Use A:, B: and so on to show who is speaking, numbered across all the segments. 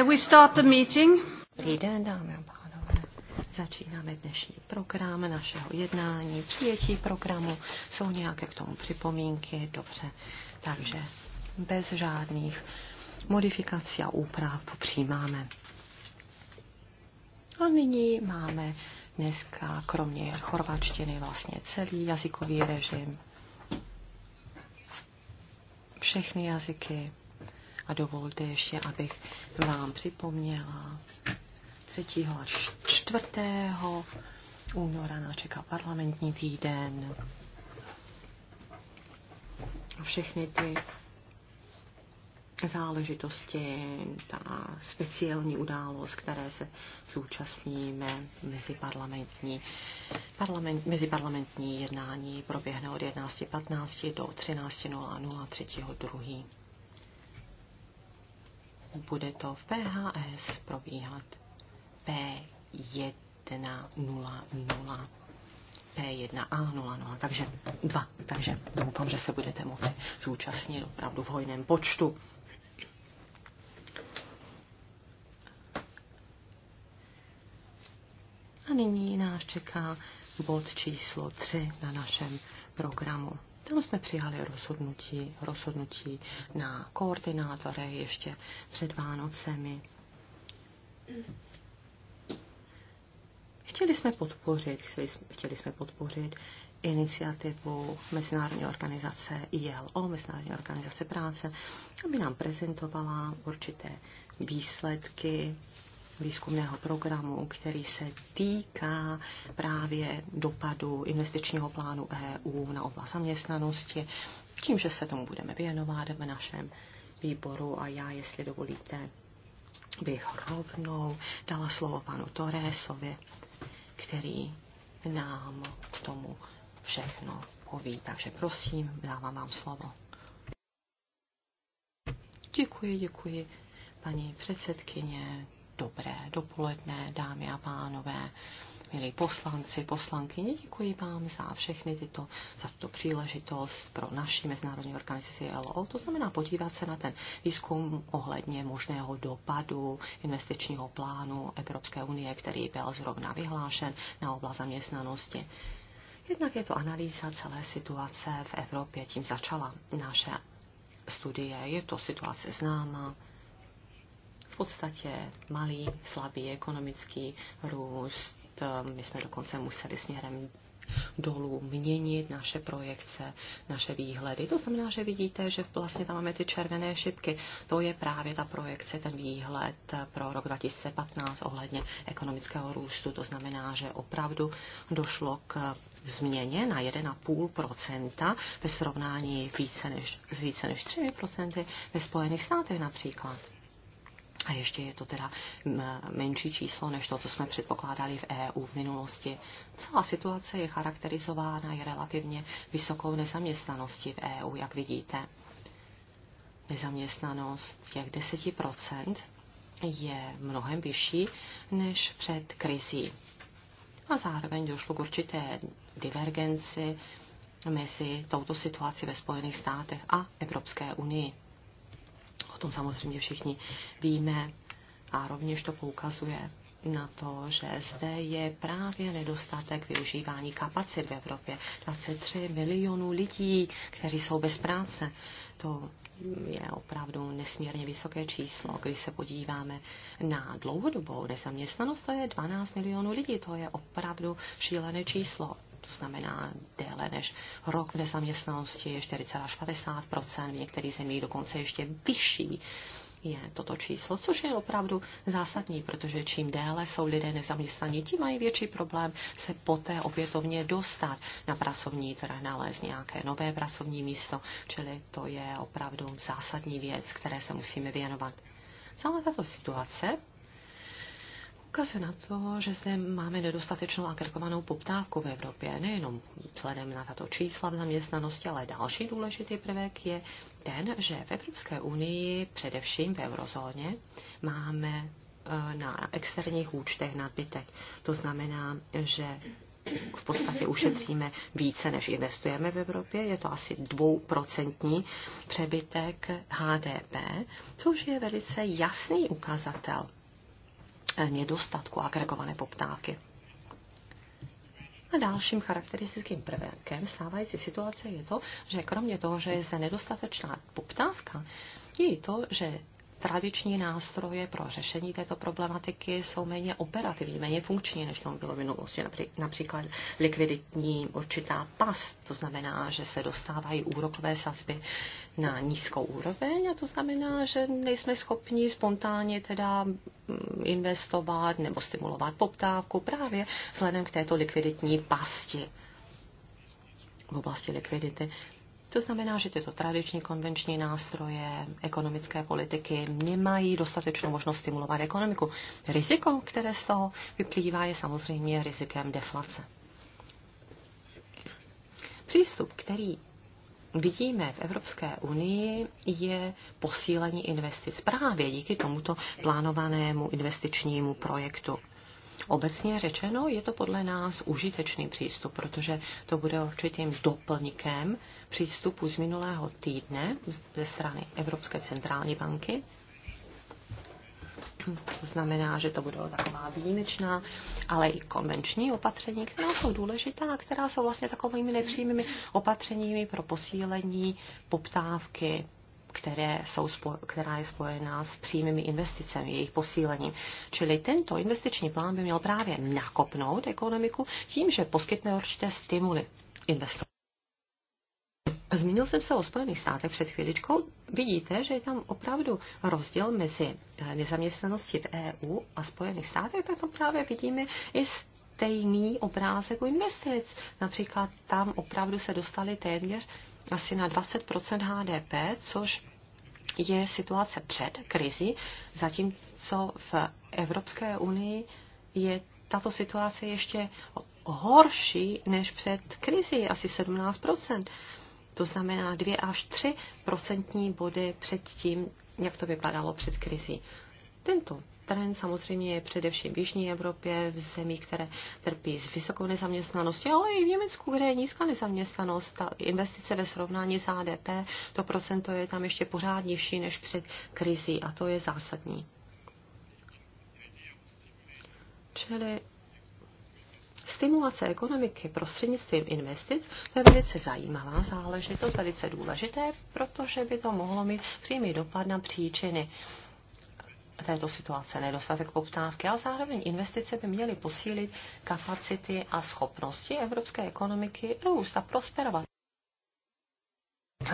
A: Eh, we start the meeting. Dobrý den, dámy a pánové. Začínáme dnešní program našeho jednání, přijetí programu. Jsou nějaké k tomu připomínky? Dobře. Takže bez žádných modifikací a úprav přijímáme. A nyní máme dneska kromě chorvačtiny vlastně celý jazykový režim. Všechny jazyky a dovolte ještě, abych vám připomněla 3. a 4. února nás čeká parlamentní týden. Všechny ty záležitosti, ta speciální událost, které se zúčastníme, parlamentní parlament, mezi parlamentní jednání proběhne od 11.15 do 13.00 3.2. Bude to v PHS probíhat P100. P1A00, takže dva. Takže doufám, že se budete moci zúčastnit opravdu v hojném počtu. A nyní nás čeká bod číslo 3 na našem programu. Tam jsme přijali rozhodnutí, rozhodnutí na koordinátorech ještě před Vánocemi. Chtěli jsme podpořit, chtěli, chtěli jsme podpořit iniciativu Mezinárodní organizace ILO, Mezinárodní organizace práce, aby nám prezentovala určité výsledky výzkumného programu, který se týká právě dopadu investičního plánu EU na oblast zaměstnanosti, tím, že se tomu budeme věnovat v našem výboru a já, jestli dovolíte, bych rovnou dala slovo panu Torésovi, který nám k tomu všechno poví. Takže prosím, dávám vám slovo. Děkuji, děkuji, paní předsedkyně, Dobré dopoledne, dámy a pánové, milí poslanci, poslankyně, děkuji vám za všechny tyto, za tuto příležitost pro naši mezinárodní organizaci LO, to znamená podívat se na ten výzkum ohledně možného dopadu investičního plánu Evropské unie, který byl zrovna vyhlášen na oblast zaměstnanosti. Jednak je to analýza celé situace v Evropě, tím začala naše studie, je to situace známá, v podstatě malý, slabý ekonomický růst. Ehm, my jsme dokonce museli směrem dolů měnit naše projekce, naše výhledy. To znamená, že vidíte, že vlastně tam máme ty červené šipky. To je právě ta projekce, ten výhled pro rok 2015 ohledně ekonomického růstu. To znamená, že opravdu došlo k změně na 1,5% ve srovnání více než, s více než 3% ve Spojených státech například. A ještě je to teda menší číslo než to, co jsme předpokládali v EU v minulosti. Celá situace je charakterizována i relativně vysokou nezaměstnaností v EU, jak vidíte. Nezaměstnanost těch 10% je mnohem vyšší než před krizí. A zároveň došlo k určité divergenci mezi touto situací ve Spojených státech a Evropské unii tom samozřejmě všichni víme. A rovněž to poukazuje na to, že zde je právě nedostatek využívání kapacit v Evropě. 23 milionů lidí, kteří jsou bez práce. To je opravdu nesmírně vysoké číslo. Když se podíváme na dlouhodobou nezaměstnanost, to je 12 milionů lidí. To je opravdu šílené číslo to znamená déle než rok v nezaměstnanosti, je 40 v některých zemích dokonce ještě vyšší je toto číslo, což je opravdu zásadní, protože čím déle jsou lidé nezaměstnaní, tím mají větší problém se poté opětovně dostat na pracovní trh, nalézt nějaké nové pracovní místo, čili to je opravdu zásadní věc, které se musíme věnovat. Celá tato situace Ukazuje na to, že zde máme nedostatečnou agregovanou poptávku v Evropě, nejenom vzhledem na tato čísla v zaměstnanosti, ale další důležitý prvek je ten, že v Evropské unii, především v eurozóně, máme e, na externích účtech nadbytek. To znamená, že v podstatě ušetříme více, než investujeme v Evropě. Je to asi dvouprocentní přebytek HDP, což je velice jasný ukazatel nedostatku agregované poptávky. A dalším charakteristickým prvkem stávající situace je to, že kromě toho, že je zde nedostatečná poptávka, je to, že tradiční nástroje pro řešení této problematiky jsou méně operativní, méně funkční, než tomu bylo v minulosti. Například likviditní určitá pas. to znamená, že se dostávají úrokové sazby na nízkou úroveň a to znamená, že nejsme schopni spontánně teda mm, investovat nebo stimulovat poptávku právě vzhledem k této likviditní pasti v oblasti likvidity. To znamená, že tyto tradiční konvenční nástroje ekonomické politiky nemají dostatečnou možnost stimulovat ekonomiku. Riziko, které z toho vyplývá, je samozřejmě rizikem deflace. Přístup, který vidíme v Evropské unii, je posílení investic právě díky tomuto plánovanému investičnímu projektu. Obecně řečeno je to podle nás užitečný přístup, protože to bude určitým doplňkem přístupu z minulého týdne ze strany Evropské centrální banky. To znamená, že to budou taková výjimečná, ale i konvenční opatření, která jsou důležitá a která jsou vlastně takovými nepřímými opatřeními pro posílení poptávky které jsou, která je spojená s přímými investicemi, jejich posílením. Čili tento investiční plán by měl právě nakopnout ekonomiku tím, že poskytne určité stimuly investorům. Zmínil jsem se o Spojených státech před chvíličkou. Vidíte, že je tam opravdu rozdíl mezi eh, nezaměstnaností v EU a Spojených státech, tak tam právě vidíme i stejný obrázek u investic. Například tam opravdu se dostali téměř asi na 20 HDP, což je situace před krizi, zatímco v Evropské unii je tato situace ještě horší než před krizi, asi 17 To znamená 2 až 3 procentní body před tím, jak to vypadalo před krizi. Tento trend samozřejmě je především v Jižní Evropě, v zemích, které trpí s vysokou nezaměstnaností, ale i v Německu, kde je nízká nezaměstnanost. Ta investice ve srovnání s ADP, to procento je tam ještě pořád nižší než před krizí a to je zásadní. Čili stimulace ekonomiky prostřednictvím investic, to je velice zajímavá záležitost, velice důležité, protože by to mohlo mít přímý dopad na příčiny této situace, nedostatek poptávky, ale zároveň investice by měly posílit kapacity a schopnosti evropské ekonomiky růst a prosperovat.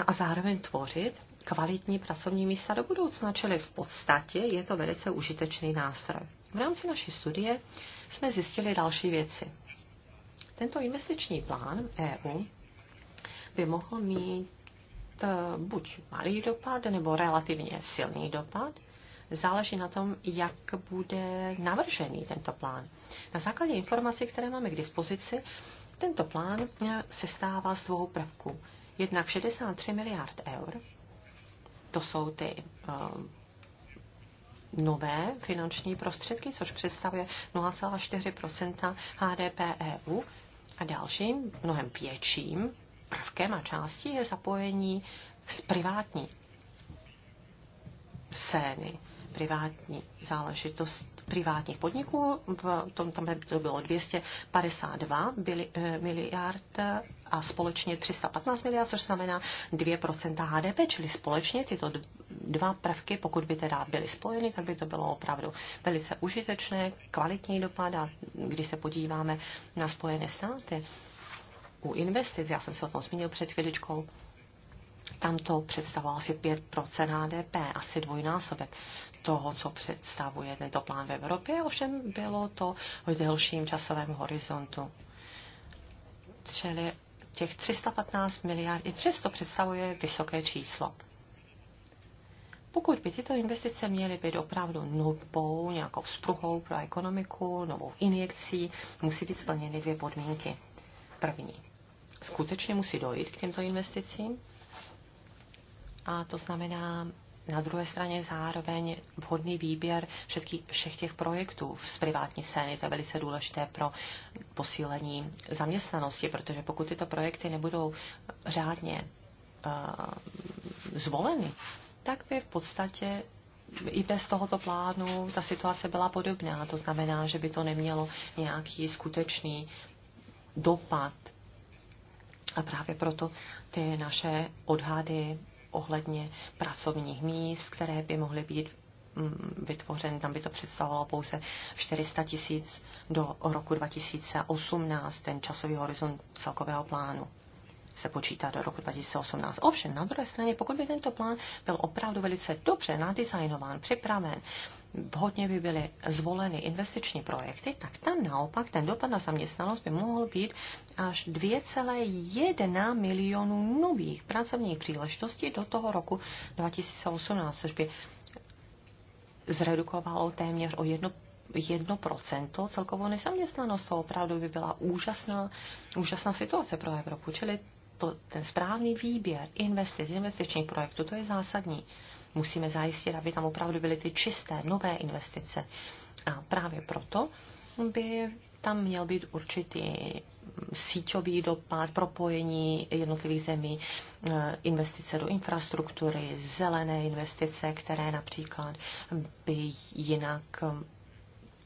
A: A zároveň tvořit kvalitní pracovní místa do budoucna, čili v podstatě je to velice užitečný nástroj. V rámci naší studie jsme zjistili další věci. Tento investiční plán EU by mohl mít eh, buď malý dopad nebo relativně silný dopad záleží na tom, jak bude navržený tento plán. Na základě informací, které máme k dispozici, tento plán eh, se stává z dvou prvků. Jednak 63 miliard eur, to jsou ty uh, nové finanční prostředky, což představuje 0,4 HDP EU. A dalším, mnohem větším prvkem a částí je zapojení z privátní scény privátní záležitost privátních podniků, v tom tam to bylo 252 eh, miliard a společně 315 miliard, což znamená 2% HDP, čili společně tyto dva prvky, pokud by teda byly spojeny, tak by to bylo opravdu velice užitečné, kvalitní dopad a když se podíváme na Spojené státy, u investic, já jsem se o tom zmínil před chviličkou, tam to představovalo asi 5% HDP, asi dvojnásobek toho, co představuje tento plán v Evropě, ovšem bylo to v delším časovém horizontu. Čili těch 315 miliard i přesto představuje vysoké číslo. Pokud by tyto investice měly být opravdu novou, nějakou spruhou pro ekonomiku, novou injekcí, musí být splněny dvě podmínky. První, skutečně musí dojít k těmto investicím, a to znamená, na druhé straně zároveň vhodný výběr všech, všech těch projektů z privátní scény. To je velice důležité pro posílení zaměstnanosti, protože pokud tyto projekty nebudou řádně uh, zvoleny, tak by v podstatě i bez tohoto plánu ta situace byla podobná. To znamená, že by to nemělo nějaký skutečný dopad. A právě proto ty naše odhady ohledně pracovních míst, které by mohly být mm, vytvořen, tam by to představovalo pouze 400 tisíc do roku 2018, ten časový horizont celkového plánu se počítá do roku 2018. Ovšem, na druhé straně, pokud by tento plán byl opravdu velice dobře nadizajnován, připraven, vhodně by byly zvoleny investiční projekty, tak tam naopak ten dopad na zaměstnanost by mohl být až 2,1 milionů nových pracovních příležitostí do toho roku 2018, což by zredukovalo téměř o jedno 1% celkovou nezaměstnanost. To opravdu by byla úžasná, úžasná situace pro Evropu. Čili to, ten správný výběr investic, investičních projektů, to je zásadní. Musíme zajistit, aby tam opravdu byly ty čisté, nové investice. A právě proto by tam měl být určitý síťový dopad, propojení jednotlivých zemí, e, investice do infrastruktury, zelené investice, které například by jinak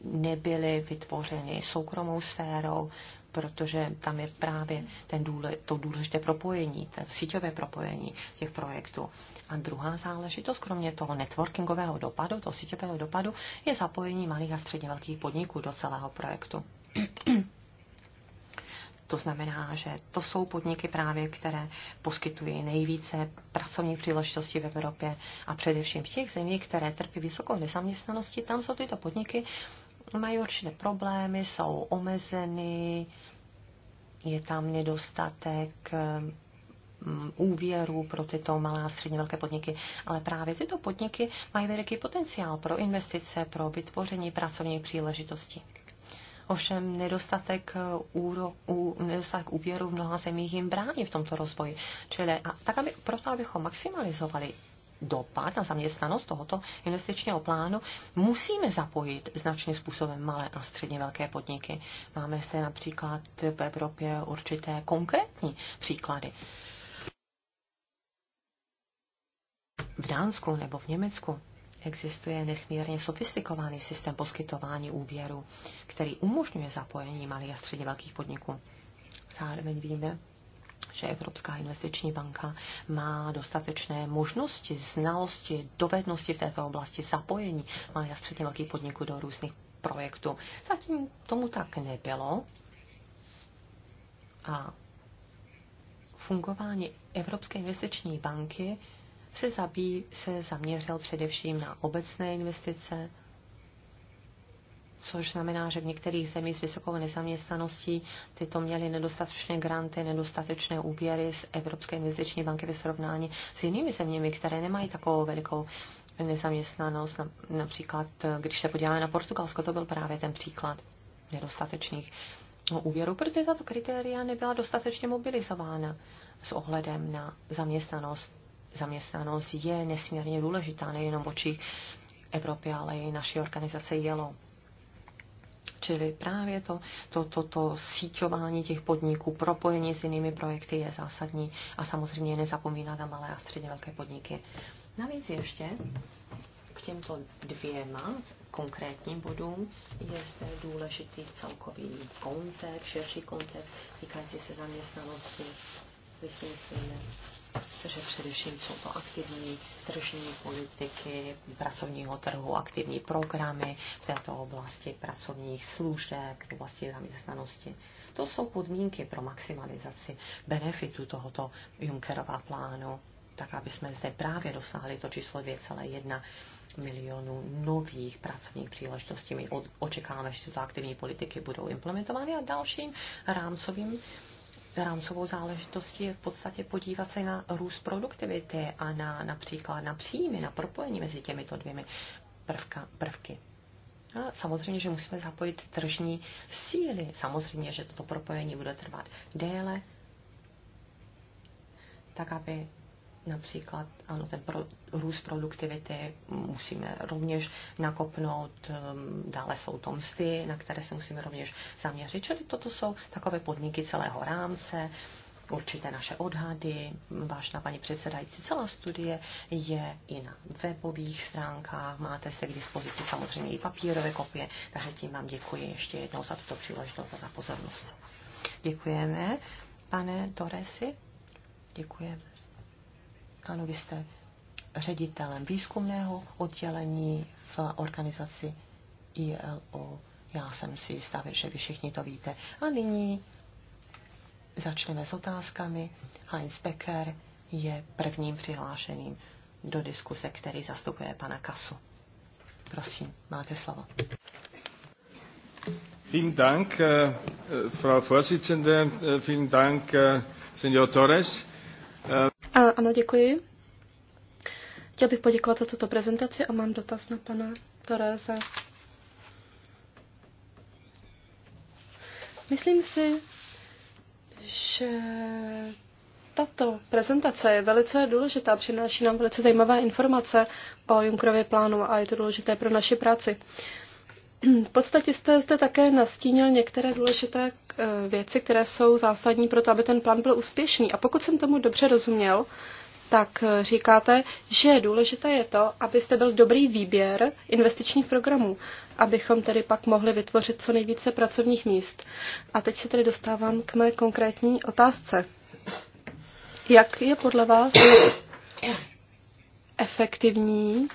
A: nebyly vytvořeny soukromou sférou, protože tam je právě ten důle, to důležité propojení, to síťové propojení těch projektů. A druhá záležitost, kromě toho networkingového dopadu, toho síťového dopadu, je zapojení malých a středně velkých podniků do celého projektu. To znamená, že to jsou podniky právě, které poskytují nejvíce pracovních příležitostí v Evropě a především v těch zemích, které trpí vysokou nezaměstnaností, tam jsou tyto podniky mají určité problémy, jsou omezeny, je tam nedostatek eh, mm, úvěrů pro tyto malé a středně velké podniky, ale právě tyto podniky mají veliký potenciál pro investice, pro vytvoření pracovních příležitostí. Ovšem nedostatek, eh, úro, ú, nedostatek úvěru v mnoha zemích jim brání v tomto rozvoji. Čili a tak, aby, proto abychom maximalizovali dopad na zaměstnanost tohoto investičního plánu, musíme zapojit značným způsobem malé a středně velké podniky. Máme zde například v Evropě určité konkrétní příklady. V Dánsku nebo v Německu existuje nesmírně sofistikovaný systém poskytování úvěru, který umožňuje zapojení malých a středně velkých podniků. Zároveň víme, že Evropská investiční banka má dostatečné možnosti, znalosti, dovednosti v této oblasti, zapojení malých a středně velkých podniků do různých projektů. Zatím tomu tak nebylo. A fungování Evropské investiční banky se, zabí, se zaměřil především na obecné investice, což znamená, že v některých zemích s vysokou nezaměstnaností tyto měly nedostatečné granty, nedostatečné úvěry z Evropské investiční banky ve srovnání s jinými zeměmi, které nemají takovou velikou nezaměstnanost. Například, když se podíváme na Portugalsko, to byl právě ten příklad nedostatečných úvěrů, protože tato kritéria nebyla dostatečně mobilizována s ohledem na zaměstnanost. Zaměstnanost je nesmírně důležitá nejenom v očích Evropy, ale i naší organizace JELO. Čili právě to, to, to, to síťování těch podniků, propojení s jinými projekty je zásadní a samozřejmě nezapomínat na malé a středně velké podniky. Navíc ještě k těmto dvěma konkrétním bodům je zde důležitý celkový kontext, širší kontext týkající se zaměstnanosti. Vysvětlíme že především jsou to aktivní tržní politiky pracovního trhu, aktivní programy v této oblasti pracovních služeb, v oblasti zaměstnanosti. To jsou podmínky pro maximalizaci benefitu tohoto Junckerova plánu, tak aby jsme zde právě dosáhli to číslo 2,1 milionů nových pracovních příležitostí. My očekáváme, že tyto aktivní politiky budou implementovány a dalším rámcovým rámcovou záležitostí je v podstatě podívat se na růst produktivity a na například na příjmy, na propojení mezi těmito dvěmi prvka, prvky. A samozřejmě, že musíme zapojit tržní síly. Samozřejmě, že toto propojení bude trvat déle, tak aby například ano, ten pro, růst produktivity musíme rovněž nakopnout, um, dále jsou to mzdy, na které se musíme rovněž zaměřit. Čili toto jsou takové podmínky celého rámce, určité naše odhady, vážná paní předsedající, celá studie je i na webových stránkách, máte se k dispozici samozřejmě i papírové kopie, takže tím vám děkuji ještě jednou za tuto příležitost a za pozornost. Děkujeme, pane Toresi. Děkujeme. Ano, vy jste ředitelem výzkumného oddělení v organizaci ILO. Já jsem si jistá, že vy všichni to víte. A nyní začneme s otázkami. Heinz Becker je prvním přihlášeným do diskuse, který zastupuje pana Kasu. Prosím, máte slovo.
B: Vielen Dank, äh, äh Frau Vorsitzende, äh, vielen Dank, äh,
C: Torres. Äh,
D: ano, děkuji. Chtěl bych poděkovat za tuto prezentaci a mám dotaz na pana Toreze. Myslím si, že tato prezentace je velice důležitá, přináší nám velice zajímavé informace o Junkerově plánu a je to důležité pro naši práci. V podstatě jste zde také nastínil některé důležité eh, věci, které jsou zásadní pro to, aby ten plán byl úspěšný. A pokud jsem tomu dobře rozuměl, tak eh, říkáte, že důležité je to, abyste byl dobrý výběr investičních programů, abychom tedy pak mohli vytvořit co nejvíce pracovních míst. A teď se tedy dostávám k mé konkrétní otázce. Jak je podle vás efektivní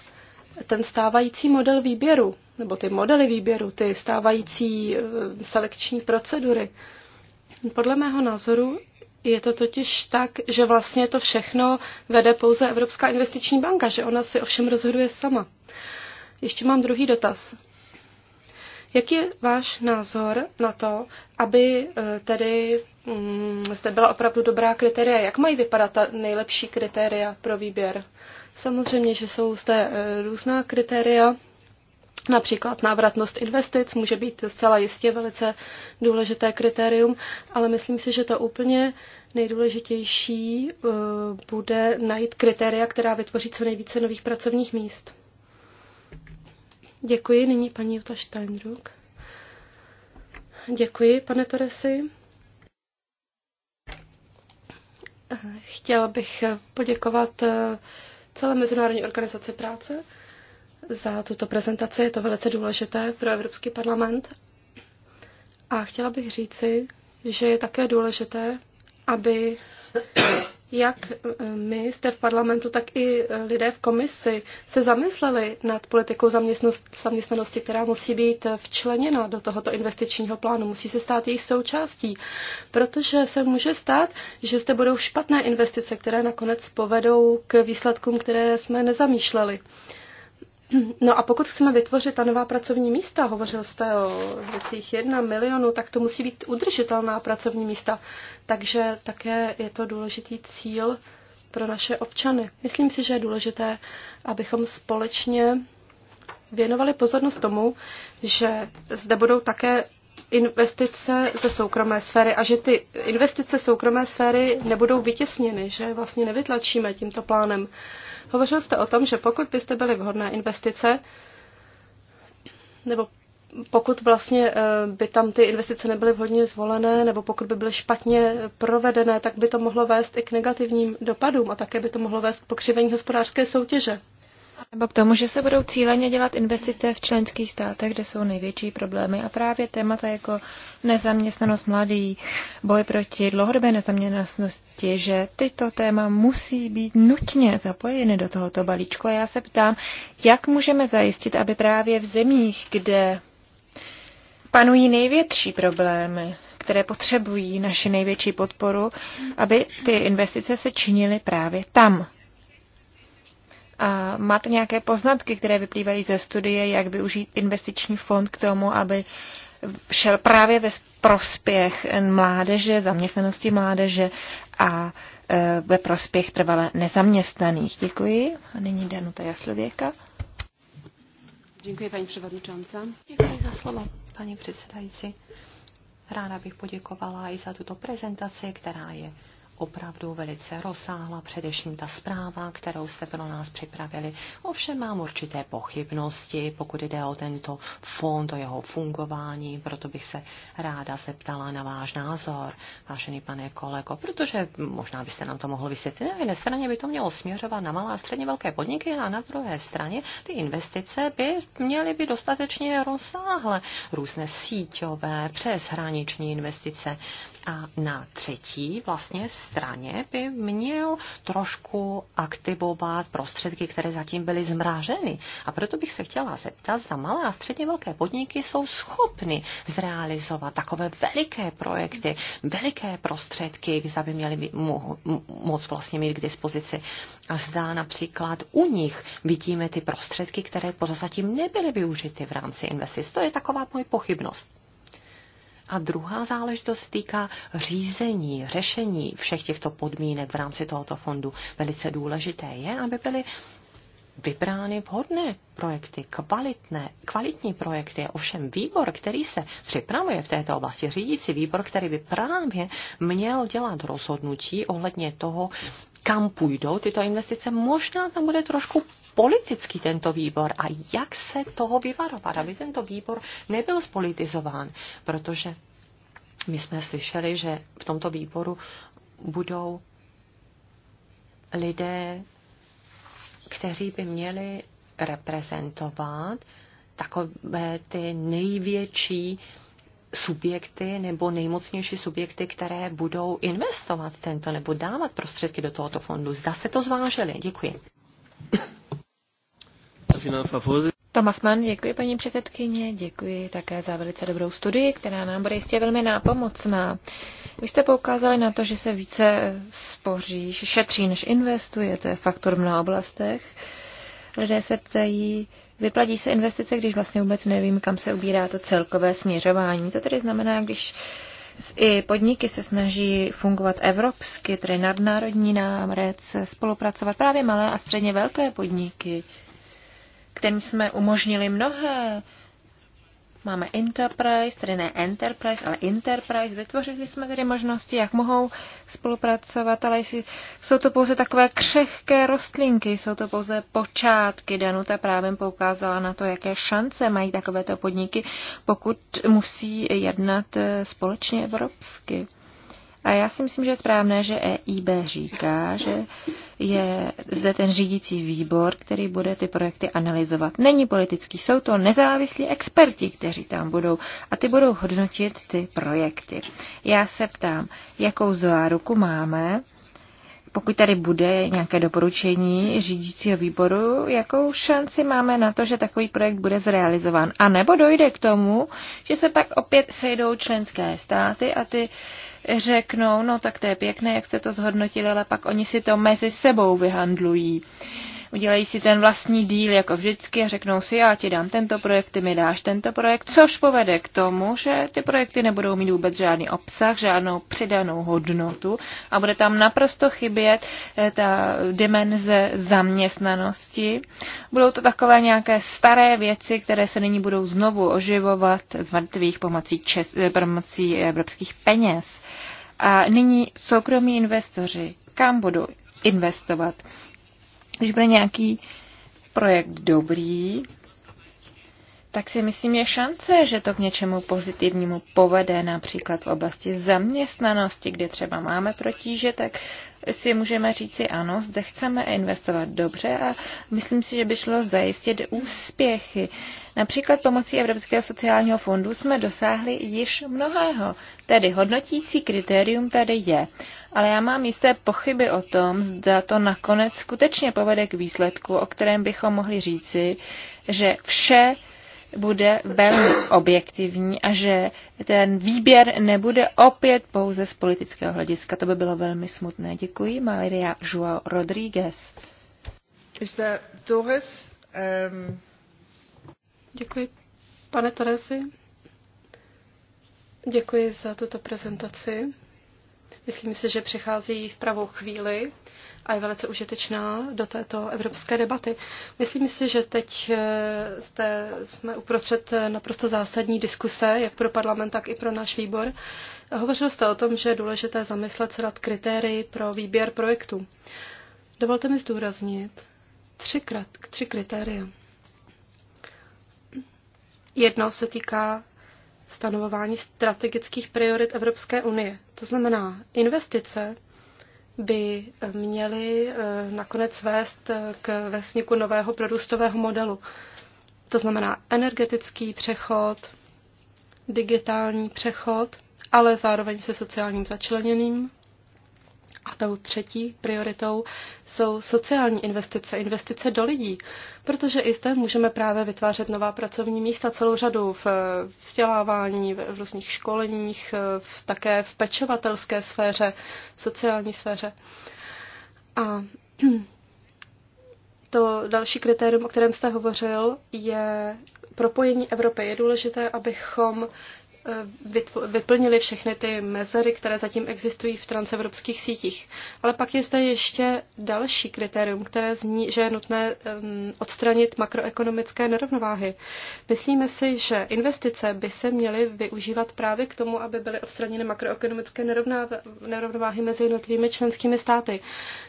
D: ten stávající model výběru, nebo ty modely výběru, ty stávající eh, selekční procedury. Podle mého názoru je to totiž tak, že vlastně to všechno vede pouze Evropská investiční banka, že ona si ovšem rozhoduje sama. Ještě mám druhý dotaz. Jak je váš názor na to, aby eh, tedy mm, zde byla opravdu dobrá kritéria? Jak mají vypadat ta nejlepší kritéria pro výběr? Samozřejmě, že jsou zde e, různá kritéria, Například návratnost investic může být zcela jistě velice důležité kritérium, ale myslím si, že to úplně nejdůležitější e, bude najít kritéria, která vytvoří co nejvíce nových pracovních míst. Děkuji. Nyní paní Jota Steinruck. Děkuji, pane Toresi. Chtěla bych poděkovat e, celé Mezinárodní organizace práce za tuto prezentaci. Je to velice důležité pro Evropský parlament. A chtěla bych říci, že je také důležité, aby jak eh, my zde v parlamentu, tak i eh, lidé v komisi se zamysleli nad politikou zaměstnanosti, která musí být eh, včleněna do tohoto investičního plánu, musí se stát její součástí, protože se může stát, že zde budou špatné investice, které nakonec povedou k výsledkům, které jsme nezamýšleli. No a pokud chceme vytvořit ta nová pracovní místa, hovořil jste o věcích jedna milionu, tak to musí být udržitelná pracovní místa. Takže také je to důležitý cíl pro naše občany. Myslím si, že je důležité, abychom společně věnovali pozornost tomu, že zde budou také investice ze soukromé sféry a že ty investice soukromé sféry nebudou vytěsněny, že vlastně nevytlačíme tímto plánem. Uh, Hovořil jste o tom, že pokud byste byly vhodné investice, nebo pokud vlastně eh, by tam ty investice nebyly vhodně zvolené, nebo pokud by byly špatně provedené, tak by to mohlo vést i k negativním dopadům a také by to mohlo vést k pokřivení hospodářské soutěže.
B: Nebo k tomu, že se budou cíleně dělat investice v členských státech, kde jsou největší problémy a právě témata jako nezaměstnanost mladých, boj proti dlouhodobé nezaměstnanosti, že tyto téma musí být nutně zapojeny do tohoto balíčku. A já se ptám, jak můžeme zajistit, aby právě v zemích, kde panují největší problémy, které potřebují naši největší podporu, aby ty investice se činily právě tam. A máte nějaké poznatky, které vyplývají ze studie, jak využít investiční fond k tomu, aby šel právě ve prospěch mládeže, zaměstnanosti mládeže a e, ve prospěch trvale nezaměstnaných. Děkuji. A nyní Danuta
C: Jaslověka.
B: Děkuji, paní předsedající.
A: Děkuji za slovo, paní předsedající. Ráda bych poděkovala i za tuto prezentaci, která je opravdu velice rozsáhla, především ta zpráva, kterou jste pro nás připravili. Ovšem mám určité pochybnosti, pokud jde o tento fond, o jeho fungování, proto bych se ráda zeptala na váš názor, vážený pane kolego, protože možná byste nám to mohl vysvětlit. Na jedné straně by to mělo směřovat na malá a středně velké podniky a na druhé straně ty investice by měly být dostatečně rozsáhlé. Různé síťové, přeshraniční investice. A na třetí vlastně straně by měl trošku aktivovat prostředky, které zatím byly zmráženy. A proto bych se chtěla zeptat, za malé a středně velké podniky jsou schopny zrealizovat takové veliké projekty, veliké prostředky, které by měly moc vlastně mít k dispozici. A zdá například u nich vidíme ty prostředky, které zatím nebyly využity v rámci investic. To je taková moje pochybnost. A druhá záležitost se týká řízení, řešení všech těchto podmínek v rámci tohoto fondu. Velice důležité je, aby byly vybrány vhodné projekty, kvalitné, kvalitní projekty. Ovšem výbor, který se připravuje v této oblasti, řídící výbor, který by právě měl dělat rozhodnutí ohledně toho, kam půjdou tyto investice, možná tam bude trošku politický tento výbor a jak se toho vyvarovat, aby tento výbor nebyl spolitizován, protože my jsme slyšeli, že v tomto výboru budou lidé, kteří by měli reprezentovat takové ty největší subjekty nebo nejmocnější subjekty, které budou investovat tento nebo dávat prostředky do tohoto fondu. Zda jste to zvážili? Děkuji.
B: Thomas Mann, děkuji paní předsedkyně, děkuji také za velice dobrou studii, která nám bude jistě velmi nápomocná. Vy jste poukázali na to, že se více spoří, šetří než investuje, to je faktor v mnoha oblastech. Lidé se ptají, vyplatí se investice, když vlastně vůbec nevím, kam se ubírá to celkové směřování. To tedy znamená, když i podniky se snaží fungovat evropsky, tedy nadnárodní námrec, spolupracovat právě malé a středně velké podniky kterým jsme umožnili mnohé. Máme Enterprise, tedy ne Enterprise, ale Enterprise. Vytvořili jsme tedy možnosti, jak mohou spolupracovat, ale jestli, jsou to pouze takové křehké rostlinky, jsou to pouze počátky. Danuta právě poukázala na to, jaké šance mají takovéto podniky, pokud musí jednat eh, společně evropsky. A já si myslím, že je správné, že EIB říká, že je zde ten řídící výbor, který bude ty projekty analyzovat. Není politický, jsou to nezávislí experti, kteří tam budou a ty budou hodnotit ty projekty. Já se ptám, jakou ruku máme, pokud tady bude nějaké doporučení řídícího výboru, jakou šanci máme na to, že takový projekt bude zrealizován. A nebo dojde k tomu, že se pak opět sejdou členské státy a ty řeknou, no tak to je pěkné, jak jste to zhodnotili, ale pak oni si to mezi sebou vyhandlují udělají si ten vlastní díl jako vždycky a řeknou si, já ti dám tento projekt, ty mi dáš tento projekt, což povede k tomu, že ty projekty nebudou mít vůbec žádný obsah, žádnou přidanou hodnotu a bude tam naprosto chybět eh, ta dimenze zaměstnanosti. Budou to takové nějaké staré věci, které se nyní budou znovu oživovat z mrtvých pomocí, čes, eh, pomocí evropských peněz. A nyní soukromí investoři, kam budou investovat? Když bude nějaký projekt dobrý, tak si myslím, je šance, že to k něčemu pozitivnímu povede, například v oblasti zaměstnanosti, kde třeba máme protíže, tak si můžeme říci ano, zde chceme investovat dobře a myslím si, že by šlo zajistit úspěchy. Například pomocí Evropského sociálního fondu jsme dosáhli již mnohého, tedy hodnotící kritérium tady je ale já mám jisté pochyby o tom, zda to nakonec skutečně povede k výsledku, o kterém bychom mohli říci, že vše bude velmi objektivní a že ten výběr nebude opět pouze z politického hlediska. To by bylo velmi smutné. Děkuji. Maria Joao Rodriguez.
D: Um, děkuji, pane Torresi. Děkuji za tuto prezentaci. Myslím si, že přichází v pravou chvíli a je velice užitečná do této evropské debaty. Myslím si, že teď jste, eh, jsme uprostřed eh, naprosto zásadní diskuse, jak pro parlament, tak i pro náš výbor. Hovořil jste o tom, že je důležité zamyslet se nad kritérii pro výběr projektu. Dovolte mi zdůraznit tři, krat, tři kritéria. Jedno se týká stanovování strategických priorit Evropské unie. To znamená, investice by eh, měly eh, nakonec vést eh, k vesniku nového produstového modelu. To znamená energetický přechod, digitální přechod, ale zároveň se sociálním začleněním a tou třetí prioritou jsou sociální investice, investice do lidí, protože i zde můžeme právě vytvářet nová pracovní místa, celou řadu v vzdělávání, v různých školeních, v, také v pečovatelské sféře, sociální sféře. A to další kritérium, o kterém jste hovořil, je propojení Evropy. Je důležité, abychom Eh, vyplnili všechny ty mezery, které zatím existují v transevropských sítích. Ale pak je zde ještě další kritérium, které zní, že je nutné ehm, odstranit makroekonomické nerovnováhy. Myslíme si, že investice by se měly využívat právě k tomu, aby byly odstraněny makroekonomické nerovnováhy mezi jednotlivými členskými státy.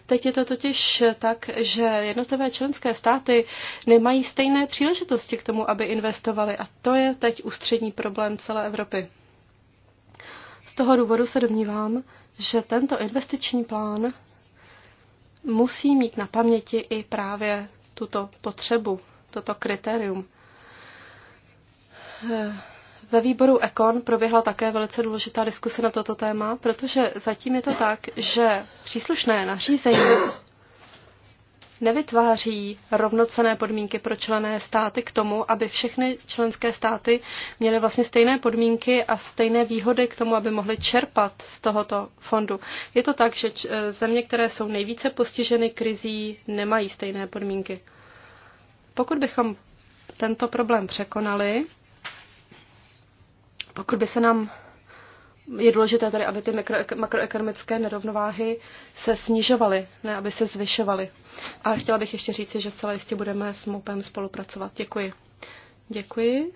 D: Teď je to totiž tak, že jednotlivé členské státy nemají stejné příležitosti k tomu, aby investovali. A to je teď ústřední problém celé Evropy Evropy. Z toho důvodu se domnívám, že tento investiční plán musí mít na paměti i právě tuto potřebu, toto kritérium. Ve výboru Ekon proběhla také velice důležitá diskuse na toto téma, protože zatím je to tak, že příslušné nařízení nevytváří rovnocené podmínky pro člené státy k tomu, aby všechny členské státy měly vlastně stejné podmínky a stejné výhody k tomu, aby mohly čerpat z tohoto fondu. Je to tak, že země, které jsou nejvíce postiženy krizí, nemají stejné podmínky. Pokud bychom tento problém překonali, pokud by se nám je důležité tady, aby ty mikro, makroekonomické nerovnováhy se snižovaly, ne aby se zvyšovaly. A chtěla bych ještě říci, že zcela jistě budeme s MOPem spolupracovat. Děkuji. Děkuji.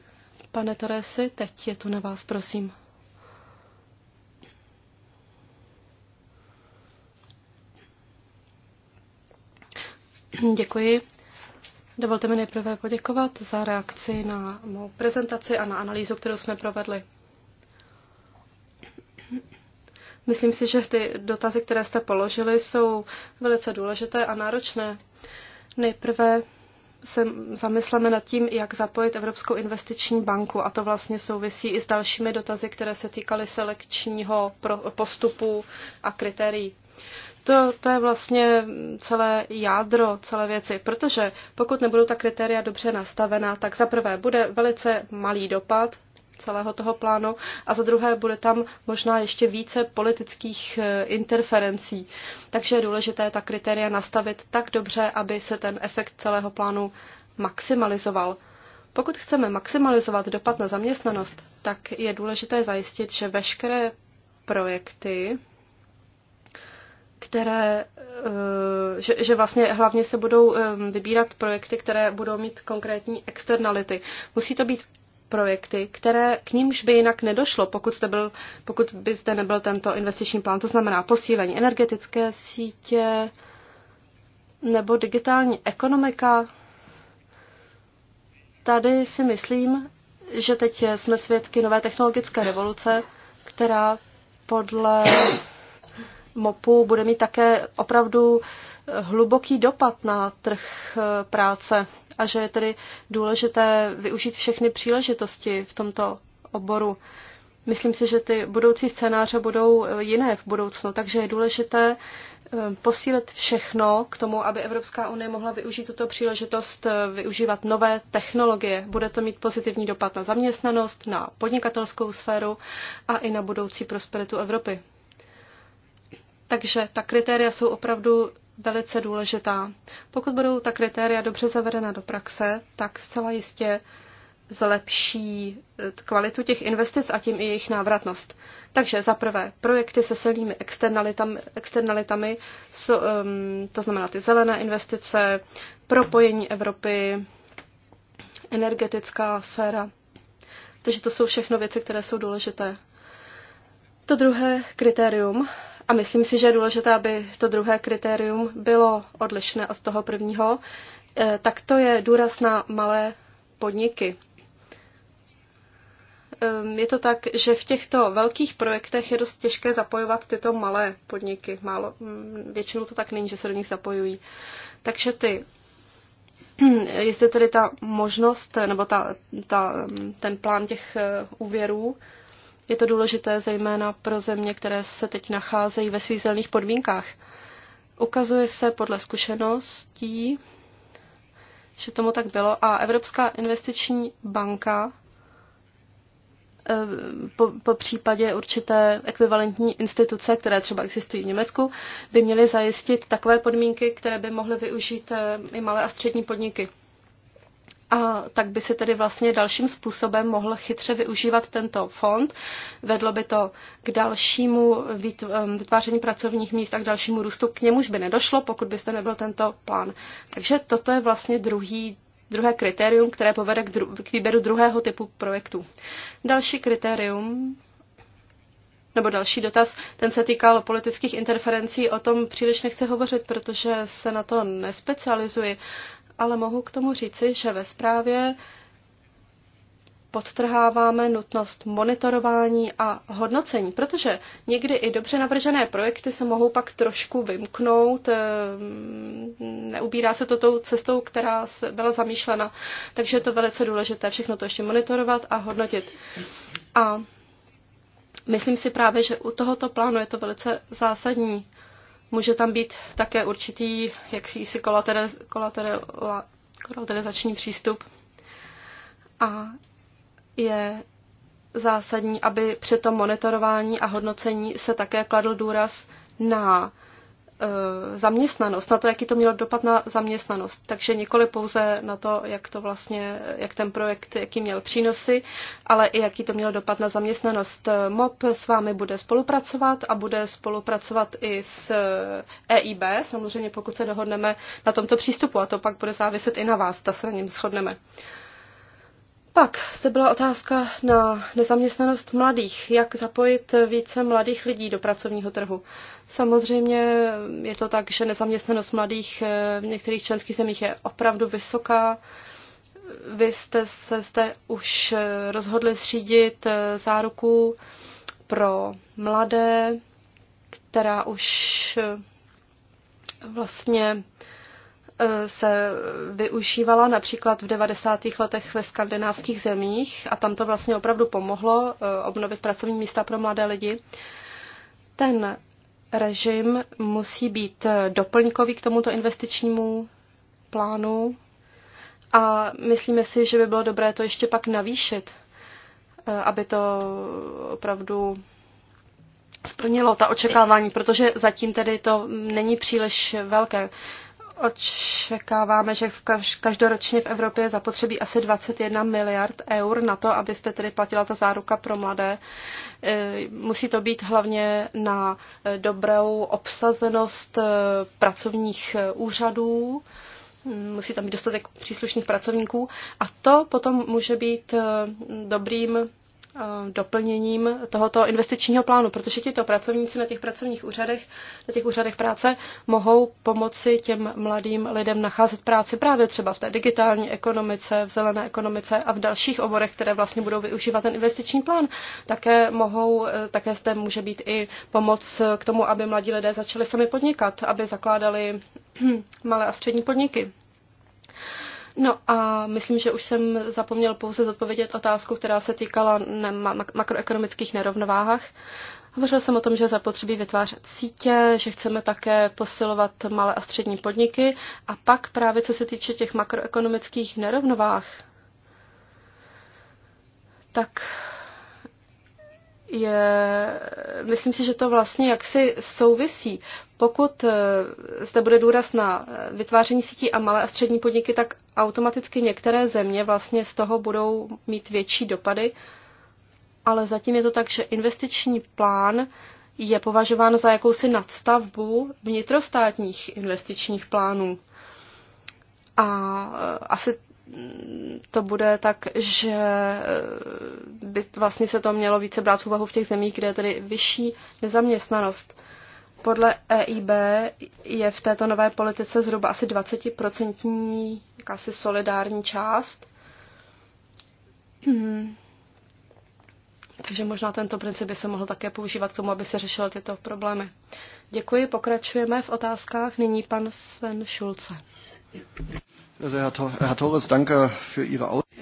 D: Pane Toresi, teď je to na vás, prosím. Děkuji. Dovolte mi nejprve poděkovat za reakci na mou prezentaci a na analýzu, kterou jsme provedli. Myslím si, že ty dotazy, které jste položili, jsou velice důležité a náročné. Nejprve se zamysleme nad tím, jak zapojit Evropskou investiční banku. A to vlastně souvisí i s dalšími dotazy, které se týkaly selekčního postupu a kritérií. To, to je vlastně celé jádro celé věci, protože pokud nebudou ta kritéria dobře nastavená, tak zaprvé bude velice malý dopad celého toho plánu a za druhé bude tam možná ještě více politických eh, interferencí. Takže je důležité ta kritéria nastavit tak dobře, aby se ten efekt celého plánu maximalizoval. Pokud chceme maximalizovat dopad na zaměstnanost, tak je důležité zajistit, že veškeré projekty, které, eh, že, že vlastně hlavně se budou eh, vybírat projekty, které budou mít konkrétní externality. Musí to být projekty, které k nímž by jinak nedošlo, pokud, jste byl, pokud by zde nebyl tento investiční plán. To znamená posílení energetické sítě nebo digitální ekonomika. Tady si myslím, že teď jsme svědky nové technologické revoluce, která podle MOPu bude mít také opravdu hluboký dopad na trh eh, práce a že je tedy důležité využít všechny příležitosti v tomto oboru. Myslím si, že ty budoucí scénáře budou eh, jiné v budoucnu, takže je důležité eh, posílit všechno k tomu, aby Evropská unie mohla využít tuto příležitost využívat nové technologie. Bude to mít pozitivní dopad na zaměstnanost, na podnikatelskou sféru a i na budoucí prosperitu Evropy. Takže ta kritéria jsou opravdu velice důležitá. Pokud budou ta kritéria dobře zavedena do praxe, tak zcela jistě zlepší eh, kvalitu těch investic a tím i jejich návratnost. Takže za prvé, projekty se silnými externalitami, externalitami so, um, ehm, to znamená ty zelené investice, propojení Evropy, energetická sféra. Takže to jsou všechno věci, které jsou důležité. To druhé kritérium a myslím si, že je důležité, aby to druhé kritérium bylo odlišné od toho prvního. E, tak to je důraz na malé podniky. Ehm, je to tak, že v těchto velkých projektech je dost těžké zapojovat tyto malé podniky. Málo, mm, většinou to tak není, že se do nich zapojují. Takže ty jestli tedy ta možnost nebo ta, ta, mm, ten plán těch e, úvěrů je to důležité zejména pro země, které se teď nacházejí ve svízelných podmínkách. Ukazuje se podle zkušeností, že tomu tak bylo. A Evropská investiční banka eh, po, po případě určité ekvivalentní instituce, které třeba existují v Německu, by měly zajistit takové podmínky, které by mohly využít eh, i malé a střední podniky a tak by se tedy vlastně dalším způsobem mohl chytře využívat tento fond. Vedlo by to k dalšímu vytváření pracovních míst a k dalšímu růstu. K němuž by nedošlo, pokud by nebyl tento plán. Takže toto je vlastně druhý, druhé kritérium, které povede k, dru- k výběru druhého typu projektu. Další kritérium nebo další dotaz, ten se týkal politických interferencí, o tom příliš nechci hovořit, protože se na to nespecializuji ale mohu k tomu říci, že ve zprávě podtrháváme nutnost monitorování a hodnocení, protože někdy i dobře navržené projekty se mohou pak trošku vymknout, ehm, neubírá se to tou cestou, která byla zamýšlena, takže je to velice důležité všechno to ještě monitorovat a hodnotit. A myslím si právě, že u tohoto plánu je to velice zásadní. Může tam být také určitý jaksi kolateriz, kolaterizační přístup a je zásadní, aby při tom monitorování a hodnocení se také kladl důraz na Eh, zaměstnanost, na to, jaký to mělo dopad na zaměstnanost. Takže nikoli pouze na to, jak to vlastně, jak ten projekt, jaký měl přínosy, ale i jaký to mělo dopad na zaměstnanost. Eh, MOP s vámi bude spolupracovat a bude spolupracovat i s EIB, eh, e samozřejmě pokud se dohodneme na tomto přístupu a to pak bude záviset i na vás, ta se na něm shodneme. Uh, pak se byla otázka na nezaměstnanost mladých, jak zapojit více mladých lidí do pracovního trhu. Samozřejmě je to tak, že nezaměstnanost mladých eh, v některých členských zemích je opravdu vysoká. Vy jste se zde už eh, rozhodli zřídit eh, záruku pro mladé, která už vlastně Eh, se využívala například v 90. letech ve skandinávských zemích a tam to vlastně opravdu pomohlo eh, obnovit pracovní místa pro mladé lidi. Ten režim musí být eh, doplňkový k tomuto investičnímu plánu a myslíme si, že by bylo dobré to ještě pak navýšit, aby to opravdu splnilo ta očekávání, protože zatím tedy to není příliš velké. Očekáváme, že v každoročně v Evropě zapotřebí asi 21 miliard eur na to, abyste tedy platila ta záruka pro mladé. E, musí to být hlavně na e, dobrou obsazenost e, pracovních úřadů, mm, musí tam být dostatek příslušných pracovníků a to potom může být dobrým Eh, doplněním tohoto investičního plánu, protože tito pracovníci na těch pracovních úřadech, na těch úřadech práce mohou pomoci těm mladým lidem nacházet práci právě třeba v té digitální ekonomice, v zelené ekonomice a v dalších oborech, které vlastně budou využívat ten investiční plán. Také mohou, eh, také zde může být i pomoc k tomu, aby mladí lidé začali sami podnikat, aby zakládali malé a střední podniky. No a myslím, že už jsem zapomněl pouze zodpovědět otázku, která se týkala makroekonomických nerovnováhách. Hovořil jsem o tom, že zapotřebí vytvářet sítě, že chceme také posilovat malé a střední podniky a pak právě co se týče těch makroekonomických nerovnovách, tak je, myslím si, že to vlastně jaksi souvisí. Pokud eh, zde bude důraz na eh, vytváření sítí a malé a střední podniky, tak automaticky některé země vlastně z toho budou mít větší dopady, ale zatím je to tak, že investiční plán je považován za jakousi nadstavbu vnitrostátních investičních plánů. A eh, asi to bude tak, že eh, by vlastně se to mělo více brát v úvahu v těch zemích, kde je tedy vyšší nezaměstnanost. Podle EIB je v této nové politice zhruba asi 20% jakási solidární část. Hmm. Takže možná tento princip by se mohl také používat k tomu, aby se řešily tyto problémy. Děkuji, pokračujeme v otázkách. Nyní pan Sven Šulce.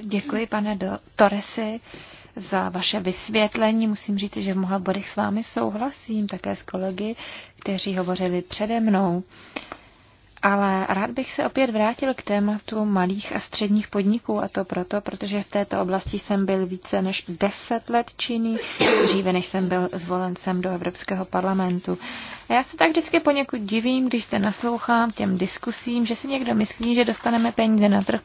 D: Děkuji, pane do Torresi, za vaše vysvětlení.
B: Musím říct, že v mnoha bodech s vámi souhlasím, také s kolegy, kteří hovořili přede mnou. Ale rád bych se opět vrátil k tématu malých a středních podniků a to proto, protože v této oblasti jsem byl více než deset let činný, dříve než jsem byl zvolen sem do Evropského parlamentu. A já se tak vždycky poněkud divím, když se naslouchám těm diskusím, že si někdo myslí, že dostaneme peníze na trh,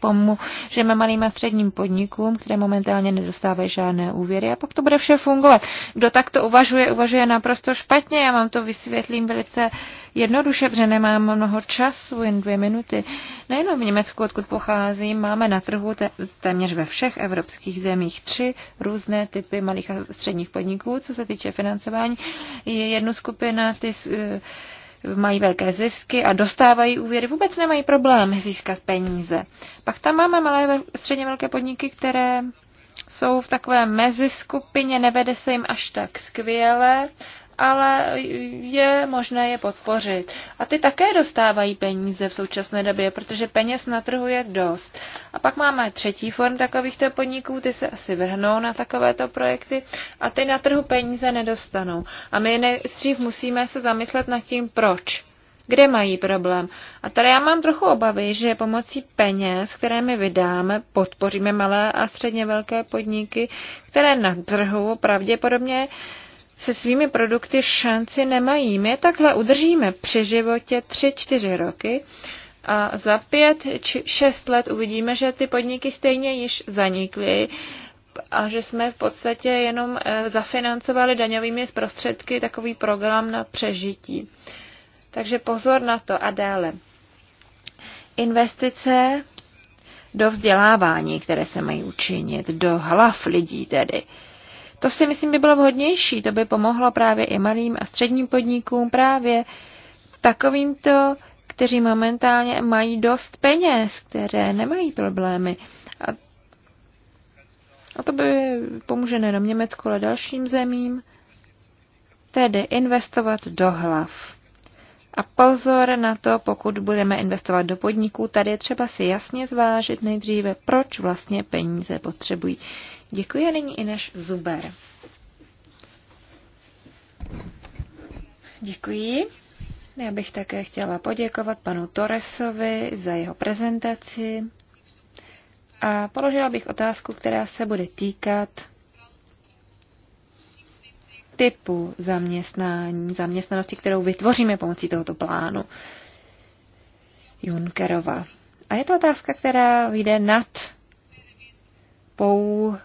B: že máme malým a středním podnikům, které momentálně nedostávají žádné úvěry a pak to bude vše fungovat. Kdo takto uvažuje, uvažuje naprosto špatně. Já vám to vysvětlím velice jednoduše, protože nemám mnoho času, jen dvě minuty. Nejenom v Německu, odkud pocházím, máme na trhu téměř ve všech evropských zemích tři různé typy malých a středních podniků, co se týče financování. Je jednu skupina, ty Eh, mají velké zisky a dostávají úvěry, vůbec nemají problém získat peníze. Pak tam máme malé, středně velké podniky, které jsou v takové meziskupině, nevede se jim až tak skvěle, ale je možné je podpořit. A ty také dostávají peníze v současné době, protože peněz na trhu je dost. A pak máme třetí form takovýchto podniků, ty se asi vrhnou na takovéto projekty a ty na trhu peníze nedostanou. A my nejdřív musíme se zamyslet nad tím, proč kde mají problém. A tady já mám trochu obavy, že pomocí peněz, které my vydáme, podpoříme malé a středně velké podniky, které na trhu pravděpodobně se svými produkty šanci nemají. My je takhle udržíme při životě 3-4 roky a za 5 6 let uvidíme, že ty podniky stejně již zanikly a že jsme v podstatě jenom eh, zafinancovali daňovými zprostředky takový program na přežití. Takže pozor na to a dále. Investice do vzdělávání, které se mají učinit, do hlav lidí tedy. Uh, to si myslím by bylo vhodnější, to by pomohlo právě i malým a středním podnikům, právě takovýmto, kteří momentálně mají dost peněz, které nemají problémy. A, a to by pomůže nejenom Německu, ale dalším zemím. Tedy investovat do hlav. A pozor na to, pokud budeme investovat do podniků, tady je třeba si jasně zvážit nejdříve, proč vlastně peníze potřebují. Děkuji a nyní Ineš Zuber. Děkuji. Já bych také chtěla poděkovat panu Torresovi za jeho prezentaci a položila bych otázku, která se bude týkat typu zaměstnání, zaměstnanosti, kterou vytvoříme pomocí tohoto plánu Junkerova. A je to otázka, která vyjde nad pou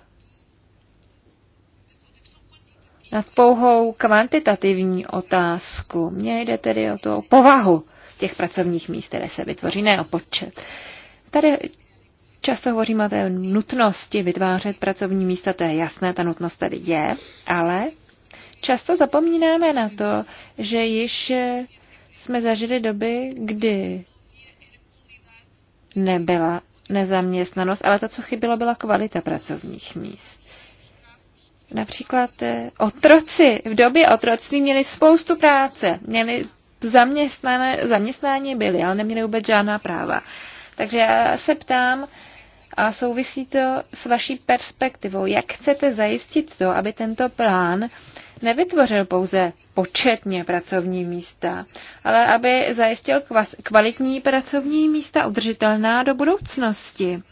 B: nad pouhou kvantitativní otázku. Mně jde tedy o to povahu těch pracovních míst, které se vytvoří, ne o počet. Tady často hovoříme o té nutnosti vytvářet pracovní místa, to je jasné, ta nutnost tady je, ale často zapomínáme na to, že již jsme zažili doby, kdy nebyla nezaměstnanost, ale to, co chybilo, byla kvalita pracovních míst například eh, otroci v době otroctví měli spoustu práce, měli zaměstnání byli, ale neměli vůbec žádná práva. Takže já se ptám, a souvisí to s vaší perspektivou. Jak chcete zajistit to, aby tento plán nevytvořil pouze početně pracovní místa, ale aby zajistil kvalitní pracovní místa udržitelná do budoucnosti?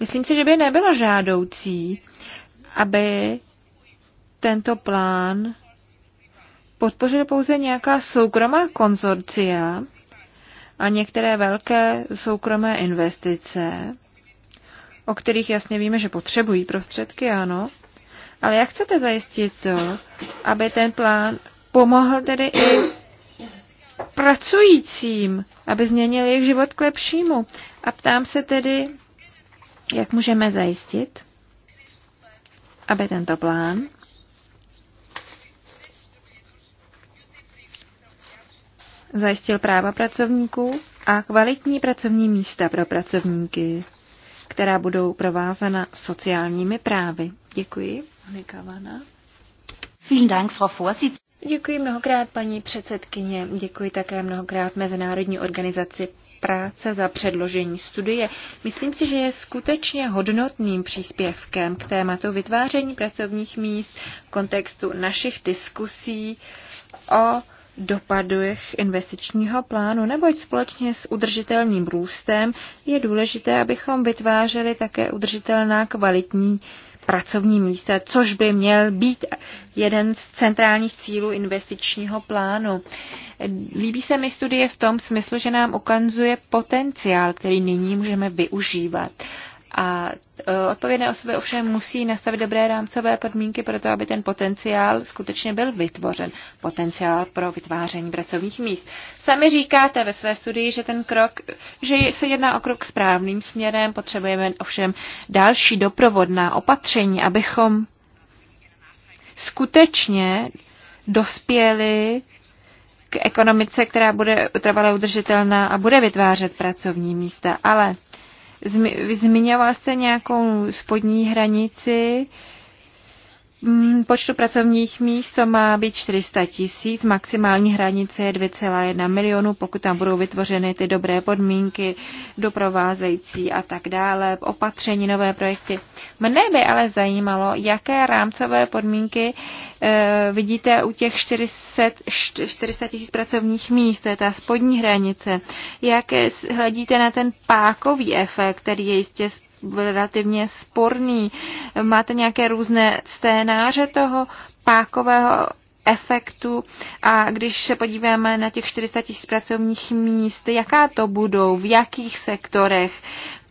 B: Myslím si, že by nebylo žádoucí, aby tento plán podpořili pouze nějaká soukromá konzorcia a některé velké soukromé investice, o kterých jasně víme, že potřebují prostředky, ano. Ale jak chcete zajistit to, aby ten plán pomohl tedy i pracujícím, aby změnili jejich život k lepšímu? A ptám se tedy, jak můžeme zajistit, aby tento plán zajistil práva pracovníků a kvalitní pracovní místa pro pracovníky, která budou provázena sociálními právy. Děkuji. Vielen Dank, Frau Vorsitz. Děkuji mnohokrát, paní předsedkyně. Děkuji také mnohokrát Mezinárodní organizaci práce za předložení studie. Myslím si, že je skutečně hodnotným příspěvkem k tématu vytváření pracovních míst v kontextu našich diskusí o dopadech investičního plánu, neboť společně s udržitelným růstem je důležité, abychom vytvářeli také udržitelná kvalitní pracovní místa, což by měl být jeden z centrálních cílů investičního plánu. Líbí se mi studie v tom smyslu, že nám ukazuje potenciál, který nyní můžeme využívat. A e, odpovědné osoby ovšem musí nastavit dobré rámcové podmínky pro to, aby ten potenciál skutečně byl vytvořen. Potenciál pro vytváření pracovních míst. Sami říkáte ve své studii, že ten krok, že se jedná o krok správným směrem, potřebujeme ovšem další doprovodná opatření, abychom skutečně dospěli k ekonomice, která bude trvale udržitelná a bude vytvářet pracovní místa. Ale Zmiňoval jste nějakou spodní hranici, Mm, počtu pracovních míst to má být 400 tisíc, maximální hranice je 2,1 milionu, pokud tam budou vytvořeny ty dobré podmínky, doprovázející a tak dále, opatření, nové projekty. Mne by ale zajímalo, jaké rámcové podmínky e, vidíte u těch 400 tisíc pracovních míst, to je ta spodní hranice. Jak hledíte na ten pákový efekt, který je jistě relativně sporný. Máte nějaké různé scénáře toho pákového efektu a když se podíváme na těch 400 tisíc pracovních míst, jaká to budou, v jakých sektorech,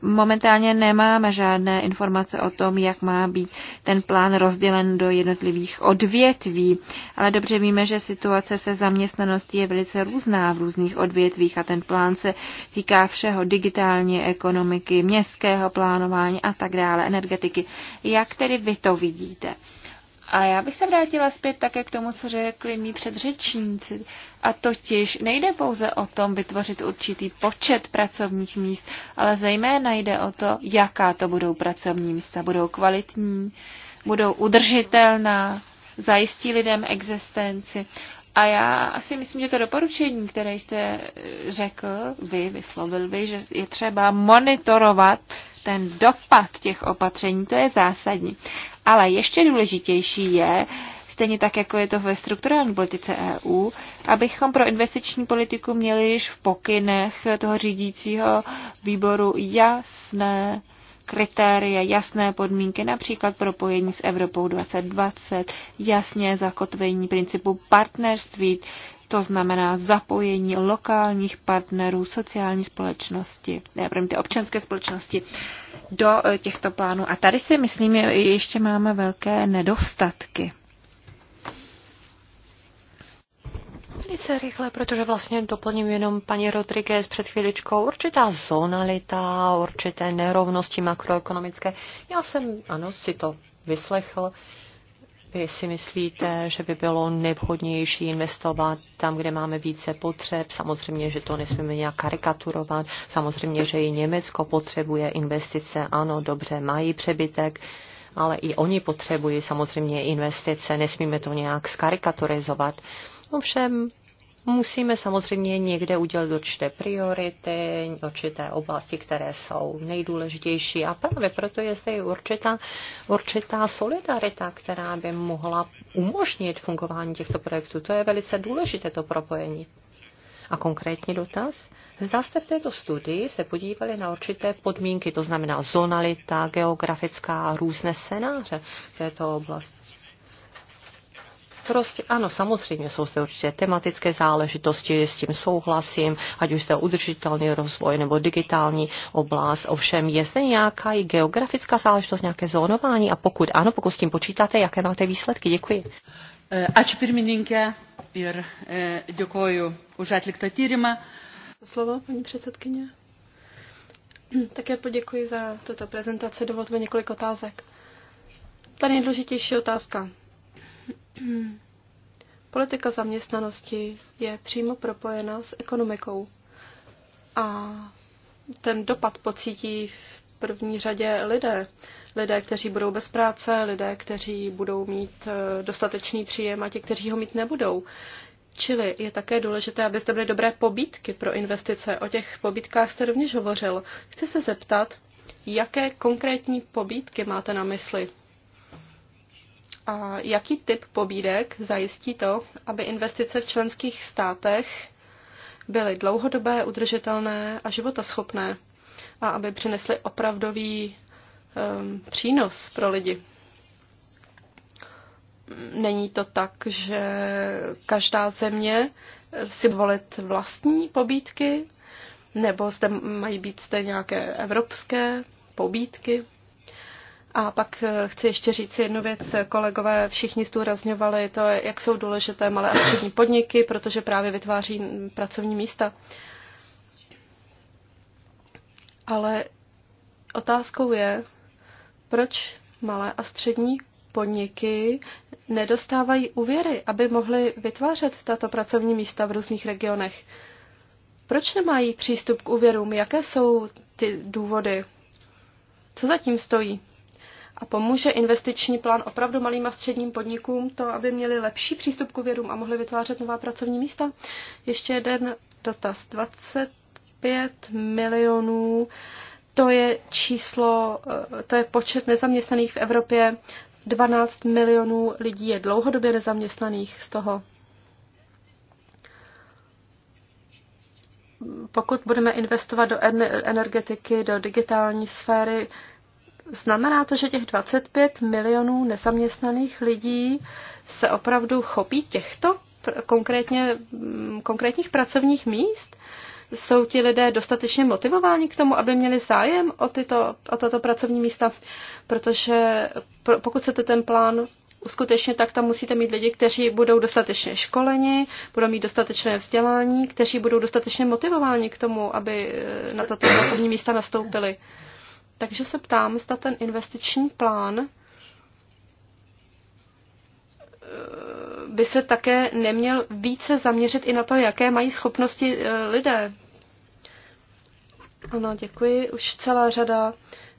B: momentálně nemáme žádné informace o tom, jak má být ten plán rozdělen do jednotlivých odvětví, ale dobře víme, že situace se zaměstnaností je velice různá v různých odvětvích a ten plán se týká všeho digitální ekonomiky, městského plánování a tak dále, energetiky. Jak tedy vy to vidíte? A já bych se vrátila zpět také k tomu, co řekli mý předřečníci. A totiž nejde pouze o tom vytvořit určitý počet pracovních míst, ale zejména jde o to, jaká to budou pracovní místa. Budou kvalitní, budou udržitelná, zajistí lidem existenci. A já asi myslím, že to doporučení, které jste řekl, vy, vyslovil vy, že je třeba monitorovat ten dopad těch opatření, to je zásadní. Ale ještě důležitější je, stejně tak, jako je to ve strukturální politice EU, abychom pro investiční politiku měli již v pokynech toho řídícího výboru jasné kritéria, jasné podmínky, například propojení s Evropou 2020, jasně zakotvení principu partnerství, to znamená zapojení lokálních partnerů, sociální společnosti, ne, ty občanské společnosti do e, těchto plánů. A tady si myslím, že ještě máme velké nedostatky.
A: Velice rychle, protože vlastně doplním jenom paní Rodriguez před chvíličkou. Určitá zonalita, určité nerovnosti makroekonomické. Já jsem, ano, si to vyslechl. Uh, vy si myslíte, že by bylo nevhodnější investovat tam, kde máme více potřeb. Samozřejmě, že to nesmíme nějak karikaturovat. Samozřejmě, že i Německo potřebuje investice. Ano, dobře, mají přebytek, ale i oni potřebují samozřejmě investice. Nesmíme to nějak skarikaturizovat. Ovšem, Musíme samozřejmě někde udělat určité priority, určité oblasti, které jsou nejdůležitější a právě proto je zde určitá, určitá solidarita, která by mohla umožnit fungování těchto projektů. To je velice důležité, to propojení. A konkrétní dotaz? Zda jste v této studii se podívali na určité podmínky, to znamená zonalita, geografická a různé scénáře v této oblasti. Prostě ano, samozřejmě jsou zde určitě tematické záležitosti, s tím souhlasím, ať už jste udržitelný rozvoj nebo digitální oblast. Ovšem, je zde nějaká i geografická záležitost, nějaké zónování a pokud ano, pokud s tím počítáte, jaké máte výsledky? Děkuji.
C: Eh, Ač pirmininke ir eh, děkuji už atliktą tyrimą.
D: Slovo, paní předsedkyně. Také poděkuji za tuto prezentaci. Dovolte mi několik otázek. Ta nejdůležitější otázka. Politika zaměstnanosti je přímo propojena s ekonomikou a ten dopad pocítí v první řadě lidé. Lidé, kteří budou bez práce, lidé, kteří budou mít eh, dostatečný příjem a ti, kteří ho mít nebudou. Čili je také důležité, abyste byly dobré pobídky pro investice. O těch pobídkách jste rovněž hovořil. Chci se zeptat, jaké konkrétní pobídky máte na mysli? A jaký typ pobídek zajistí to, aby investice v členských státech byly dlouhodobé, udržitelné a životaschopné a aby přinesly opravdový um, přínos pro lidi? Není to tak, že každá země si volit vlastní pobídky, nebo zde mají být zde nějaké evropské pobídky? A pak eh, chci ještě říct jednu věc. Kolegové všichni zdůrazňovali to, jak jsou důležité malé a střední podniky, protože právě vytváří pracovní místa. Ale otázkou je, proč malé a střední podniky nedostávají úvěry, aby mohly vytvářet tato pracovní místa v různých regionech. Proč nemají přístup k úvěrům? Jaké jsou ty důvody? Co zatím stojí? a pomůže investiční plán opravdu malým a středním podnikům to, aby měli lepší přístup k vědům a mohli vytvářet nová pracovní místa? Ještě jeden dotaz. 25 milionů, to je číslo, eh, to je počet nezaměstnaných v Evropě. 12 milionů lidí je dlouhodobě nezaměstnaných z toho. Pokud budeme investovat do energetiky, do digitální sféry, Znamená to, že těch 25 milionů nezaměstnaných lidí se opravdu chopí těchto konkrétně, mm, konkrétních pracovních míst? Jsou ti lidé dostatečně motivováni k tomu, aby měli zájem o, tyto, o tato pracovní místa? Protože pokud chcete ten plán uskutečně, tak tam musíte mít lidi, kteří budou dostatečně školeni, budou mít dostatečné vzdělání, kteří budou dostatečně motivováni k tomu, aby eh, na tato pracovní místa nastoupili. Takže se ptám, zda ten investiční plán eh, by se také neměl více zaměřit i na to, jaké mají schopnosti eh, lidé. Ano, děkuji. Už celá řada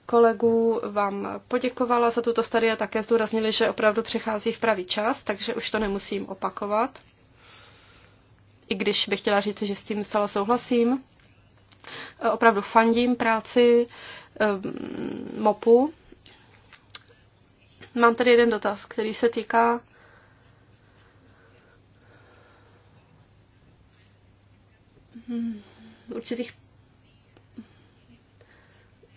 D: kolegů vám poděkovala za tuto studii a také zdůraznili, že opravdu přichází v pravý čas, takže už to nemusím opakovat. I když bych chtěla říct, že s tím zcela souhlasím. Eh, opravdu fandím práci Ehm, MOPu. Mám tady jeden dotaz, který se týká určitých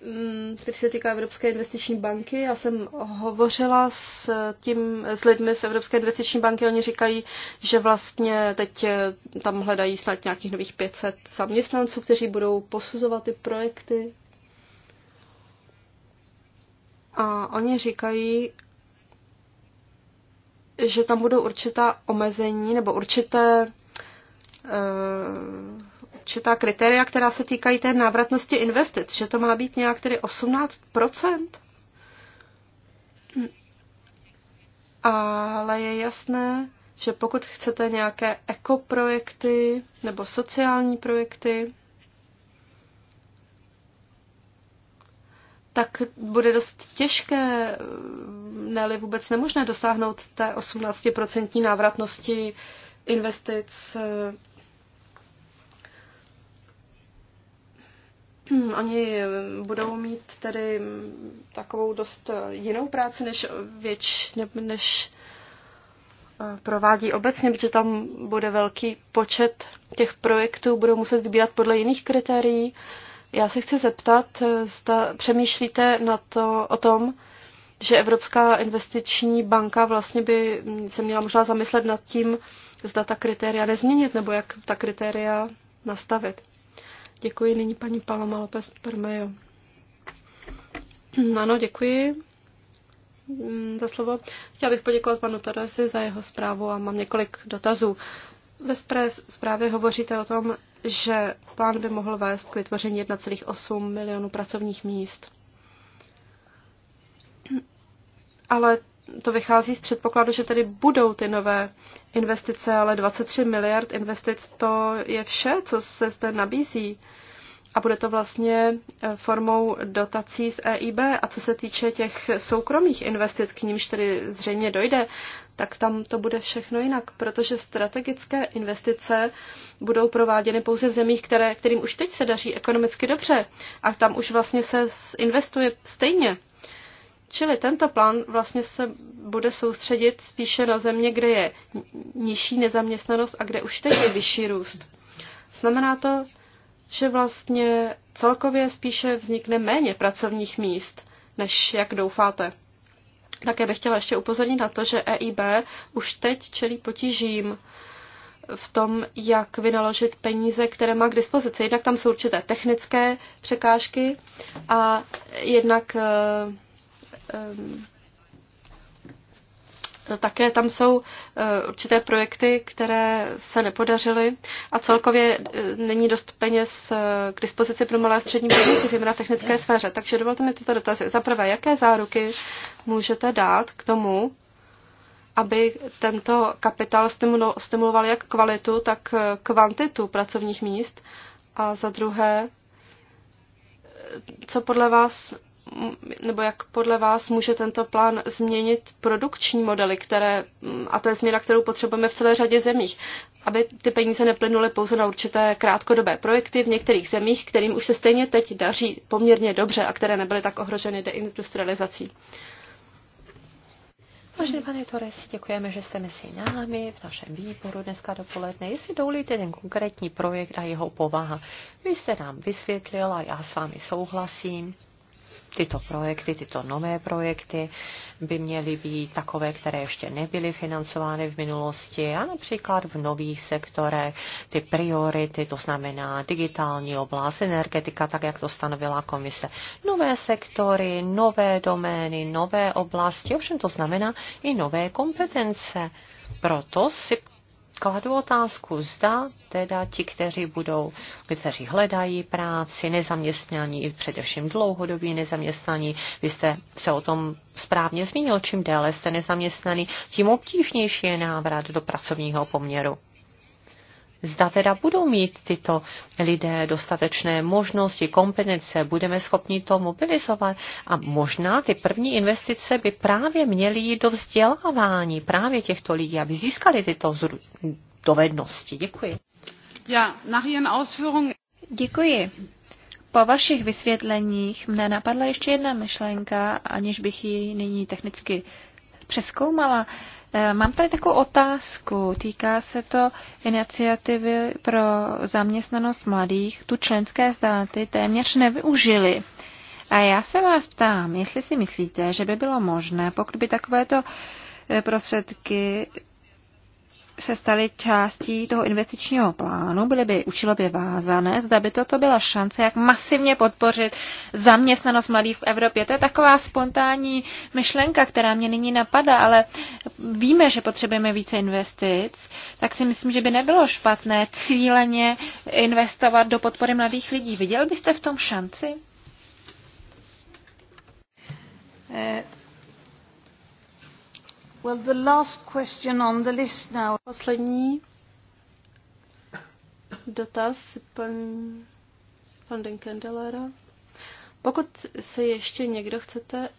D: ehm, který se týká Evropské investiční banky. Já jsem hovořila s, tím, s lidmi z Evropské investiční banky. Oni říkají, že vlastně teď eh, tam hledají snad nějakých nových 500 zaměstnanců, kteří budou posuzovat ty projekty. A oni říkají, že tam budou určitá omezení nebo určité, uh, určitá kritéria, která se týkají té návratnosti investic, že to má být nějak tedy 18 Ale je jasné, že pokud chcete nějaké ekoprojekty nebo sociální projekty, tak bude dost těžké, ne vůbec nemožné dosáhnout té 18% návratnosti investic. Oni budou mít tedy takovou dost jinou práci, než, věč, než eh, provádí obecně, protože tam bude velký počet těch projektů, budou muset vybírat podle jiných kritérií. Uh, já se chci zeptat, zda přemýšlíte na to, o tom, že Evropská investiční banka vlastně by se měla možná zamyslet nad tím, zda ta kritéria nezměnit, nebo jak ta kritéria nastavit. Děkuji nyní paní Paloma López Permejo. Hmm, ano, děkuji hmm, za slovo. Chtěla bych poděkovat panu Torresi za jeho zprávu a mám několik dotazů. Ve zprávě hovoříte o tom, že plán by mohl vést k vytvoření 1,8 milionu pracovních míst. Ale to vychází z předpokladu, že tedy budou ty nové investice, ale 23 miliard investic to je vše, co se zde nabízí a bude to vlastně eh, formou dotací z EIB. A co se týče těch soukromých investic, k nímž tedy zřejmě dojde, tak tam to bude všechno jinak, protože strategické investice budou prováděny pouze v zemích, které, kterým už teď se daří ekonomicky dobře a tam už vlastně se investuje stejně. Čili tento plán vlastně se bude soustředit spíše na země, kde je nižší nezaměstnanost a kde už teď je vyšší růst. Znamená to, že vlastně celkově spíše vznikne méně pracovních míst, než jak doufáte. Také bych chtěla ještě upozornit na to, že EIB už teď čelí potížím v tom, jak vynaložit peníze, které má k dispozici. Jednak tam jsou určité technické překážky a jednak um, také tam jsou eh, určité projekty, které se nepodařily a celkově eh, není dost peněz eh, k dispozici pro malé a střední podniky, zejména v technické sféře. Takže dovolte mi tyto dotazy. Za prvé, jaké záruky můžete dát k tomu, aby tento kapitál stimuloval jak kvalitu, tak kvantitu pracovních míst? A za druhé, co podle vás nebo jak podle vás může tento plán změnit produkční modely, které, mm, a to je změna, kterou potřebujeme v celé řadě zemích, aby ty peníze neplynuly pouze na určité krátkodobé projekty v některých zemích, kterým už se stejně teď daří poměrně dobře a které nebyly tak ohroženy deindustrializací.
A: Vážený pane Toresi, děkujeme, že jste mezi námi v našem výboru dneska dopoledne. Jestli dovolíte ten konkrétní projekt a jeho povaha. Vy jste nám vysvětlil a já s vámi souhlasím tyto projekty, tyto nové projekty by měly být takové, které ještě nebyly financovány v minulosti a například v nových sektorech ty priority, to znamená digitální oblast, energetika, tak jak to stanovila komise. Nové sektory, nové domény, nové oblasti, ovšem to znamená i nové kompetence. Proto si kladu otázku, zda teda ti, kteří budou, kteří hledají práci, i především dlouhodobí nezaměstnání, vy jste se o tom správně zmínil, čím déle jste nezaměstnaný, tím obtížnější je návrat do pracovního poměru. Zda teda budou mít tyto lidé dostatečné možnosti, kompetence, budeme schopni to mobilizovat. A možná ty první investice by právě měly jít do vzdělávání právě těchto lidí, aby získali tyto dovednosti. Děkuji.
C: Ja, nach Ihren
B: Děkuji. Po vašich vysvětleních mne napadla ještě jedna myšlenka, aniž bych ji nyní technicky přeskoumala. Eh, mám tady takovou otázku. Týká se to iniciativy pro zaměstnanost mladých. Tu členské státy téměř nevyužili. A já se vás ptám, jestli si myslíte, že by bylo možné, pokud by takovéto eh, prostředky se staly částí toho investičního plánu, byly by učilově vázané, zda by toto byla šance, jak masivně podpořit zaměstnanost mladých v Evropě. To je taková spontánní myšlenka, která mě nyní napadá, ale víme, že potřebujeme více investic, tak si myslím, že by nebylo špatné cíleně investovat do podpory mladých lidí. Viděl byste v tom šanci?
D: Eh, Well, the last question on the list now. Poslední dotaz pan, pan Denkendelera. Pokud se ještě někdo chcete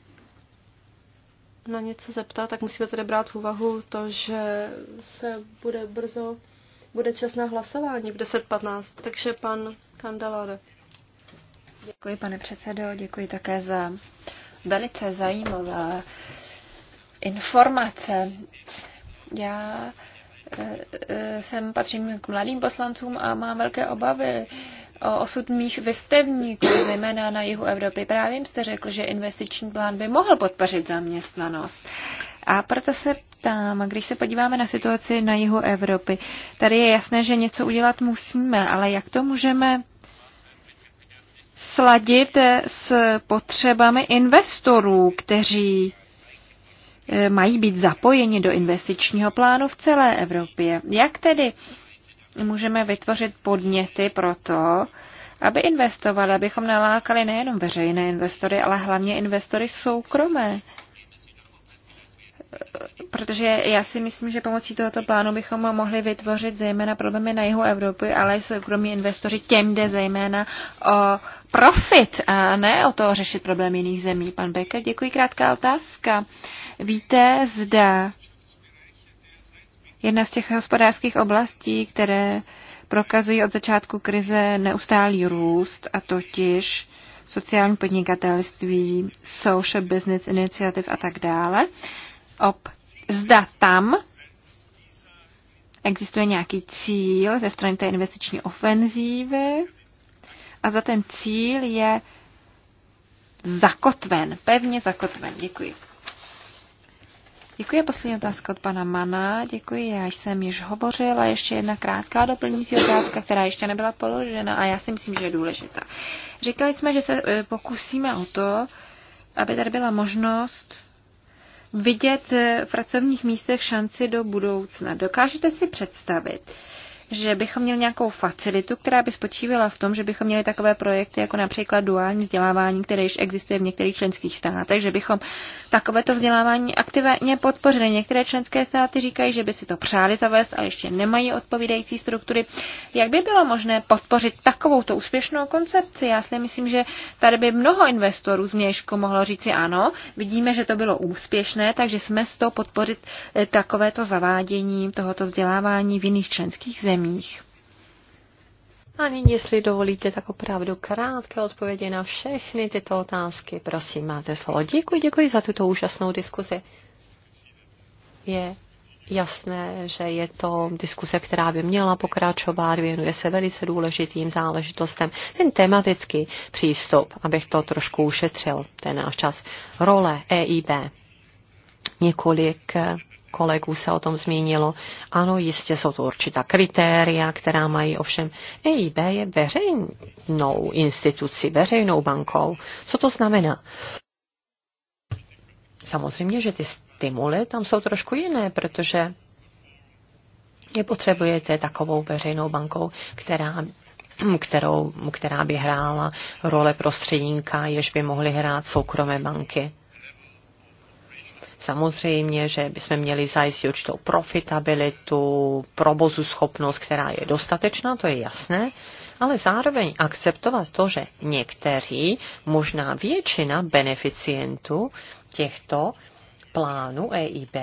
D: na něco zeptat, tak musíme tedy brát v úvahu to, že se bude brzo, bude čas na hlasování v 10.15. Takže pan Kandelare.
B: Děkuji, pane předsedo, děkuji také za velice zajímavé informace. Já jsem eh, eh, patřím k mladým poslancům a mám velké obavy o osud mých vystevníků, zejména na jihu Evropy. Právě jim jste řekl, že investiční plán by mohl podpořit zaměstnanost. A proto se ptám, když se podíváme na situaci na jihu Evropy, tady je jasné, že něco udělat musíme, ale jak to můžeme sladit eh, s potřebami investorů, kteří Eh, mají být zapojeni do investičního plánu v celé Evropě. Jak tedy můžeme vytvořit podněty pro to, aby investovali, abychom nalákali nejenom veřejné investory, ale hlavně investory soukromé. Eh, protože já si myslím, že pomocí tohoto plánu bychom mohli vytvořit zejména problémy na jihu Evropy, ale i soukromí investoři těm jde zejména o profit a ne o to řešit problémy jiných zemí. Pan Becker, děkuji, krátká otázka. Uh, Víte, zda jedna z těch hospodářských oblastí, které prokazují od začátku krize neustálý růst, a totiž sociální podnikatelství, social business iniciativ a tak dále. Ob, zda tam existuje nějaký cíl ze strany té investiční ofenzívy a za ten cíl je zakotven, pevně zakotven. Děkuji. Děkuji. Poslední otázka od pana Mana. Děkuji. Já jsem již hovořila. Ještě jedna krátká doplňující otázka, která ještě nebyla položena a já si myslím, že je důležitá. Říkali jsme, že se e, pokusíme o to, aby tady byla možnost vidět e, v pracovních místech šanci do budoucna. Dokážete si představit, že bychom měli nějakou facilitu, která by spočívala v tom, že bychom měli takové projekty, jako například duální vzdělávání, které již existuje v některých členských státech, že bychom takovéto vzdělávání aktivně podpořili. Některé členské státy říkají, že by si to přáli zavést, ale ještě nemají odpovídající struktury. Jak by bylo možné podpořit takovouto úspěšnou koncepci? Já si myslím, že tady by mnoho investorů z měšku mohlo říci ano, vidíme, že to bylo úspěšné, takže jsme s to podpořit eh, takovéto zavádění tohoto vzdělávání v jiných členských zemích zemích.
A: A nyní, jestli dovolíte, tak opravdu krátké odpovědi na všechny tyto otázky. Prosím, máte slovo. Děkuji, děkuji za tuto úžasnou diskuzi. Je jasné, že je to diskuse, která by měla pokračovat, věnuje se velice důležitým záležitostem. Ten tematický přístup, abych to trošku ušetřil, ten náš čas. Role EIB. Několik kolegů se o tom zmínilo. Ano, jistě jsou to určitá kritéria, která mají ovšem. EIB je veřejnou institucí, veřejnou bankou. Co to znamená? Samozřejmě, že ty stimuly tam jsou trošku jiné, protože potřebujete takovou veřejnou bankou, která kterou, která by hrála role prostředníka, jež by mohly hrát soukromé banky. Samozřejmě, že bychom měli zajistit určitou profitabilitu, probozu schopnost, která je dostatečná, to je jasné, ale zároveň akceptovat to, že někteří, možná většina beneficientů těchto plánů EIB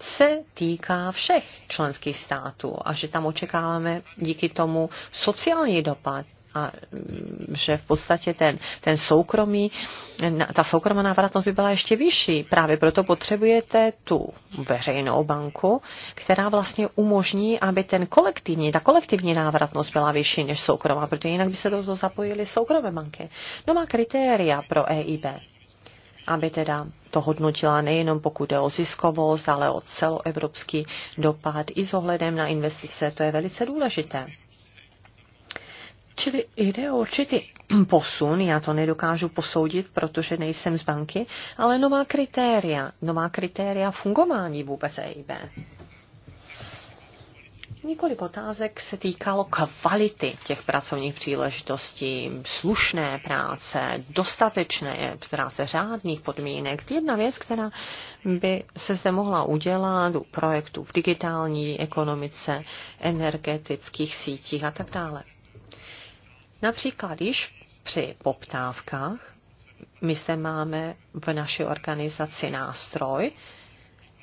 A: se týká všech členských států a že tam očekáváme díky tomu sociální dopad, a mm, že v podstatě ten, ten soukromý, ta soukromá návratnost by byla ještě vyšší. Právě proto potřebujete tu veřejnou banku, která vlastně umožní, aby ten kolektivní, ta kolektivní návratnost byla vyšší než soukromá, protože jinak by se do toho zapojili soukromé banky. No má kritéria pro EIB aby teda to hodnotila nejenom pokud jde o ziskovost, ale o celoevropský dopad i s ohledem na investice. To je velice důležité. Čili jde o určitý posun, já to nedokážu posoudit, protože nejsem z banky, ale nová kritéria, nová kritéria fungování vůbec EIB. Několik otázek se týkalo kvality těch pracovních příležitostí, slušné práce, dostatečné práce, řádných podmínek. Jedna věc, která by se zde mohla udělat u projektů v digitální ekonomice, energetických sítích a tak dále. Například již při poptávkách my se máme v naší organizaci nástroj,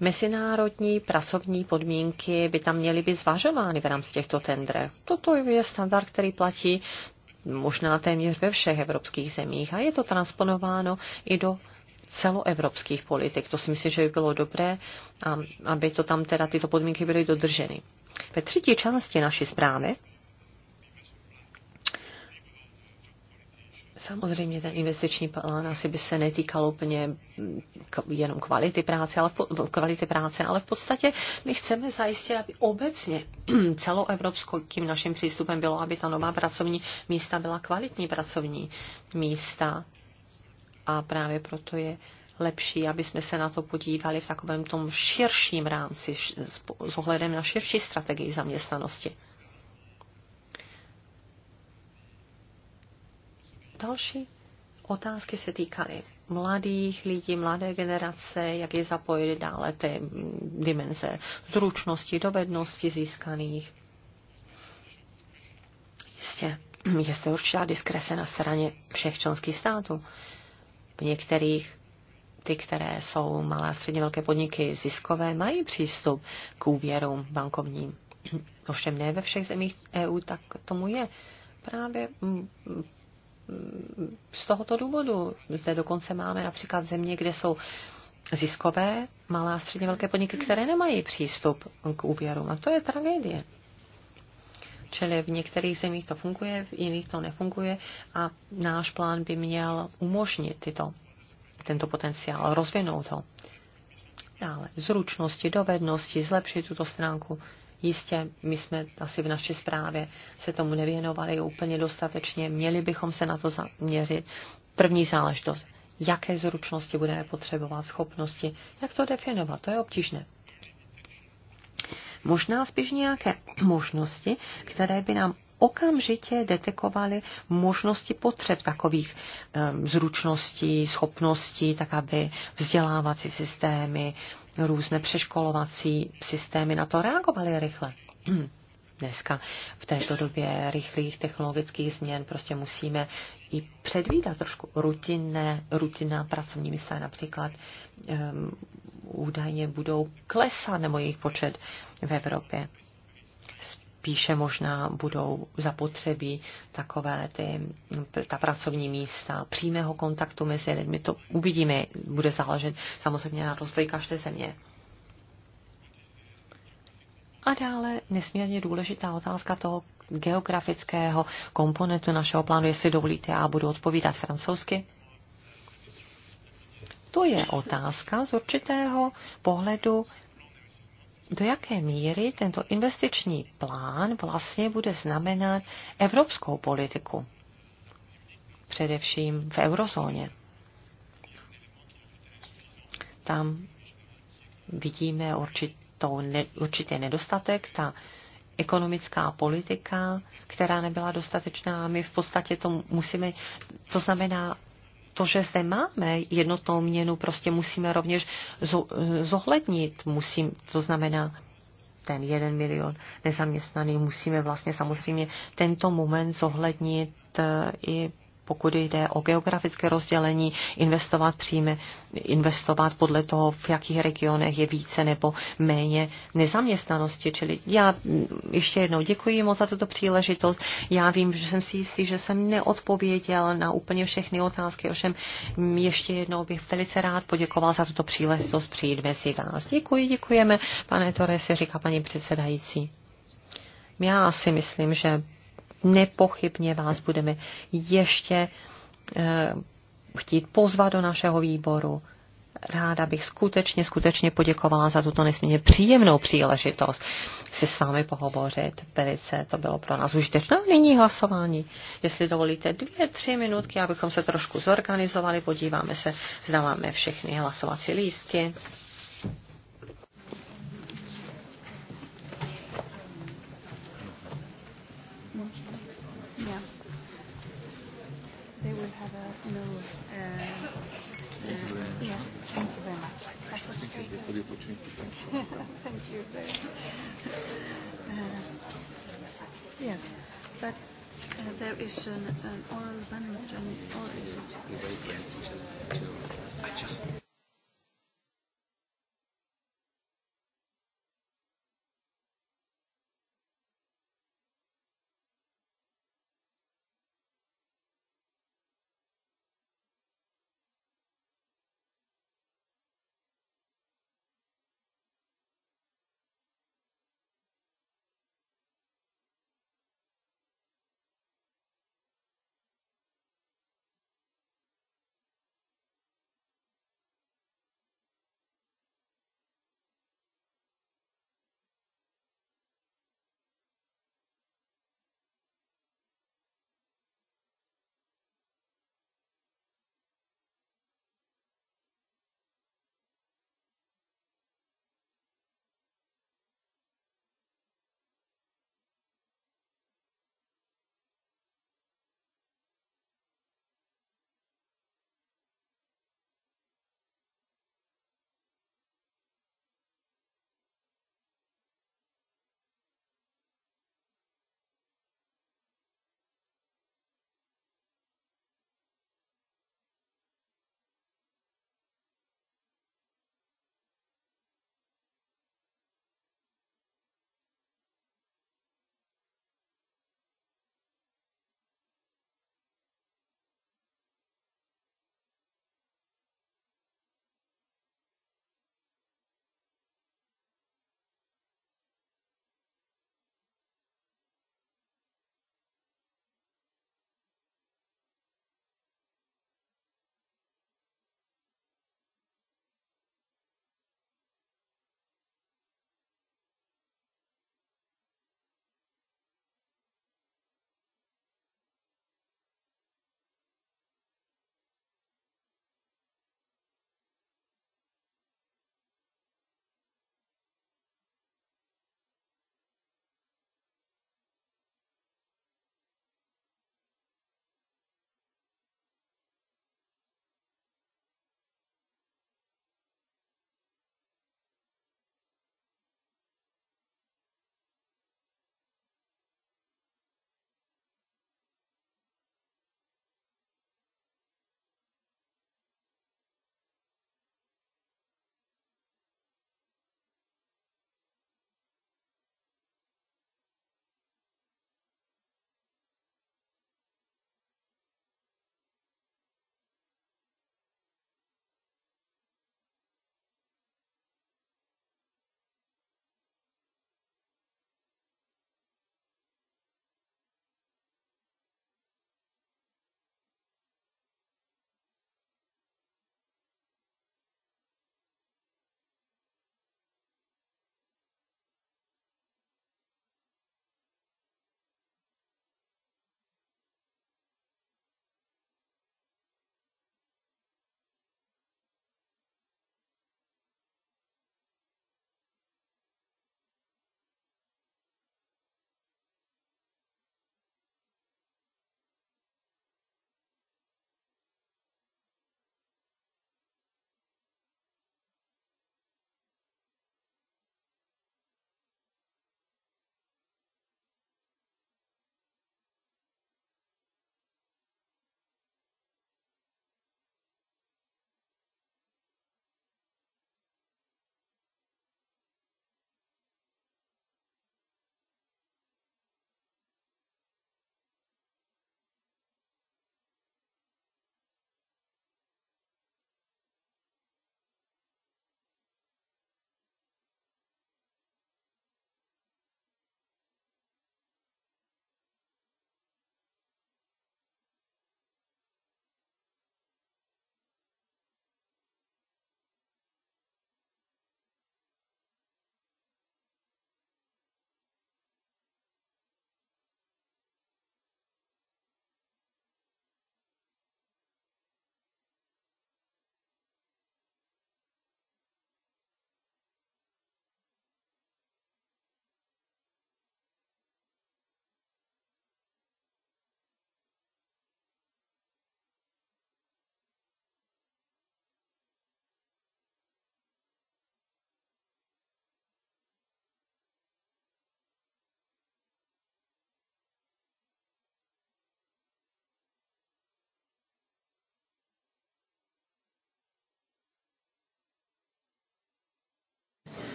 A: mezinárodní pracovní podmínky by tam měly být zvažovány v rámci těchto tendre. Toto je standard, který platí možná téměř ve všech evropských zemích a je to transponováno i do celoevropských politik. To si myslím, že by bylo dobré, aby to tam teda tyto podmínky byly dodrženy. Ve třetí části naší zprávy Samozřejmě ten investiční plán asi by se netýkal úplně jenom kvality práce, ale v, kvality práce, ale v podstatě my chceme zajistit, aby obecně celoevropským naším přístupem bylo, aby ta nová pracovní místa byla kvalitní pracovní místa a právě proto je lepší, aby jsme se na to podívali v takovém tom širším rámci s ohledem na širší strategii zaměstnanosti. Další otázky se týkaly mladých lidí, mladé generace, jak je zapojit dále ty dimenze zručnosti, dovednosti získaných. Jistě, je určitá diskrese na straně všech členských států. V některých ty, které jsou malé a středně velké podniky ziskové, mají přístup k úvěrům bankovním. Ovšem ne ve všech zemích EU tak tomu je. Právě z tohoto důvodu. Zde dokonce máme například země, kde jsou ziskové malé a středně velké podniky, které nemají přístup k úvěrům. A to je tragédie. Čili v některých zemích to funguje, v jiných to nefunguje a náš plán by měl umožnit tyto, tento potenciál, rozvinout ho. Dále zručnosti, dovednosti, zlepšit tuto stránku Jistě, my jsme asi v naší zprávě se tomu nevěnovali úplně dostatečně. Měli bychom se na to zaměřit. První záležitost, jaké zručnosti budeme potřebovat, schopnosti, jak to definovat, to je obtížné. Možná spíš nějaké možnosti, které by nám okamžitě detekovaly možnosti potřeb takových um, zručností, schopností, tak aby vzdělávací systémy, um, různé přeškolovací systémy na to reagovaly rychle. Dneska v této době rychlých technologických změn prostě musíme i předvídat trošku rutinné, rutinná pracovní místa, například um, údajně budou klesat nebo jejich počet v Evropě spíše možná budou zapotřebí takové ty, ta pracovní místa, přímého kontaktu mezi lidmi. To uvidíme, bude záležet samozřejmě na rozvoji každé země. A dále nesmírně důležitá otázka toho geografického komponentu našeho plánu, jestli dovolíte, já budu odpovídat francouzsky. To je otázka z určitého pohledu do jaké míry tento investiční plán vlastně bude znamenat evropskou politiku, především v eurozóně. Tam vidíme určitou, ne, určitý nedostatek, ta ekonomická politika, která nebyla dostatečná. My v podstatě to musíme, to znamená, to, že zde máme jednotnou měnu, prostě musíme rovněž eh, zohlednit. Musím, to znamená, ten jeden milion nezaměstnaných musíme vlastně samozřejmě tento moment zohlednit eh, i pokud jde o geografické rozdělení, investovat příjmy, investovat podle toho, v jakých regionech je více nebo méně nezaměstnanosti. Čili já ještě jednou děkuji moc za tuto příležitost. Já vím, že jsem si jistý, že jsem neodpověděl na úplně všechny otázky, ovšem ještě jednou bych velice rád poděkoval za tuto příležitost přijít mezi vás. Děkuji, děkujeme, pane Torresi, říká paní předsedající. Já si myslím, že nepochybně vás budeme ještě eh, chtít pozvat do našeho výboru. Ráda bych skutečně, skutečně poděkovala za tuto nesmírně příjemnou příležitost si s vámi pohovořit. Velice to bylo pro nás užitečné. Nyní hlasování. Jestli dovolíte dvě, tři minutky, abychom se trošku zorganizovali, podíváme se, zda máme všechny hlasovací lístky.
C: No, uh, uh, yeah, thank you very much. That was thank you
D: for the opportunity. Thank you. very much.
C: Uh,
B: yes, but uh, there is an,
C: an oral amendment and oral. Yes. I just.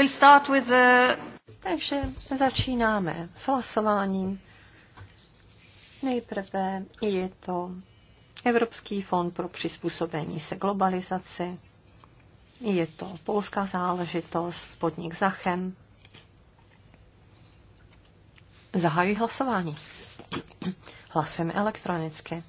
C: We'll start with
A: the... Takže začínáme s hlasováním. Nejprve je to Evropský fond pro přizpůsobení se globalizaci. Je to polská záležitost, podnik Zachem. Zahajuji hlasování. Hlasujeme elektronicky.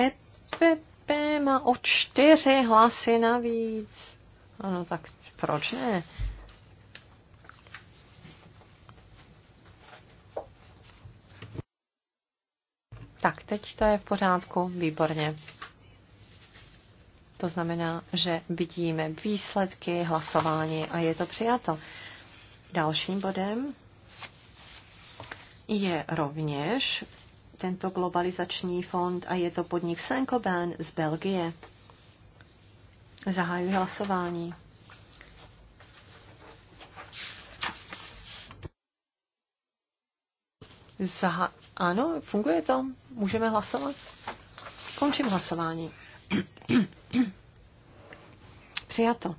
A: EPP EPP má o čtyři hlasy navíc. Ano, tak proč ne? Tak, teď to je v pořádku, výborně. To znamená, že vidíme výsledky hlasování a je to přijato. Dalším bodem je rovněž tento globalizační fond a je to podnik Saint-Gobain z Belgie. Zahajuji hlasování. Zaha- ano, funguje to. Můžeme hlasovat. Končím hlasování. Přijato.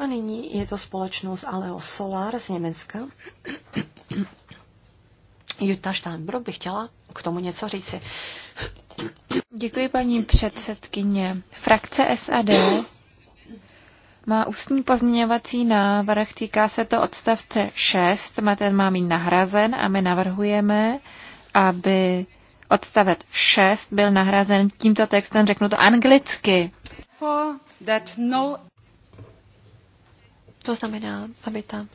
A: A nyní je to společnost Aleo Solar z Německa. Jutta Steinbrück by chtěla k tomu něco říci. Děkuji, paní předsedkyně. Frakce SAD
B: má ústní pozměňovací návrh, týká se to odstavce 6, ten má být nahrazen a my navrhujeme, aby odstavec 6 byl nahrazen tímto textem, řeknu to anglicky.
A: For that no to znamená, aby tam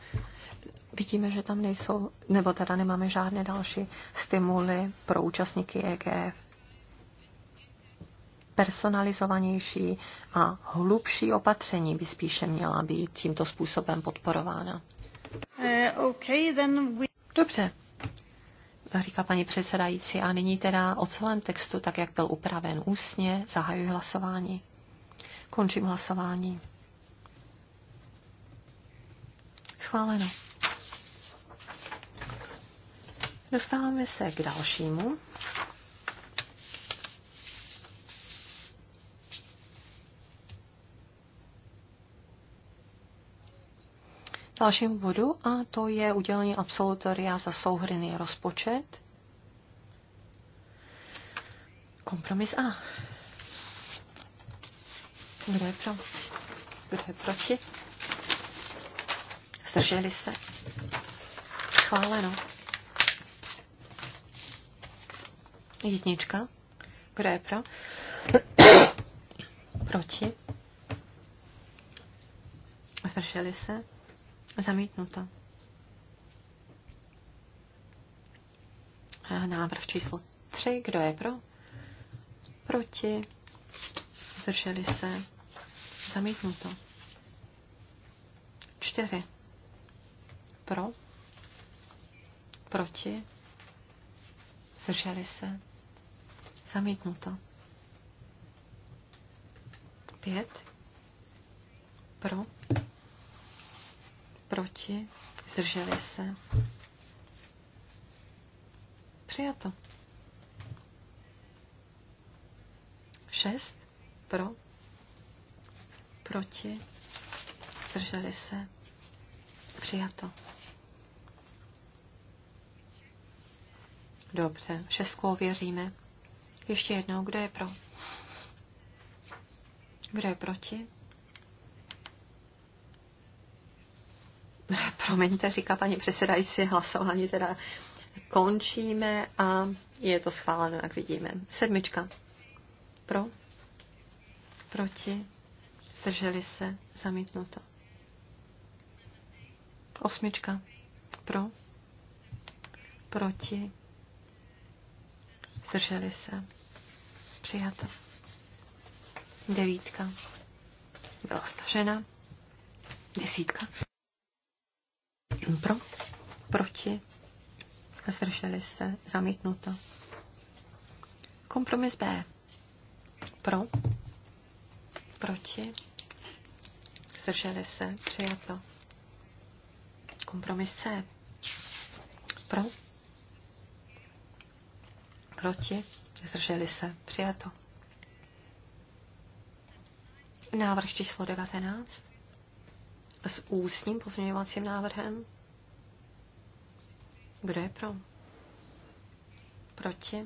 A: vidíme, že tam nejsou, nebo teda nemáme žádné další stimuly pro účastníky EGF. Personalizovanější a hlubší opatření by spíše měla být tímto způsobem podporována. Uh, okay, then we... Dobře, říká paní předsedající. A nyní teda o celém textu, tak jak byl upraven ústně, zahajuji hlasování. Končím hlasování. Schváleno. Dostáváme se k dalšímu. Dalším bodu a to je udělení absolutoria za souhrný rozpočet. Kompromis A. Kdo je pro? Kdo je proti? Zdrželi se? chváleno. Jednička. Kdo je pro? Proti? Zdrželi se? Zamítnuto. Návrh číslo 3. Kdo je pro? Proti? Zdrželi se? Zamítnuto. 4. Pro? Proti? Zdrželi se? Zamítnuto. Pět. Pro? Proti? Zdrželi se? Přijato. Šest. Pro? Proti? Zdrželi se? Přijato. Dobře, šestkou věříme. Ještě jednou, kdo je pro? Kdo je proti? Promiňte, říká paní předsedající, hlasování teda končíme a je to schváleno, jak vidíme. Sedmička. Pro? Proti? Zdrželi se? Zamítnuto. Osmička. Pro? Proti? Zdrželi se. Přijato. Devítka. Byla stažena. Desítka. Pro. Proti. Zdrželi se. Zamítnuto. Kompromis B. Pro. Proti. Zdrželi se. Přijato. Kompromis C. Pro Proti? Zdrželi se. Přijato. Návrh číslo 19 s ústním pozměňovacím návrhem. Kdo je pro? Proti?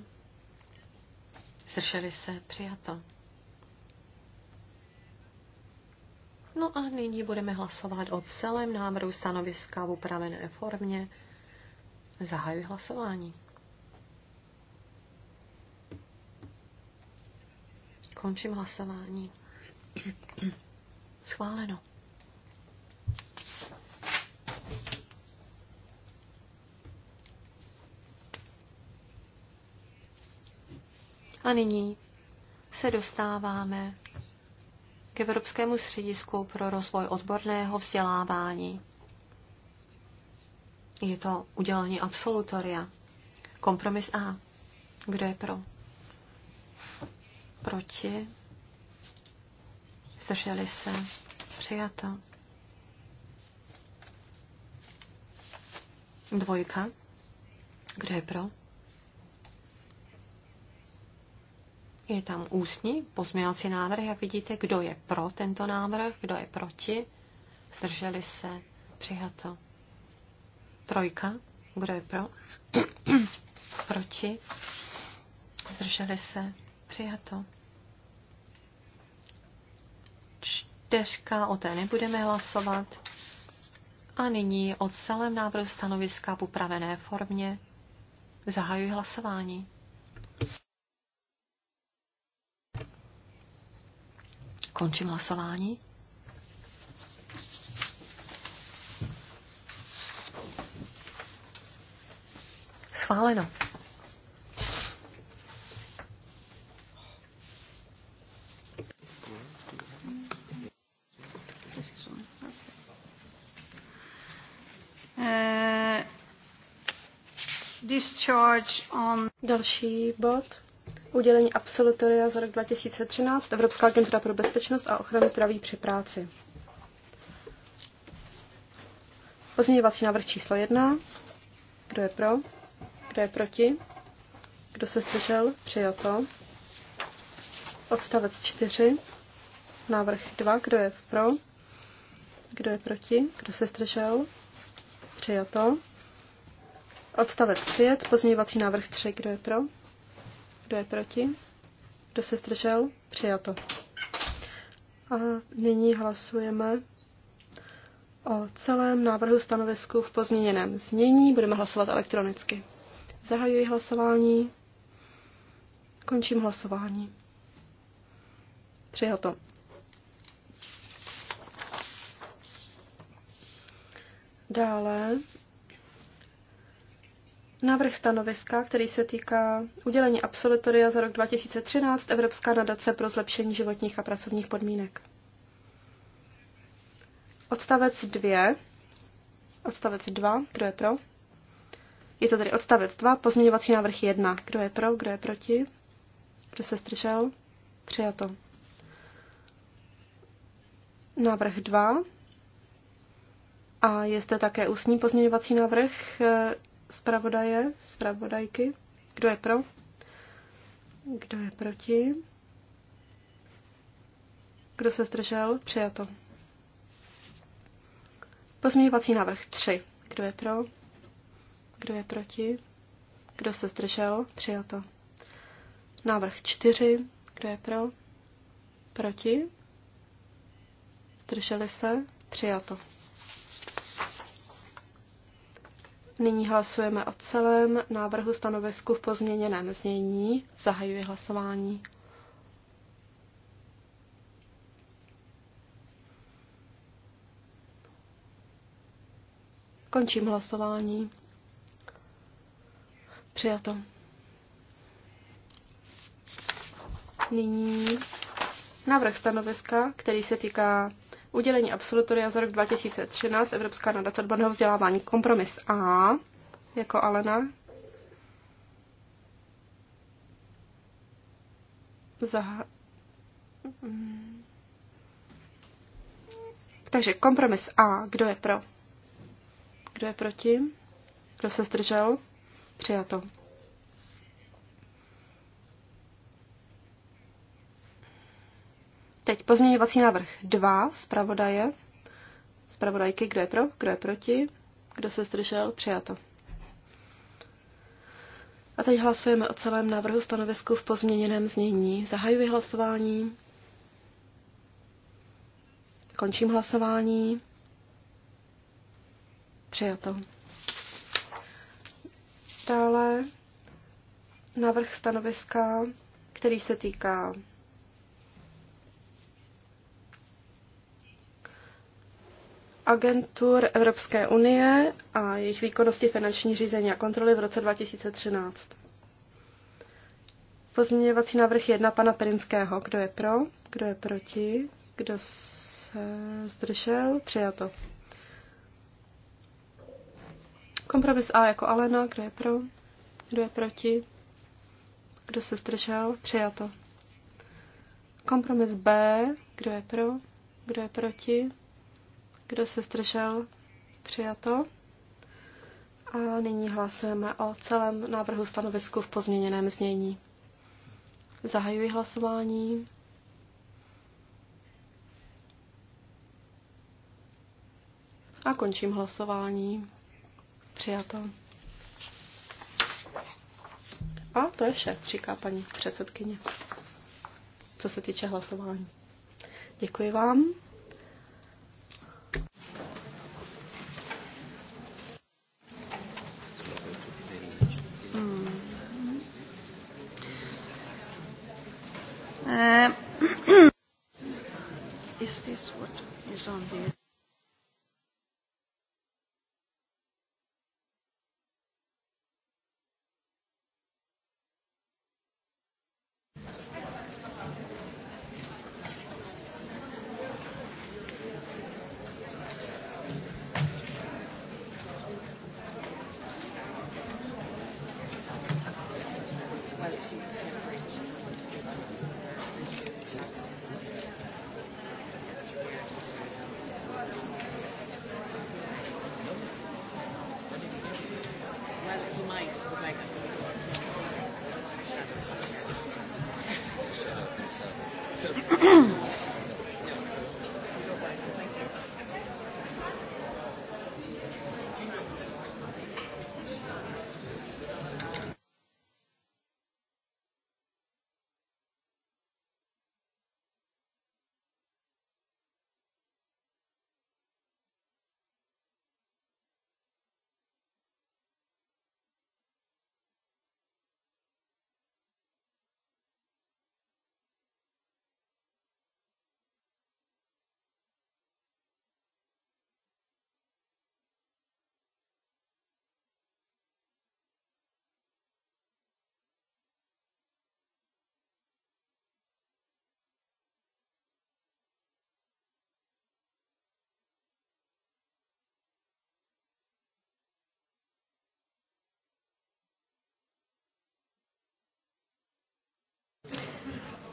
A: Zdrželi se. Přijato. No a nyní budeme hlasovat o celém návrhu stanoviska v upravené formě. Zahajuji hlasování. Končím hlasování. Schváleno. A nyní se dostáváme k Evropskému středisku pro rozvoj odborného vzdělávání. Je to udělení absolutoria. Kompromis A. Kdo je pro? proti, zdrželi se, přijato. Dvojka, kdo je pro? Je tam ústní pozměňovací návrh, jak vidíte, kdo je pro tento návrh, kdo je proti, zdrželi se, přijato. Trojka, kdo je pro? proti, zdrželi se, Přijato. Čtyřka, o té nebudeme hlasovat. A nyní o celém návrhu stanoviska v upravené formě. Zahajuji hlasování. Končím hlasování. Schváleno.
D: discharge on... Další bod. Udělení absolutoria za rok 2013 Evropská agentura pro bezpečnost a ochranu zdraví při práci. Pozměňovací návrh číslo 1. Kdo je pro? Kdo je proti? Kdo se zdržel? Přijato. Odstavec 4. Návrh 2. Kdo je pro? Kdo je proti? Kdo se zdržel? Přijato. Odstavec 5, pozměňovací návrh 3, kdo je pro? Kdo je proti? Kdo se zdržel? Přijato. A nyní hlasujeme o celém návrhu stanovisku v pozměněném znění. Budeme hlasovat elektronicky. Zahajuji hlasování. Končím hlasování. Přijato. Dále Návrh stanoviska, který se týká udělení absolutoria za rok 2013 Evropská nadace pro zlepšení životních a pracovních podmínek. Odstavec 2. Odstavec 2. Kdo je pro? Je to tedy odstavec 2, pozměňovací návrh 1. Kdo je pro, kdo je proti? Kdo se zdržel? Přijato. Návrh 2. A je zde také ústní pozměňovací návrh zpravodaje, zpravodajky. Kdo je pro? Kdo je proti? Kdo se zdržel? Přijato. Pozměňovací návrh 3. Kdo je pro? Kdo je proti? Kdo se zdržel? Přijato. Návrh 4. Kdo je pro? Proti? Zdrželi se? Přijato. Nyní hlasujeme o celém návrhu stanovisku v pozměněném znění. Zahajuji hlasování. Končím hlasování. Přijato. Nyní návrh stanoviska, který se týká Udělení absolutoria za rok 2013 Evropská nadace odborného vzdělávání. Kompromis A, jako Alena. Za... Takže kompromis A, kdo je pro? Kdo je proti? Kdo se zdržel? Přijato. Pozměňovací návrh 2 zpravodaje. Zpravodajky, kdo je pro, kdo je proti, kdo se zdržel, přijato. A teď hlasujeme o celém návrhu stanovisku v pozměněném znění. Zahajuji hlasování. Končím hlasování. Přijato. Dále návrh stanoviska, který se týká agentur Evropské unie a jejich výkonnosti finanční řízení a kontroly v roce 2013. Pozměňovací návrh jedna pana Perinského. Kdo je pro? Kdo je proti? Kdo se zdržel? Přijato. Kompromis A jako Alena. Kdo je pro? Kdo je proti? Kdo se zdržel? Přijato. Kompromis B. Kdo je pro? Kdo je proti? Kdo se zdržel? Přijato. A nyní hlasujeme o celém návrhu stanovisku v pozměněném znění. Zahajuji hlasování. A končím hlasování. Přijato. A to je vše, říká paní předsedkyně, co se týče hlasování. Děkuji vám. on the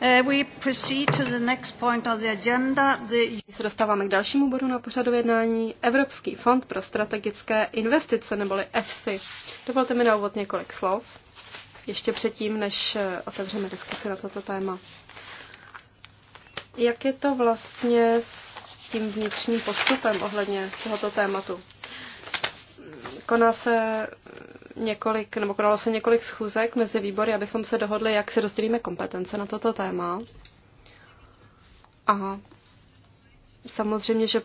D: Eh, we Se dostáváme k dalšímu bodu na pořadu jednání. Evropský fond pro strategické investice, neboli EFSI. Dovolte mi na úvod několik slov, ještě předtím, než eh, otevřeme diskusi na toto téma. Jak je to vlastně s tím vnitřním postupem ohledně tohoto tématu? koná se několik, nebo konalo se několik schůzek mezi výbory, abychom se dohodli, jak si rozdělíme kompetence na toto téma. A samozřejmě, že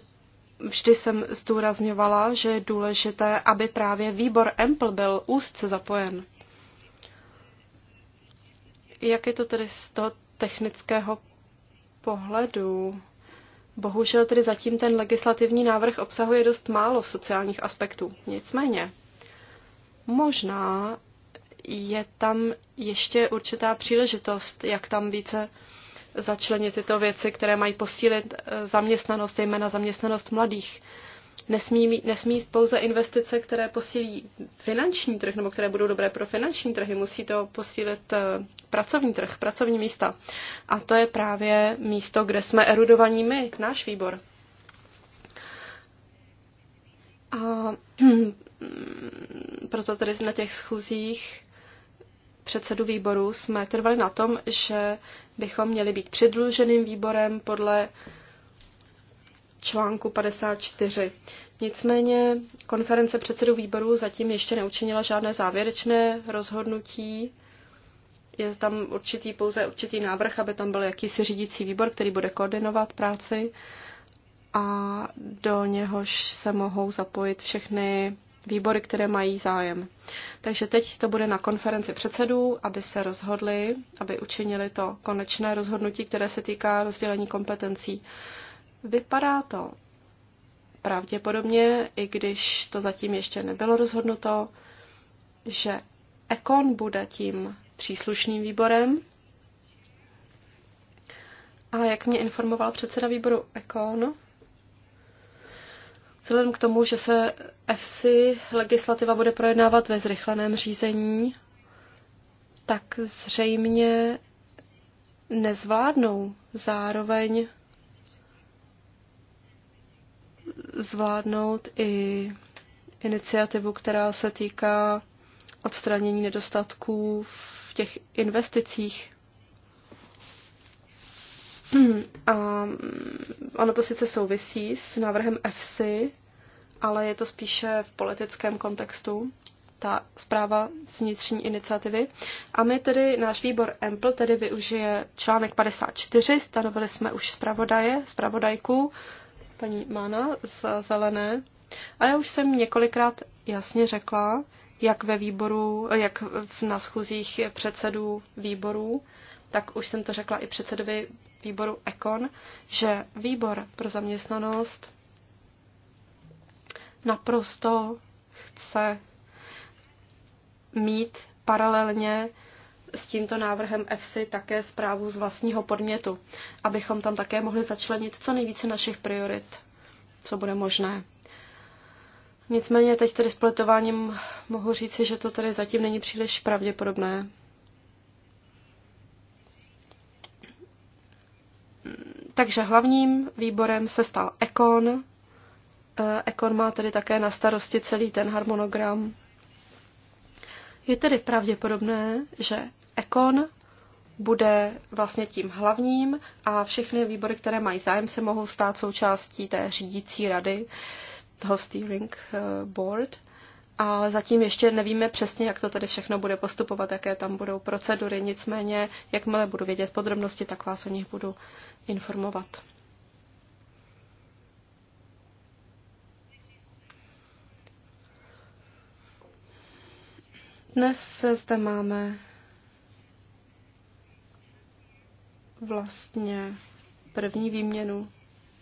D: vždy jsem zdůrazňovala, že je důležité, aby právě výbor EMPL byl úzce zapojen. Jak je to tedy z toho technického pohledu? Bohužel tedy zatím ten legislativní návrh obsahuje dost málo sociálních aspektů. Nicméně, možná je tam ještě určitá příležitost, jak tam více začlenit tyto věci, které mají posílit eh, zaměstnanost, zejména zaměstnanost mladých. Nesmí, nesmí jít pouze investice, které posílí finanční trh nebo které budou dobré pro finanční trhy. Musí to posílit eh, pracovní trh, pracovní místa. A to je právě místo, kde jsme erudovaní my, náš výbor. A proto tedy na těch schůzích předsedu výboru jsme trvali na tom, že bychom měli být předluženým výborem podle uh, článku 54. Nicméně konference předsedů výboru zatím ještě neučinila žádné závěrečné rozhodnutí. Je tam určitý pouze určitý návrh, aby tam byl jakýsi řídící výbor, který bude koordinovat práci a do něhož se mohou zapojit všechny výbory, které mají zájem. Takže teď to bude na konferenci předsedů, aby se rozhodli, aby učinili to konečné rozhodnutí, které se týká rozdělení kompetencí. Vypadá to pravděpodobně, i když to zatím ještě nebylo rozhodnuto, že Ekon bude tím příslušným výborem. A jak mě informoval předseda výboru Ekon, vzhledem k tomu, že se EFSI legislativa bude projednávat ve zrychleném řízení, tak zřejmě nezvládnou zároveň zvládnout i iniciativu, která se týká odstranění nedostatků v těch investicích. A ono to sice souvisí s návrhem EFSI, ale je to spíše v politickém kontextu, ta zpráva z vnitřní iniciativy. A my tedy, náš výbor EMPL, tedy využije článek 54, stanovili jsme už zpravodaje, zpravodajku, paní Mana z Zelené. A já už jsem několikrát jasně řekla, jak ve výboru, jak v na předsedů výborů, tak už jsem to řekla i předsedovi výboru Ekon, že výbor pro zaměstnanost naprosto chce mít paralelně s tímto návrhem EFSI také zprávu z vlastního podmětu, abychom tam také mohli začlenit co nejvíce našich priorit, co bude možné. Nicméně teď tedy s politováním mohu říci, že to tady zatím není příliš pravděpodobné. Takže hlavním výborem se stal Ekon. Ekon eh, má tedy také na starosti celý ten harmonogram. Je tedy pravděpodobné, že Econ bude vlastně tím hlavním a všechny výbory, které mají zájem, se mohou stát součástí té řídící rady, toho steering eh, board. Ale zatím ještě nevíme přesně, jak to tady všechno bude postupovat, jaké tam budou procedury. Nicméně, jakmile budu vědět podrobnosti, tak vás o nich budu informovat. Dnes zde máme vlastně první výměnu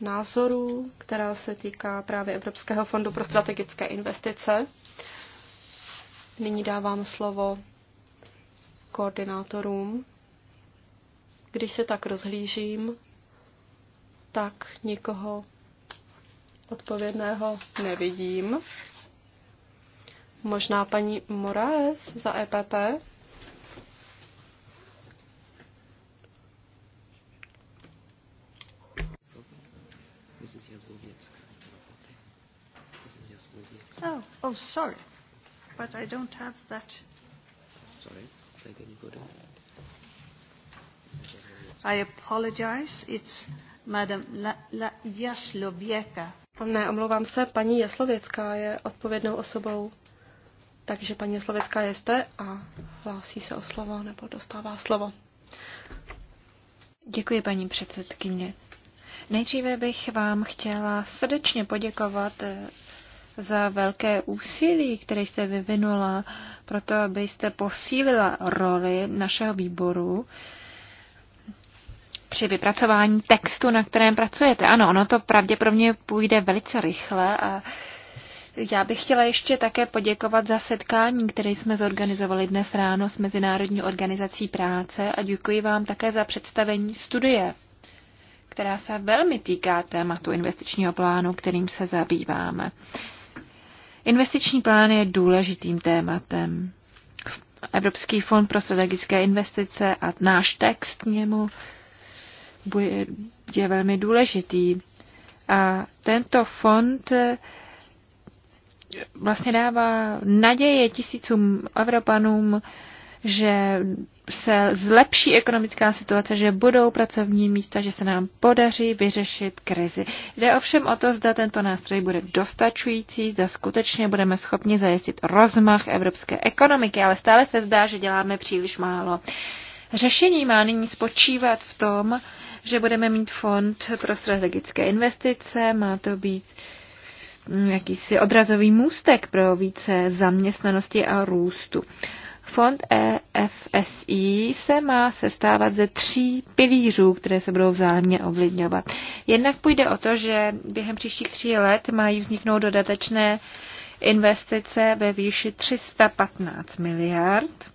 D: názorů, která se týká právě Evropského fondu pro strategické investice. Nyní dávám slovo koordinátorům. Když se tak rozhlížím, tak nikoho odpovědného nevidím. Možná paní Moraes za EPP?
A: Oh, sorry,
B: but I don't have that.
D: Sorry, I didn't put it.
C: I apologize. It's Madam La, La Jaslověka.
D: Ne, omlouvám se, paní Jaslověcká je odpovědnou osobou. Takže paní Jaslověcká je zde a hlásí se o slovo nebo dostává slovo. Děkuji, paní předsedkyně. Nejdříve bych vám
B: chtěla srdečně poděkovat za velké úsilí, které jste vyvinula pro to, abyste posílila roli našeho výboru při vypracování textu, na kterém pracujete. Ano, ono to pravděpodobně půjde velice rychle a já bych chtěla ještě také poděkovat za setkání, které jsme zorganizovali dnes ráno s Mezinárodní organizací práce a děkuji vám také za představení studie, která se velmi týká tématu investičního plánu, kterým se zabýváme. Investiční plán je důležitým tématem. Evropský fond pro strategické investice a náš text k němu je velmi důležitý. A tento fond eh, vlastně dává naděje tisícům Evropanům, že se zlepší ekonomická situace, že budou pracovní místa, že se nám podaří vyřešit krizi. Jde ovšem o to, zda tento nástroj bude dostačující, zda skutečně budeme schopni zajistit rozmach evropské ekonomiky, ale stále se zdá, že děláme příliš málo. Řešení má nyní spočívat v tom, že budeme mít fond pro strategické investice, má to být jakýsi odrazový můstek pro více zaměstnanosti a růstu. Fond EFSI se má sestávat ze tří pilířů, které se budou vzájemně ovlivňovat. Jednak půjde o to, že během příštích tří let mají vzniknout dodatečné investice ve výši 315 miliard.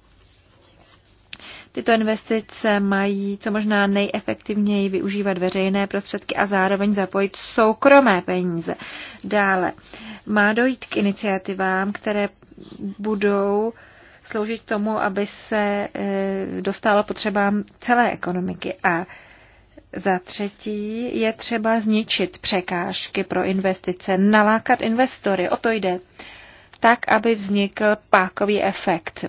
B: Tyto investice mají co možná nejefektivněji využívat veřejné prostředky a zároveň zapojit soukromé peníze. Dále má dojít k iniciativám, které budou uh, sloužit k tomu, aby se eh, dostalo potřebám celé ekonomiky. A za třetí je třeba zničit překážky pro investice, nalákat investory, o to jde, tak, aby vznikl pákový efekt.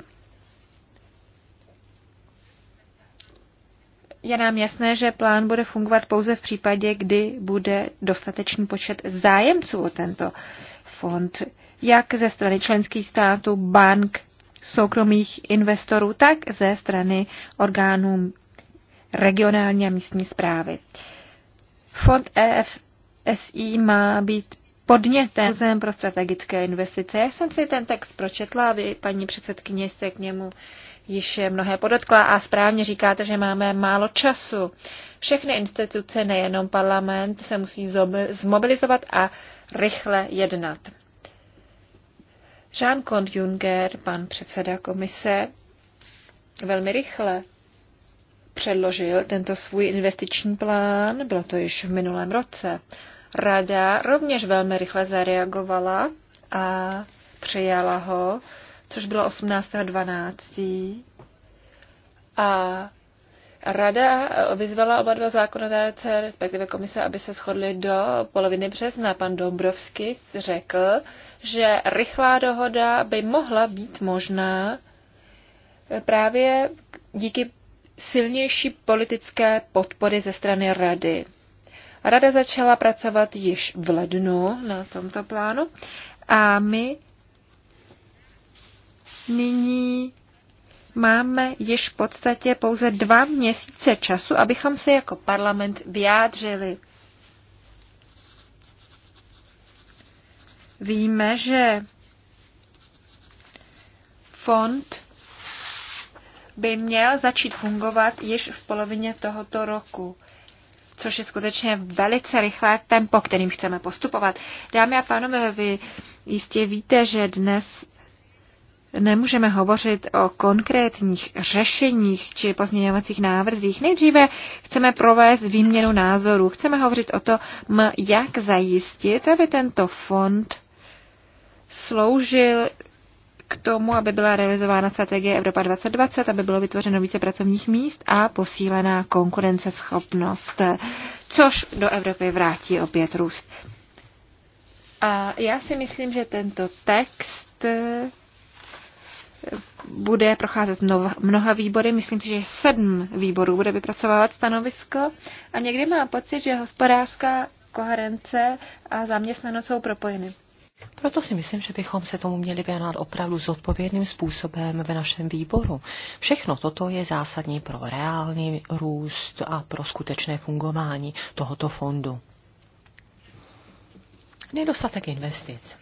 B: Je nám jasné, že plán bude fungovat pouze v případě, kdy bude dostatečný počet zájemců o tento fond, jak ze strany členských států, bank, soukromých investorů, tak ze strany orgánů regionální a místní zprávy. Fond EFSI má být podnětem pro strategické investice. Já jsem si ten text pročetla, vy, paní předsedkyně, jste k němu již mnohé podotkla a správně říkáte, že máme málo času. Všechny instituce, nejenom parlament, se musí zmobilizovat a rychle jednat. Jean-Claude Juncker, pan předseda komise, velmi rychle předložil tento svůj investiční plán, bylo to již v minulém roce. Rada rovněž velmi rychle zareagovala a přijala ho, což bylo 18.12. A Rada eh, vyzvala oba dva zákonodárce, respektive komise, aby se shodli do poloviny března. Pan Dombrovský řekl, že rychlá dohoda by mohla být možná eh, právě díky silnější politické podpory ze strany Rady. Rada začala pracovat již v lednu na tomto plánu a my nyní máme již v podstatě pouze dva měsíce času, abychom se jako parlament vyjádřili. Víme, že fond by měl začít fungovat již v polovině tohoto roku, což je skutečně velice rychlé tempo, kterým chceme postupovat. Dámy a pánové, vy jistě víte, že dnes nemůžeme hovořit o konkrétních řešeních či pozměňovacích návrzích. Nejdříve chceme provést výměnu názorů. Chceme hovořit o tom, jak zajistit, aby tento fond sloužil k tomu, aby byla realizována strategie Evropa 2020, aby bylo vytvořeno více pracovních míst a posílená konkurenceschopnost, což do Evropy vrátí opět růst. A já si myslím, že tento text bude procházet mnoha výbory, myslím si, že sedm výborů bude vypracovávat stanovisko a někdy mám pocit, že hospodářská koherence a zaměstnanost jsou propojeny.
A: Proto si myslím, že bychom se tomu měli věnovat opravdu zodpovědným způsobem ve našem výboru. Všechno toto je zásadní pro reálný růst a pro skutečné fungování tohoto fondu. Nedostatek investic.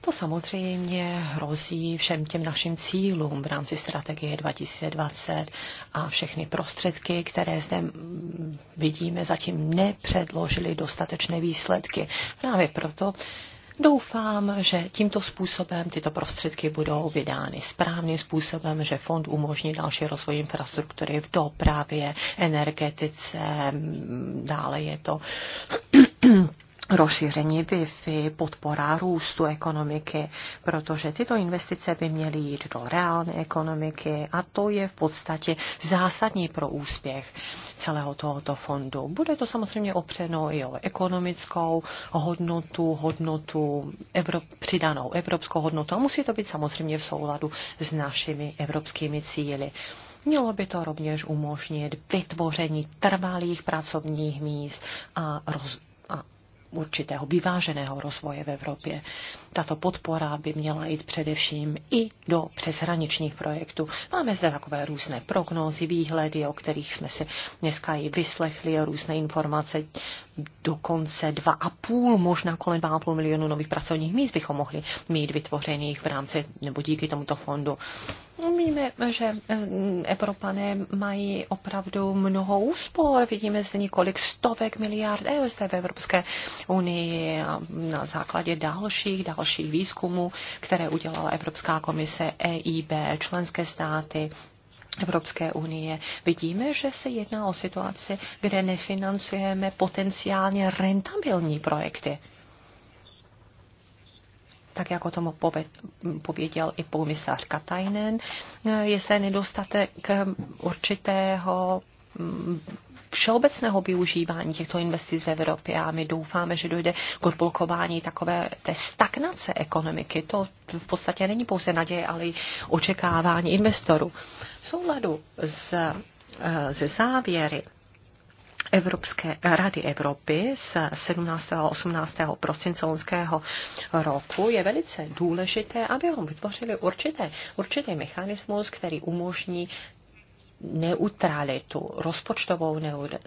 A: To samozřejmě hrozí všem těm našim cílům v rámci strategie 2020 a všechny prostředky, které zde mm, vidíme, zatím nepředložily dostatečné výsledky. Právě proto Doufám, že tímto způsobem tyto prostředky budou vydány správným způsobem, že fond umožní další rozvoj infrastruktury v dopravě, energetice, mm, dále je to rozšíření Wi-Fi, podpora růstu ekonomiky, protože tyto investice by měly jít do reálné ekonomiky a to je v podstatě zásadní pro úspěch celého tohoto fondu. Bude to samozřejmě opřeno i o ekonomickou hodnotu, hodnotu Evrop, přidanou evropskou hodnotu a musí to být samozřejmě v souladu s našimi evropskými cíly. Mělo by to rovněž umožnit vytvoření trvalých pracovních míst a roz, určitého vyváženého rozvoje v Evropě. Tato podpora by měla jít především i do přeshraničních projektů. Máme zde takové různé prognózy, výhledy, o kterých jsme si dneska i vyslechli, různé informace, dokonce 2,5, možná kolem 2,5 milionu nových pracovních míst bychom mohli mít vytvořených v rámci nebo díky tomuto fondu. Víme, že mm, Evropané mají opravdu mnoho úspor. Vidíme zde několik stovek miliard eur zde v Evropské unii a na základě dalších, dalších výzkumů, které udělala Evropská komise, EIB, členské státy, Evropské unie. Vidíme, že se jedná o situaci, kde nefinancujeme potenciálně rentabilní projekty tak jak o tom pověděl i komisař Katajnen, je zde nedostatek určitého mm, všeobecného využívání těchto investic v Evropě a my doufáme, že dojde k odblokování takové té stagnace ekonomiky. To v podstatě není pouze naděje, ale i očekávání investorů. V souladu s, ze eh, závěry Evropské rady Evropy z 17. a 18. prosince loňského roku je velice důležité, abychom vytvořili určité, určitý mechanismus, který umožní neutralitu, rozpočtovou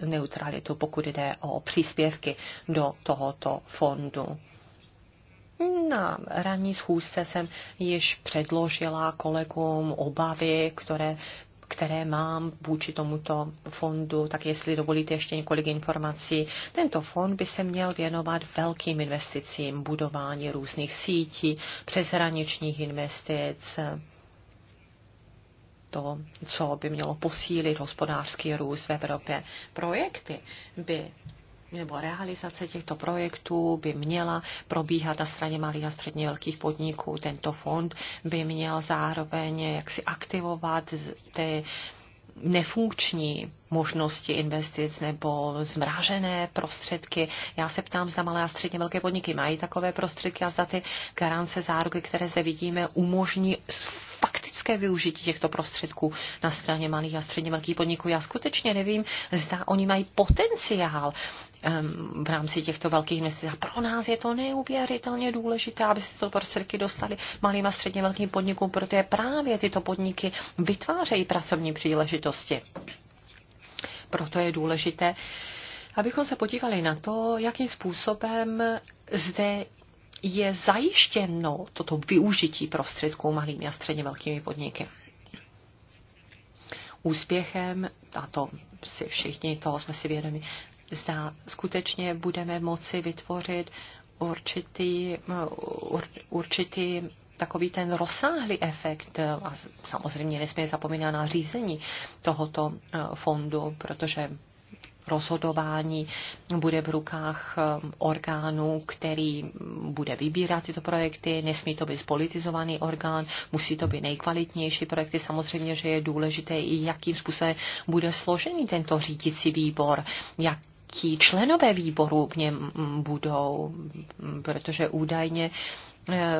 A: neutralitu, pokud jde o příspěvky do tohoto fondu. Na ranní schůzce jsem již předložila kolegům obavy, které které mám vůči tomuto fondu, tak jestli dovolíte ještě několik informací. Tento fond by se měl věnovat velkým investicím, budování různých sítí, přeshraničních investic, to, co by mělo posílit hospodářský růst v Evropě. Projekty by nebo realizace těchto projektů by měla probíhat na straně malých a středně velkých podniků. Tento fond by měl zároveň jaksi aktivovat ty nefunkční možnosti investic nebo zmražené prostředky. Já se ptám, zda malé a středně velké podniky mají takové prostředky a zda ty garance záruky, které zde vidíme, umožní faktické využití těchto prostředků na straně malých a středně velkých podniků. Já skutečně nevím, zda oni mají potenciál v rámci těchto velkých investic. A pro nás je to neuvěřitelně důležité, aby se tyto prostředky dostali malým a středně velkým podnikům, protože právě tyto podniky vytvářejí pracovní příležitosti. Proto je důležité, abychom se podívali na to, jakým způsobem zde je zajištěno toto využití prostředků malými a středně velkými podniky. Úspěchem, a to si všichni, toho jsme si vědomi, zda skutečně budeme moci vytvořit určitý, určitý takový ten rozsáhlý efekt a samozřejmě nesmí zapomínat na řízení tohoto eh, fondu, protože rozhodování bude v rukách um, orgánu, který bude vybírat tyto projekty. Nesmí to být spolitizovaný orgán, musí to být nejkvalitnější projekty. Samozřejmě, že je důležité i jakým způsobem bude složený tento řídící výbor, jak členové výboru v něm budou, protože údajně Eh,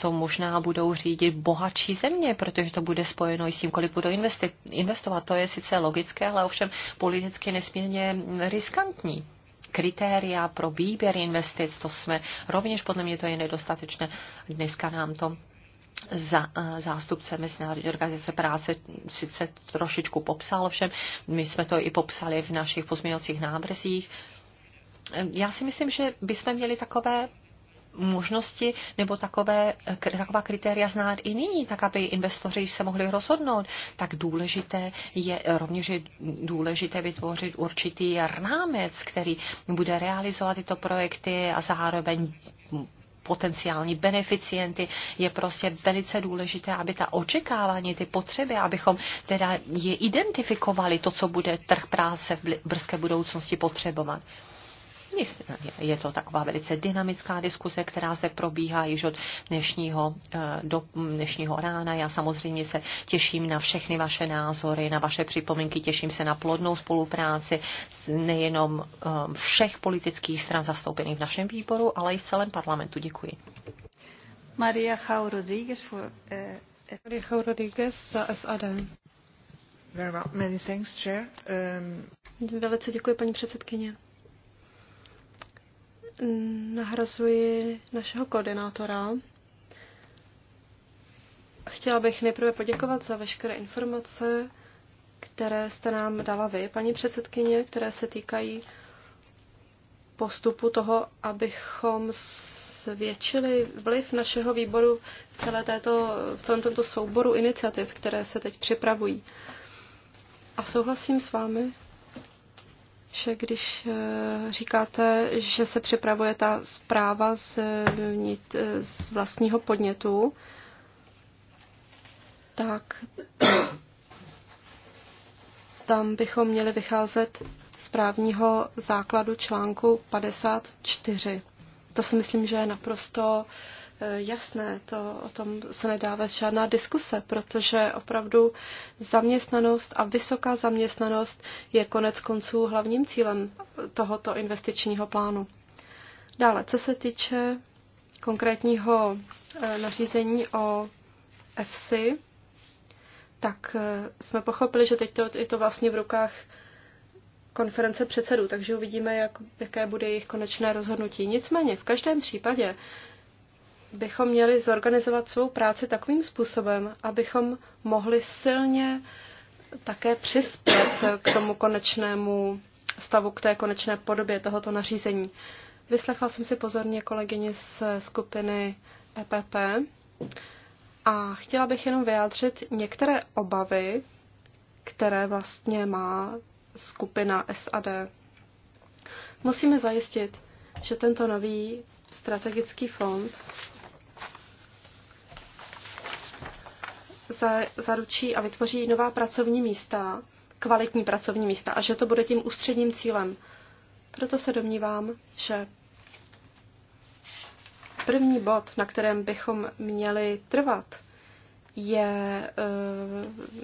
A: to možná budou řídit bohatší země, protože to bude spojeno i s tím, kolik budou investovat. To je sice logické, ale ovšem politicky nesmírně riskantní. Kritéria pro výběr investic, to jsme rovněž podle mě to je nedostatečné. Dneska nám to za, eh, zástupce Mezinárodní organizace práce sice trošičku popsal, ovšem my jsme to i popsali v našich pozměňovacích návrzích. Eh, já si myslím, že bychom měli takové možnosti nebo takové, taková kritéria znát i nyní, tak aby investoři se mohli rozhodnout, tak důležité je rovněž je důležité vytvořit určitý rámec, který bude realizovat tyto projekty a zároveň potenciální beneficienty, je prostě velice důležité, aby ta očekávání, ty potřeby, abychom teda je identifikovali, to, co bude trh práce v brzké budoucnosti potřebovat. Je to taková velice dynamická diskuse, která zde probíhá již od dnešního, eh, do, dnešního rána. Já samozřejmě se těším na všechny vaše názory, na vaše připomínky, těším se na plodnou spolupráci nejenom eh, všech politických stran zastoupených v našem výboru, ale i v celém parlamentu. Děkuji.
C: Maria Jau Rodriguez for,
D: uh, Maria Rodriguez za SAD. Very well. Many thanks, Chair. Um... Velice děkuji, paní předsedkyně nahrazuji našeho koordinátora. Chtěla bych nejprve poděkovat za veškeré informace, které jste nám dala vy, paní předsedkyně, které se týkají postupu toho, abychom zvětšili vliv našeho výboru v, celé této, v celém tomto souboru iniciativ, které se teď připravují. A souhlasím s vámi že když eh, říkáte, že se připravuje ta zpráva z, z vlastního podnětu, tak tam bychom měli vycházet z právního základu článku 54. To si myslím, že je naprosto Eh, jasné, to, o tom se nedá vést žádná diskuse, protože opravdu zaměstnanost a vysoká zaměstnanost je konec konců hlavním cílem tohoto investičního plánu. Dále, co se týče konkrétního eh, nařízení o EFSI, tak eh, jsme pochopili, že teď to, je to vlastně v rukách konference předsedů, takže uvidíme, jak, jaké bude jejich konečné rozhodnutí. Nicméně, v každém případě bychom měli zorganizovat svou práci takovým způsobem, abychom mohli silně také přispět k tomu konečnému stavu, k té konečné podobě tohoto nařízení. Vyslechla jsem si pozorně kolegyni z skupiny EPP a chtěla bych jenom vyjádřit některé obavy, které vlastně má skupina SAD. Musíme zajistit, že tento nový strategický fond za, zaručí a vytvoří nová pracovní místa, kvalitní pracovní místa a že to bude tím ústředním cílem. Proto se domnívám, že první bod, na kterém bychom měli trvat, je e,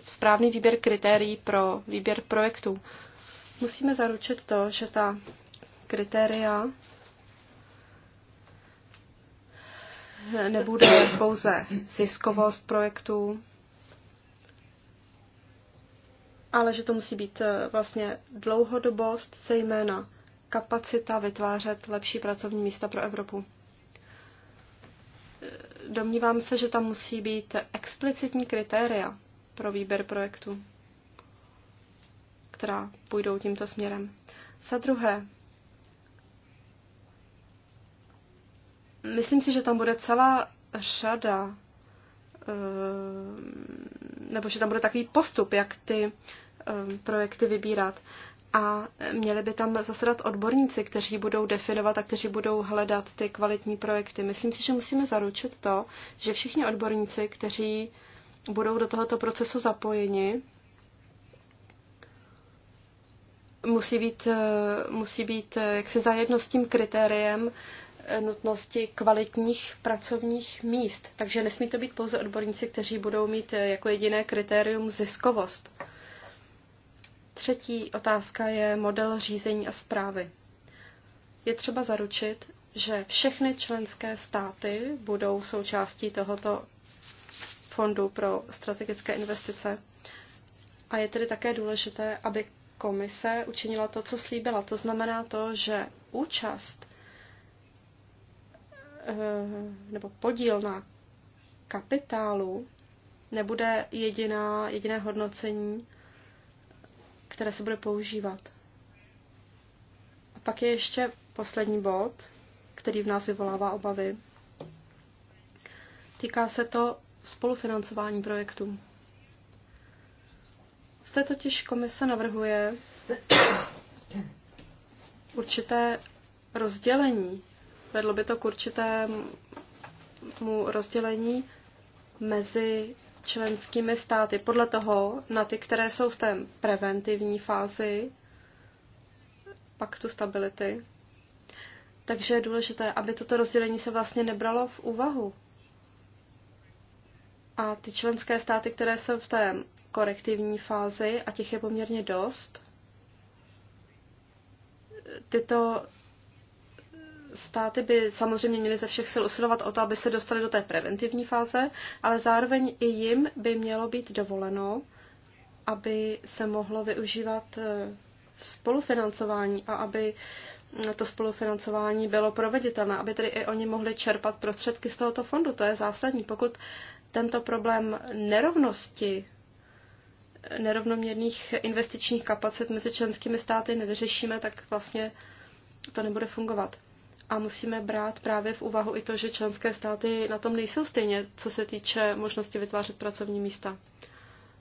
D: správný výběr kritérií pro výběr projektů. Musíme zaručit to, že ta kritéria nebude pouze ziskovost projektů, ale že to musí být eh, vlastně dlouhodobost, zejména kapacita vytvářet lepší pracovní místa pro Evropu. Eh, domnívám se, že tam musí být explicitní kritéria pro výběr projektů, která půjdou tímto směrem. Za druhé, myslím si, že tam bude celá řada Eh, nebo že tam bude takový postup, jak ty eh, projekty vybírat. A měli by tam zasedat odborníci, kteří budou definovat a kteří budou hledat ty kvalitní projekty. Myslím si, že musíme zaručit to, že všichni odborníci, kteří budou do tohoto procesu zapojeni, musí být, eh, musí být jaksi zajedno s tím kritériem, nutnosti kvalitních pracovních míst. Takže nesmí to být pouze odborníci, kteří budou mít eh, jako jediné kritérium ziskovost. Třetí otázka je model řízení a zprávy. Je třeba zaručit, že všechny členské státy budou součástí tohoto fondu pro strategické investice. A je tedy také důležité, aby komise učinila to, co slíbila. To znamená to, že účast Eh, nebo podíl na kapitálu nebude jediná, jediné hodnocení, které se bude používat. A pak je ještě poslední bod, který v nás vyvolává obavy. Týká se to spolufinancování projektů. Zde totiž komise navrhuje určité rozdělení Vedlo by to k určitému rozdělení mezi členskými státy podle toho, na ty, které jsou v té preventivní fázi paktu stability. Takže je důležité, aby toto rozdělení se vlastně nebralo v úvahu. A ty členské státy, které jsou v té korektivní fázi, a těch je poměrně dost, tyto státy by samozřejmě měly ze všech sil usilovat o to, aby se dostali do té preventivní fáze, ale zároveň i jim by mělo být dovoleno, aby se mohlo využívat eh, spolufinancování a aby eh, to spolufinancování bylo proveditelné, aby tedy i oni mohli čerpat prostředky z tohoto fondu. To je zásadní. Pokud tento problém nerovnosti eh, nerovnoměrných investičních kapacit mezi členskými státy nevyřešíme, tak vlastně to nebude fungovat a musíme brát právě v úvahu i to, že členské státy na tom nejsou stejně, co se týče možnosti vytvářet pracovní místa.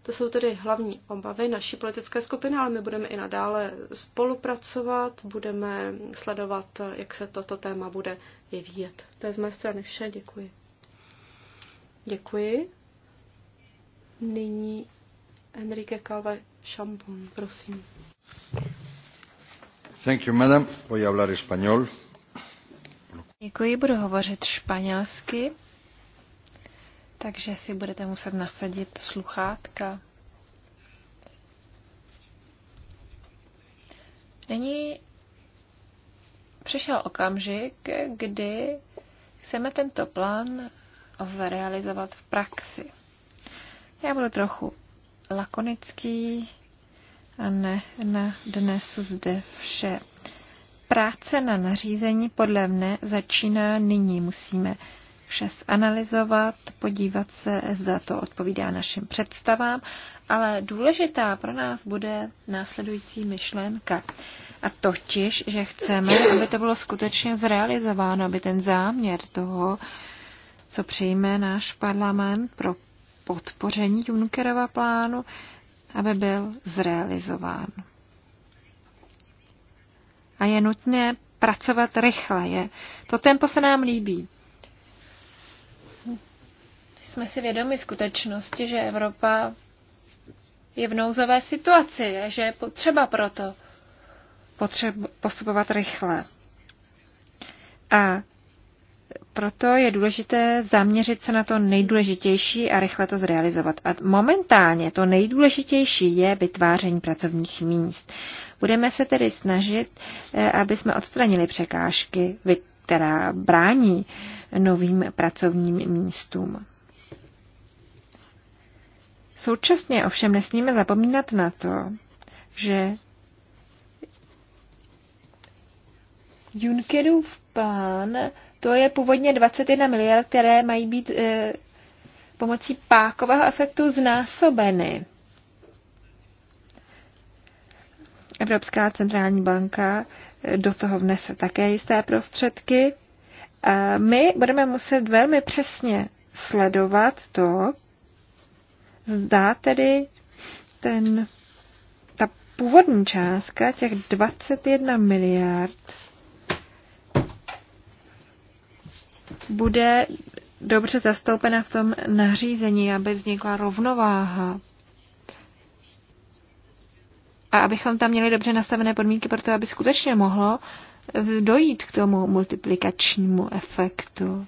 D: To jsou tedy hlavní obavy naší politické skupiny, ale my budeme i nadále spolupracovat, budeme sledovat, jak se toto téma bude vyvíjet. To je z mé strany vše, děkuji. Děkuji. Nyní Enrique Calve Šampon, prosím.
C: Thank you, madam. Voy a hablar español.
B: Děkuji, budu hovořit španělsky, takže si budete muset nasadit sluchátka. Nyní přišel okamžik, kdy chceme tento plán zrealizovat v praxi. Já budu trochu lakonický a ne na dnesu zde vše Práce na nařízení podle mne začíná nyní. Musíme vše zanalizovat, podívat se, zda to odpovídá našim představám, ale důležitá pro nás bude následující myšlenka. A totiž, že chceme, aby to bylo skutečně zrealizováno, aby ten záměr toho, co přijme náš parlament pro podpoření Junckerova plánu, aby byl zrealizován a je nutné pracovat rychle, je To tempo se nám líbí. Jsme si vědomi skutečnosti, že Evropa je v nouzové situaci, že je potřeba proto potřeb- postupovat rychle. A proto je důležité zaměřit se na to nejdůležitější a rychle to zrealizovat. A momentálně to nejdůležitější je vytváření pracovních míst. Budeme se tedy snažit, eh, aby jsme odstranili překážky, která brání novým pracovním místům. Současně ovšem nesmíme zapomínat na to, že Junckerův plán, to je původně 21 miliard, které mají být e, pomocí pákového efektu znásobeny. Evropská centrální banka do toho vnese také jisté prostředky. A my budeme muset velmi přesně sledovat to, zda tedy ten, ta původní částka těch 21 miliard bude dobře zastoupena v tom nařízení, aby vznikla rovnováha a abychom tam měli dobře nastavené podmínky pro to, aby skutečně mohlo eh, dojít k tomu multiplikačnímu efektu.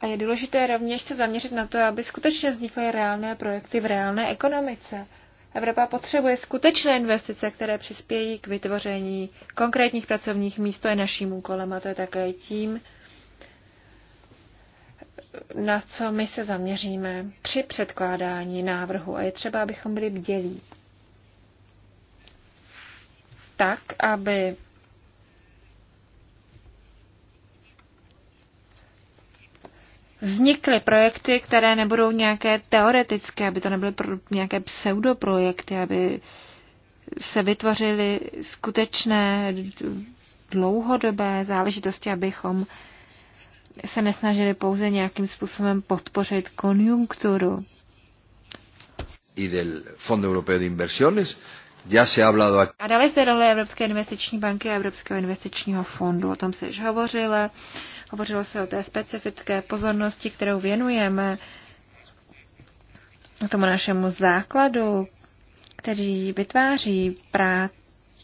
B: A je důležité rovněž se zaměřit na to, aby skutečně vznikly reálné projekty v reálné ekonomice. Evropa potřebuje skutečné investice, které přispějí k vytvoření konkrétních pracovních míst. To je naším úkolem a to je také tím, na co my se zaměříme při předkládání návrhu a je třeba, abychom byli bdělí. Tak, aby vznikly projekty, které nebudou nějaké teoretické, aby to nebyly nějaké pseudoprojekty, aby se vytvořily skutečné dlouhodobé záležitosti, abychom se nesnažili pouze nějakým způsobem podpořit konjunkturu.
C: I del Fondo Europeo de Inversiones, ya se ha hablado aquí. A
B: dále zde roli Evropské investiční banky a Evropského investičního fondu. O tom se již hovořilo. Hovořilo se o té specifické pozornosti, kterou věnujeme tomu našemu základu, který vytváří práci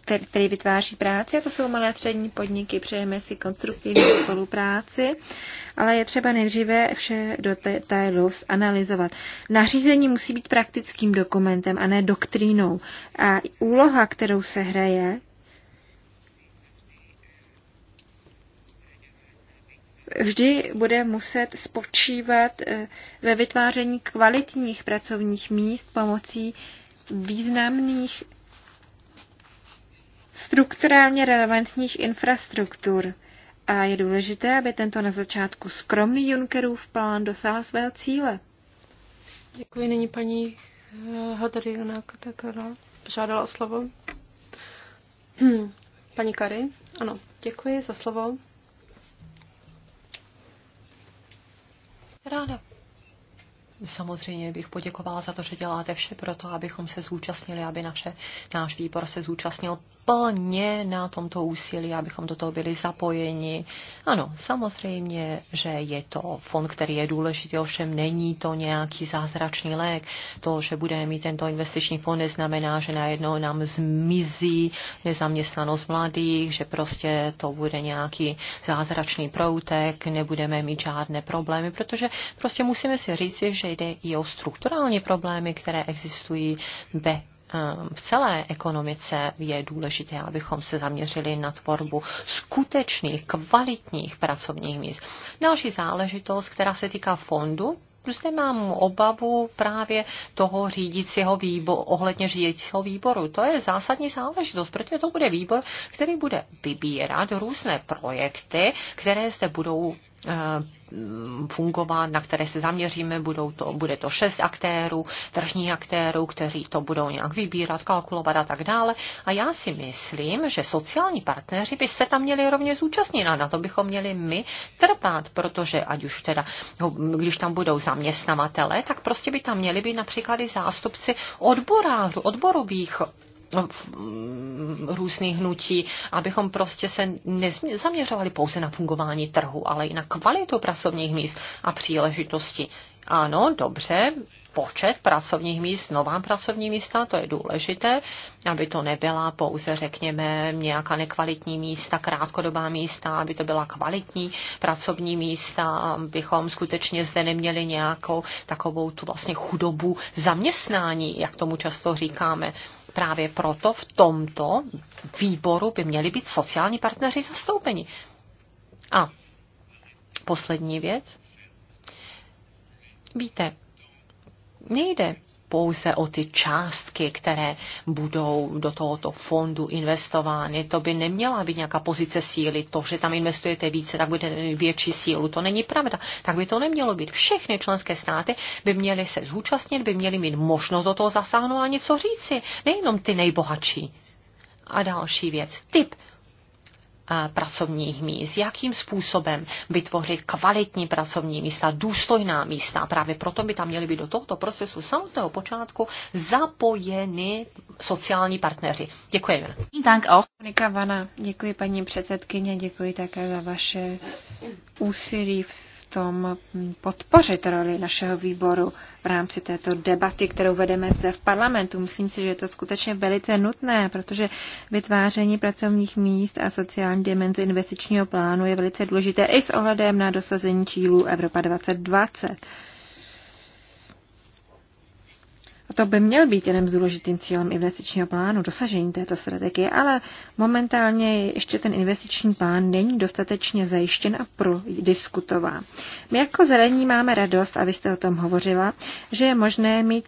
B: který, který vytváří práci, a to jsou malé střední podniky. Přejeme si konstruktivní spolupráci, ale je třeba nejdříve vše do detailů zanalizovat. Nařízení musí být praktickým dokumentem a ne doktrínou. A úloha, kterou se hraje, vždy bude muset spočívat eh, ve vytváření kvalitních pracovních míst pomocí významných strukturálně relevantních infrastruktur. A je důležité, aby tento na začátku skromný Junckerův plán dosáhl svého cíle.
D: Děkuji. Nyní paní eh, Hadarina Katakara požádala o slovo. Paní Kary, ano, děkuji za slovo.
A: Ráda. Samozřejmě bych poděkovala za to, že děláte vše pro to, abychom se zúčastnili, aby naše, náš výbor se zúčastnil plně na tomto úsilí, abychom do toho byli zapojeni. Ano, samozřejmě, že je to fond, který je důležitý, ovšem není to nějaký zázračný lék. To, že budeme mít tento investiční fond, neznamená, že najednou nám zmizí nezaměstnanost mladých, že prostě to bude nějaký zázračný proutek, nebudeme mít žádné problémy, protože prostě musíme si říci, že jde i o strukturální problémy, které existují ve Ehm, v celé ekonomice je důležité, abychom se zaměřili na tvorbu skutečných, kvalitních pracovních míst. Další záležitost, která se týká fondu, zde mám obavu právě toho řídícího výboru, ohledně řídícího výboru. To je zásadní záležitost, protože to bude výbor, který bude vybírat různé projekty, které zde budou Eh, fungovat, na které se zaměříme, budou to, bude to šest aktérů, tržní aktérů, kteří to budou nějak vybírat, kalkulovat a tak dále. A já si myslím, že sociální partneři by se tam měli rovně zúčastnit a na to bychom měli my trpát, protože ať už teda, no, když tam budou zaměstnavatele, tak prostě by tam měli být například i zástupci odborářů, odborových No, mm, různých hnutí, abychom prostě se nezaměřovali pouze na fungování trhu, ale i na kvalitu pracovních míst a příležitosti. Ano, dobře, počet pracovních míst, nová pracovní místa, to je důležité, aby to nebyla pouze, řekněme, nějaká nekvalitní místa, krátkodobá místa, aby to byla kvalitní pracovní místa, abychom skutečně zde neměli nějakou takovou tu vlastně chudobu zaměstnání, jak tomu často říkáme. Právě proto v tomto výboru by měli být sociální partneři zastoupeni. A poslední věc, Víte, nejde pouze o ty částky, které budou do tohoto fondu investovány. To by neměla být nějaká pozice síly. To, že tam investujete více, tak bude větší sílu. To není pravda. Tak by to nemělo být. Všechny členské státy by měly se zúčastnit, by měly mít možnost do toho zasáhnout a něco říci. Nejenom ty nejbohatší. A další věc. Typ pracovních míst, jakým způsobem vytvořit kvalitní pracovní místa, důstojná místa. Právě proto by tam měly být do tohoto procesu samotného počátku zapojeny sociální partneři. Děkujeme.
B: Tak, oh. Monika Vana, děkuji paní předsedkyně, děkuji také za vaše úsilí v tom podpořit roli našeho výboru v rámci této debaty, kterou vedeme zde v parlamentu. Myslím si, že je to skutečně velice nutné, protože vytváření pracovních míst a sociální dimenze investičního plánu je velice důležité i s ohledem na dosazení cílů Evropa 2020 to by měl být jeden z důležitým cílem investičního plánu, dosažení této strategie, ale momentálně ještě ten investiční plán není dostatečně zajištěn a prodiskutován. My jako zelení máme radost, a vy jste o tom hovořila, že je možné mít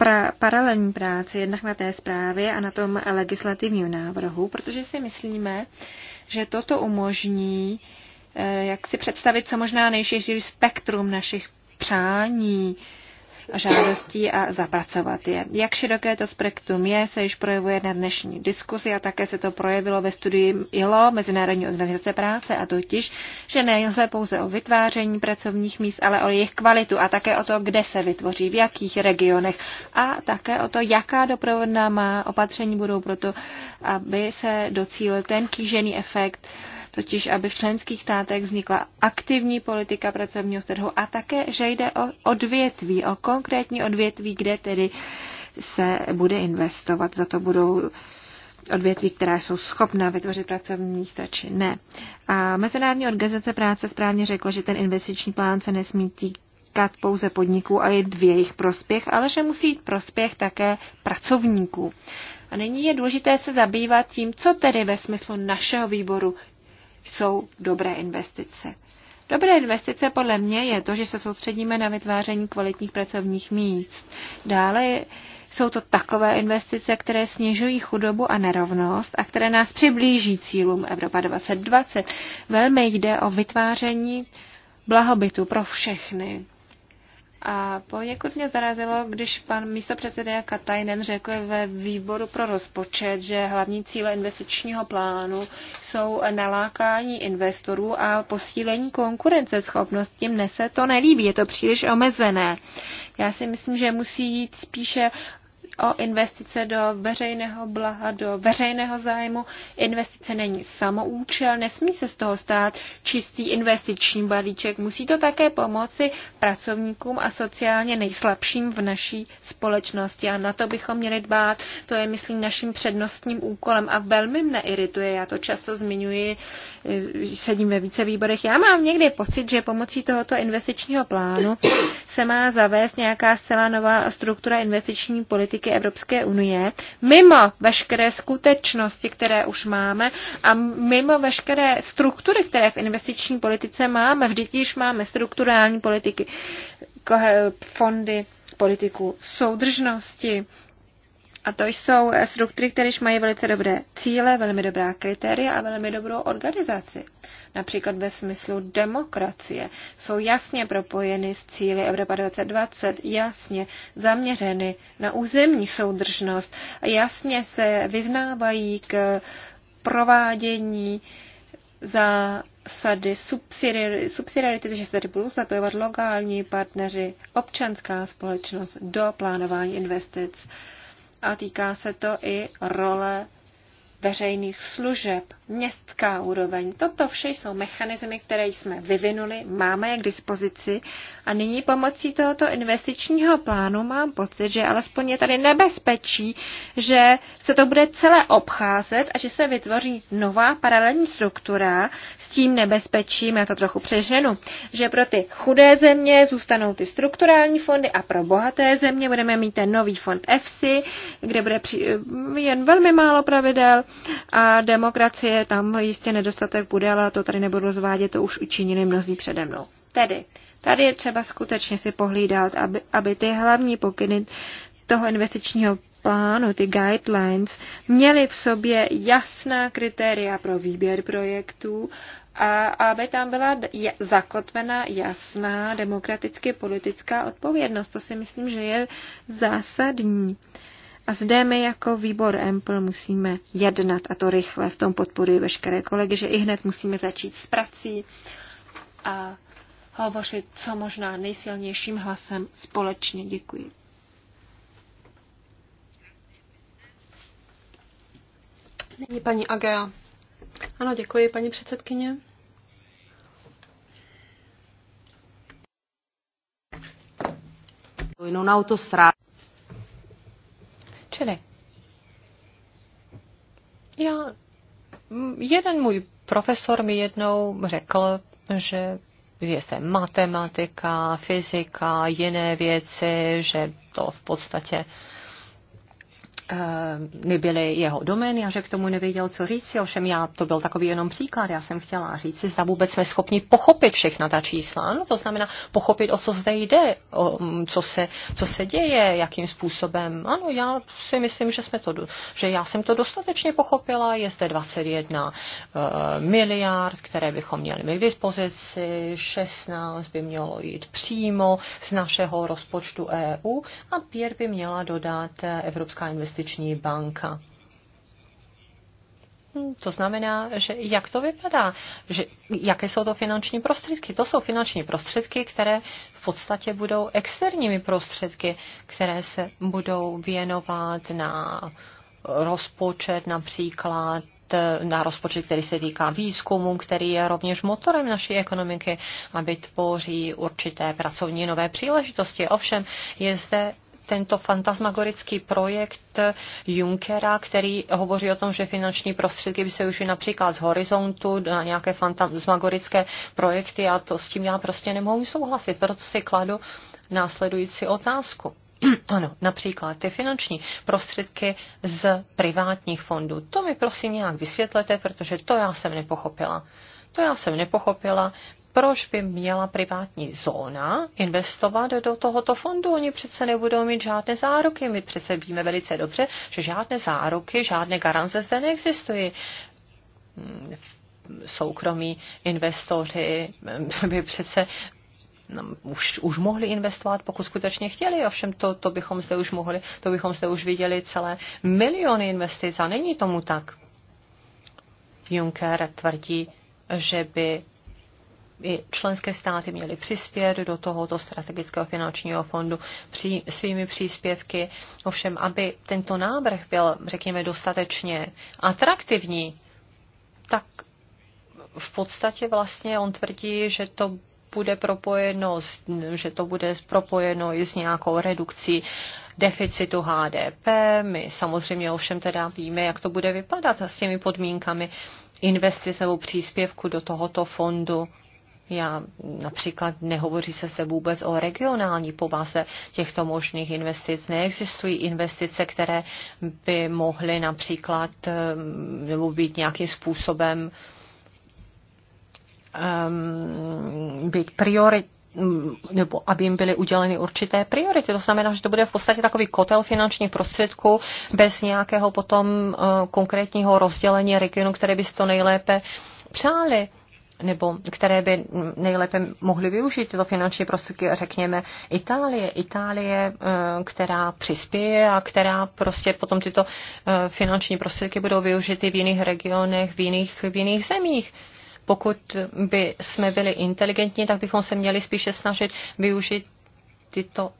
B: pra- paralelní práci jednak na té zprávě a na tom legislativním návrhu, protože si myslíme, že toto umožní eh, jak si představit co možná nejširší spektrum našich přání, žádostí a zapracovat je. Jak široké to spektrum je, se již projevuje na dnešní diskusi a také se to projevilo ve studii ILO, Mezinárodní organizace práce, a totiž, že nejde pouze o vytváření pracovních míst, ale o jejich kvalitu a také o to, kde se vytvoří, v jakých regionech a také o to, jaká doprovodná má opatření budou proto, aby se docílil ten kýžený efekt, totiž aby v členských státech vznikla aktivní politika pracovního trhu a také, že jde o odvětví, o konkrétní odvětví, kde tedy se bude investovat. Za to budou odvětví, která jsou schopna vytvořit pracovní místa, či ne. A Mezinárodní organizace práce správně řekla, že ten investiční plán se nesmí týkat pouze podniků a je v jejich prospěch, ale že musí jít prospěch také pracovníků. A nyní je důležité se zabývat tím, co tedy ve smyslu našeho výboru jsou dobré investice. Dobré investice podle mě je to, že se soustředíme na vytváření kvalitních pracovních míst. Dále jsou to takové investice, které snižují chudobu a nerovnost a které nás přiblíží cílům Evropa 2020. Velmi jde o vytváření blahobytu pro všechny. A poněkud mě zarazilo, když pan místo předseda Katajnen řekl ve výboru pro rozpočet, že hlavní cíle investičního plánu jsou nalákání investorů a posílení konkurenceschopnosti. Mne se to nelíbí, je to příliš omezené. Já si myslím, že musí jít spíše o investice do veřejného blaha, do veřejného zájmu. Investice není samoučel, nesmí se z toho stát čistý investiční balíček. Musí to také pomoci pracovníkům a sociálně nejslabším v naší společnosti. A na to bychom měli dbát. To je, myslím, naším přednostním úkolem. A velmi mne irituje, já to často zmiňuji, eh, sedím ve více výborech. Já mám někdy pocit, že pomocí tohoto investičního plánu se má zavést nějaká zcela nová struktura investiční politiky politiky Evropské unie, mimo veškeré skutečnosti, které už máme a mimo veškeré struktury, které v investiční politice máme, vždyť již máme strukturální politiky, fondy, politiku soudržnosti, a to jsou struktury, které mají velice dobré cíle, velmi dobrá kritéria a velmi dobrou organizaci. Například ve smyslu demokracie. Jsou jasně propojeny s cíly Evropa 2020, jasně zaměřeny na územní soudržnost a jasně se vyznávají k provádění za sady subsidiarity, že se tady budou zapojovat lokální partneři, občanská společnost do plánování investic a týká se to i role veřejných služeb, městská úroveň. Toto vše jsou mechanismy, které jsme vyvinuli, máme je k dispozici a nyní pomocí tohoto investičního plánu mám pocit, že alespoň je tady nebezpečí, že se to bude celé obcházet a že se vytvoří nová paralelní struktura s tím nebezpečím, já to trochu přeženu, že pro ty chudé země zůstanou ty strukturální fondy a pro bohaté země budeme mít ten nový fond EFSI, kde bude při, jen velmi málo pravidel, a demokracie tam jistě nedostatek bude, ale to tady nebudu zvádět, to už učinili mnozí přede mnou. Tedy, tady je třeba skutečně si pohlídat, aby, aby ty hlavní pokyny toho investičního plánu, ty guidelines, měly v sobě jasná kritéria pro výběr projektů a aby tam byla zakotvena jasná demokraticky politická odpovědnost. To si myslím, že je zásadní. Uh, a zde my jako výbor EMPL musíme jednat, a to rychle. V tom podporuji veškeré kolegy, že i hned musíme začít s prací a hovořit co možná nejsilnějším hlasem
D: společně. Děkuji. Nyní paní Agea. Ano, děkuji, paní předsedkyně.
A: Na un'autostrada. Čili já, jeden můj profesor mi jednou řekl, že je zde matematika, fyzika, jiné věci, že to v podstatě Eh, nebyly jeho domény a že k tomu nevěděl, co říci. Ovšem já to byl takový jenom příklad. Já jsem chtěla říct, zda vůbec jsme schopni pochopit všechna ta čísla. No, to znamená pochopit, o co zde jde, o, mm, co, se, co se děje, jakým způsobem. Ano, já si myslím, že, jsme to, že já jsem to dostatečně pochopila. Je zde 21 uh, eh, miliard, které bychom měli my k dispozici, 16 by mělo jít přímo z našeho rozpočtu EU a 5 by měla dodat Evropská investiční investiční banka. Hm, to znamená, že jak to vypadá, že jaké jsou to finanční prostředky. To jsou finanční prostředky, které v podstatě budou externími prostředky, které se budou věnovat na rozpočet například eh, na rozpočet, který se týká výzkumu, který je rovněž motorem naší ekonomiky a vytvoří určité pracovní nové příležitosti. Ovšem je zde tento fantasmagorický projekt Junckera, který hovoří o tom, že finanční prostředky by se už například z horizontu na nějaké fantasmagorické projekty a to s tím já prostě nemohu souhlasit. Proto si kladu následující otázku. Ano, například ty finanční prostředky z privátních fondů. To mi prosím nějak vysvětlete, protože to já jsem nepochopila. To já jsem nepochopila proč by měla privátní zóna investovat do tohoto fondu? Oni přece nebudou mít žádné záruky. My přece víme velice dobře, že žádné záruky, žádné garance zde neexistují soukromí investoři by přece no, už, už mohli investovat, pokud skutečně chtěli. Ovšem to, to bychom zde už mohli, to bychom zde už viděli celé miliony investic a není tomu tak. Juncker tvrdí, že by by členské státy měly přispět do tohoto strategického finančního fondu při, svými příspěvky. Ovšem, aby tento návrh byl, řekněme, dostatečně atraktivní, tak v podstatě vlastně on tvrdí, že to bude propojeno, že to bude propojeno i s nějakou redukcí deficitu HDP. My samozřejmě ovšem teda víme, jak to bude vypadat s těmi podmínkami investice nebo příspěvku do tohoto fondu. Já například nehovoří se zde vůbec o regionální povaze těchto možných investic. Neexistují investice, které by mohly například eh, nebo být nějakým způsobem um, být priorit, nebo aby jim byly uděleny určité priority. To znamená, že to bude v podstatě takový kotel finančních prostředků bez nějakého potom eh, konkrétního rozdělení regionu, které by si to nejlépe přáli nebo které by nejlépe mohly využít tyto finanční prostředky, řekněme Itálie. Itálie, eh, která přispěje a která prostě potom tyto eh, finanční prostředky budou využity v jiných regionech, v jiných, v jiných zemích pokud by jsme byli inteligentní, tak bychom se měli spíše snažit využít tyto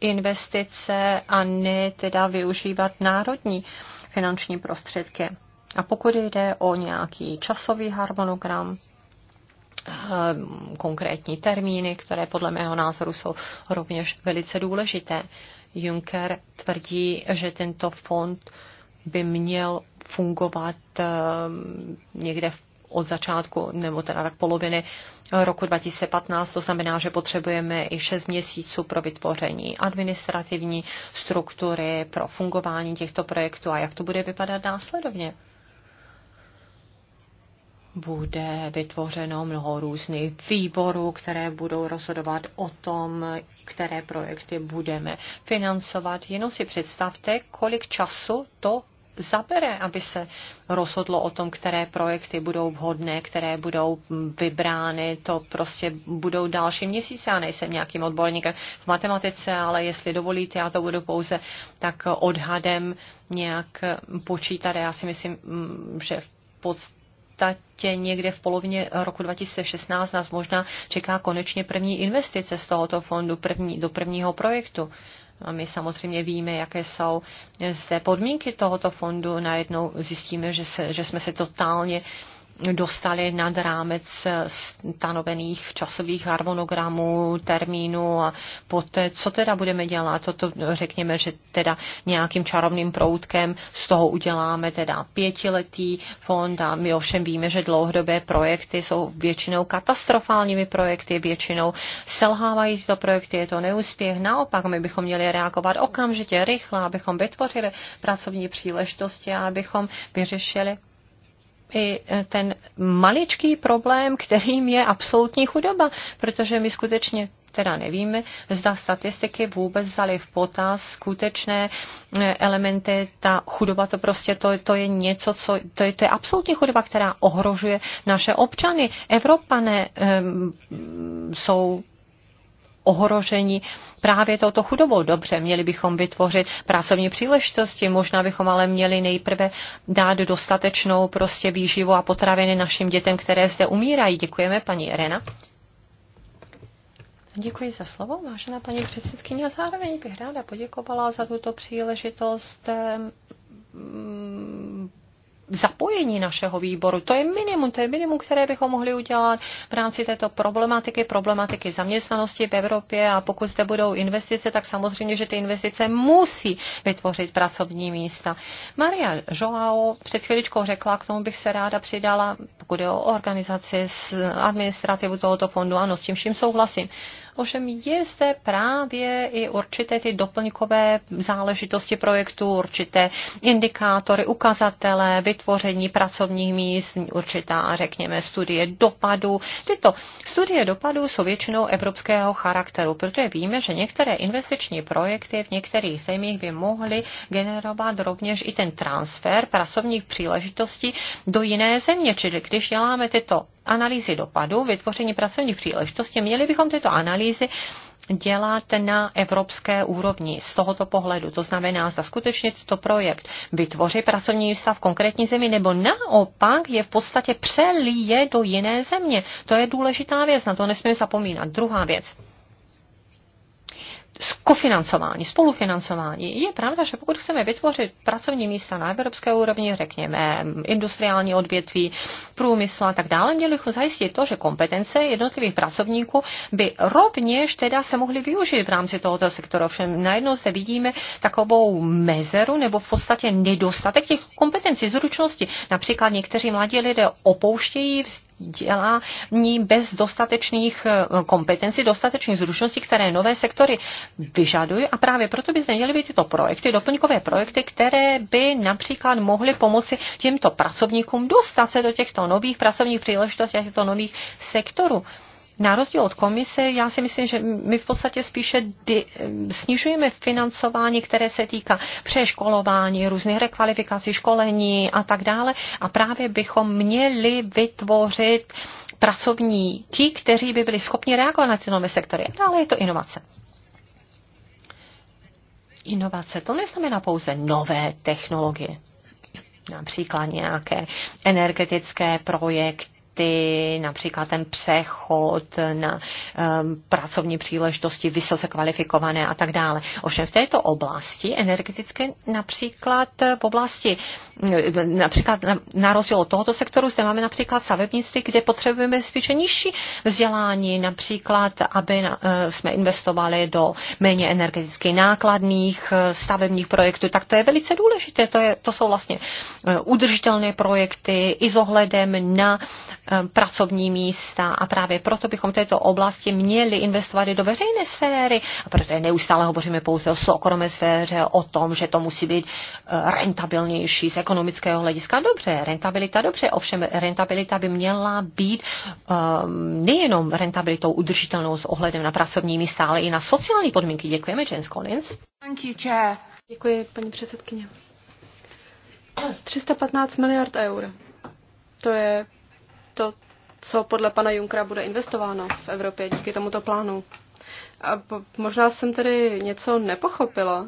A: investice a ne teda využívat národní finanční prostředky. A pokud jde o nějaký časový harmonogram, eh, konkrétní termíny, které podle mého názoru jsou rovněž velice důležité. Juncker tvrdí, že tento fond by měl fungovat eh, někde od začátku, nebo teda tak poloviny roku 2015. To znamená, že potřebujeme i 6 měsíců pro vytvoření administrativní struktury, pro fungování těchto projektů a jak to bude vypadat následovně bude vytvořeno mnoho různých výborů, které budou rozhodovat o tom, které projekty budeme financovat. Jenom si představte, kolik času to zabere, aby se rozhodlo o tom, které projekty budou vhodné, které budou vybrány, to prostě budou další měsíce. Já nejsem nějakým odborníkem v matematice, ale jestli dovolíte, já to budu pouze tak odhadem nějak počítat. Já si myslím, mm, že v podstatě podstatě někde v polovině roku 2016 nás možná čeká konečně první investice z tohoto fondu první, do prvního projektu. A my samozřejmě víme, jaké jsou zde podmínky tohoto fondu. Najednou zjistíme, že, se, že jsme se totálně uh, dostali nad rámec stanovených časových harmonogramů, termínů a poté, co teda budeme dělat, toto řekněme, že teda nějakým čarovným proutkem z toho uděláme teda pětiletý fond a my ovšem víme, že dlouhodobé projekty jsou většinou katastrofálními projekty, většinou selhávají tyto projekty, je to neúspěch. Naopak, my bychom měli reagovat okamžitě, rychle, abychom vytvořili pracovní příležitosti a abychom vyřešili i eh, ten maličký problém, kterým je absolutní chudoba, protože my skutečně teda nevíme, zda statistiky vůbec vzaly v potaz skutečné eh, elementy, ta chudoba to prostě, to, to je něco, co, to je, to je absolutní chudoba, která ohrožuje naše občany. Evropané um, jsou ohroženi právě touto chudobou. Dobře, měli bychom vytvořit pracovní příležitosti, možná bychom ale měli nejprve dát dostatečnou prostě výživu a potraviny našim dětem, které zde umírají. Děkujeme, paní Rena. Děkuji za slovo, vážená paní předsedkyně. A zároveň bych ráda poděkovala za tuto příležitost zapojení našeho výboru. To je minimum, to je minimum, které bychom mohli udělat v rámci této problematiky, problematiky zaměstnanosti v Evropě a pokud zde budou investice, tak samozřejmě, že ty investice musí vytvořit pracovní místa. Maria Joao před chvíličkou řekla, k tomu bych se ráda přidala, pokud je o organizaci, s administrativu tohoto fondu, ano, s tím vším souhlasím. Ovšem je zde právě i určité ty doplňkové záležitosti projektu, určité indikátory, ukazatele, vytvoření pracovních míst, určitá, řekněme, studie dopadu. Tyto studie dopadu jsou většinou evropského charakteru, protože víme, že některé investiční projekty v některých zemích by mohly generovat rovněž i ten transfer pracovních příležitostí do jiné země. Čili když děláme tyto analýzy dopadu, vytvoření pracovních příležitostí, měli bychom tyto analýzy dělat na evropské úrovni z tohoto pohledu. To znamená, zda skutečně tento projekt vytvoří pracovní místa v konkrétní zemi, nebo naopak je v podstatě přelíje do jiné země. To je důležitá věc, na to nesmíme zapomínat. Druhá věc kofinancování, spolufinancování. Je pravda, že pokud chceme vytvořit pracovní místa na evropské úrovni, řekněme industriální odvětví, průmysl a tak dále, měli bychom zajistit to, že kompetence jednotlivých pracovníků by rovněž teda se mohly využít v rámci tohoto sektoru. Ovšem najednou zde vidíme takovou mezeru nebo v podstatě nedostatek těch kompetencí, zručnosti. Například někteří mladí lidé opouštějí vz dělá ní bez dostatečných eh, kompetencí, dostatečných zručností, které nové sektory vyžadují a právě proto by zde měly být tyto projekty, doplňkové projekty, které by například mohly pomoci těmto pracovníkům dostat se do těchto nových pracovních příležitostí a těchto nových sektorů. Na rozdíl od komise, já si myslím, že my v podstatě spíše di- snižujeme financování, které se týká přeškolování, různých rekvalifikací, školení a tak dále. A právě bychom měli vytvořit pracovníky, kteří by byli schopni reagovat na ty nové sektory. A je to inovace. Inovace to neznamená pouze nové technologie například nějaké energetické projekty, platy, například ten přechod na um, pracovní příležitosti vysoce kvalifikované a tak dále. Ovšem v této oblasti energetické například v oblasti Eh, například na rozdíl od tohoto sektoru zde máme například stavebnictví, kde potřebujeme spíše nižší vzdělání, například, aby eh, jsme investovali do méně energeticky nákladných eh, stavebních projektů, tak to je velice důležité. To, je, to jsou vlastně udržitelné projekty i s ohledem na pracovní místa a právě proto bychom této oblasti měli investovat i do veřejné sféry a proto je neustále hovoříme pouze o soukromé sféře, o tom, že to musí být rentabilnější z ekonomického hlediska dobře, rentabilita dobře, ovšem rentabilita by měla být um, nejenom rentabilitou udržitelnou s ohledem na pracovní místa, ale i na sociální podmínky. Děkujeme, Jens Collins.
D: Thank you, chair. Děkuji, paní předsedkyně. 315 miliard eur. To je to, co podle pana Junkra bude investováno v Evropě díky tomuto plánu. A možná jsem tedy něco nepochopila,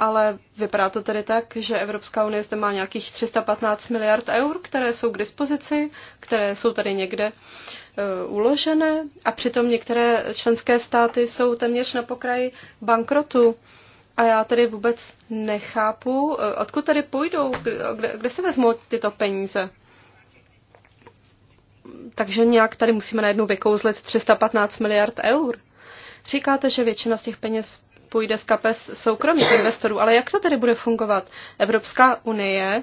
D: ale vypadá to tedy tak, že Evropská unie zde má nějakých 315 miliard eur, které jsou k dispozici, které jsou tady někde e, uložené a přitom některé členské státy jsou téměř na pokraji bankrotu. A já tedy vůbec nechápu, e, odkud tady půjdou, kde, kde se vezmou tyto peníze. Takže nějak tady musíme najednou vykouzlit 315 miliard eur. Říkáte, že většina z těch peněz půjde z kapes soukromých investorů. Ale jak to tedy bude fungovat? Evropská unie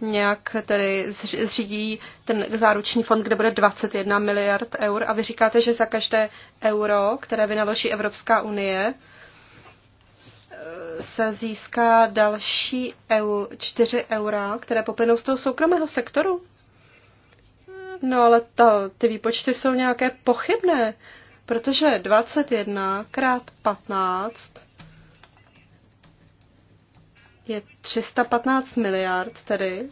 D: nějak tedy zřídí ten záruční fond, kde bude 21 miliard eur a vy říkáte, že za každé euro, které vynaloží Evropská unie, se získá další EU, 4 eura, které poplynou z toho soukromého sektoru. No ale to, ty výpočty jsou nějaké pochybné, protože 21 krát 15 je 315 miliard, tedy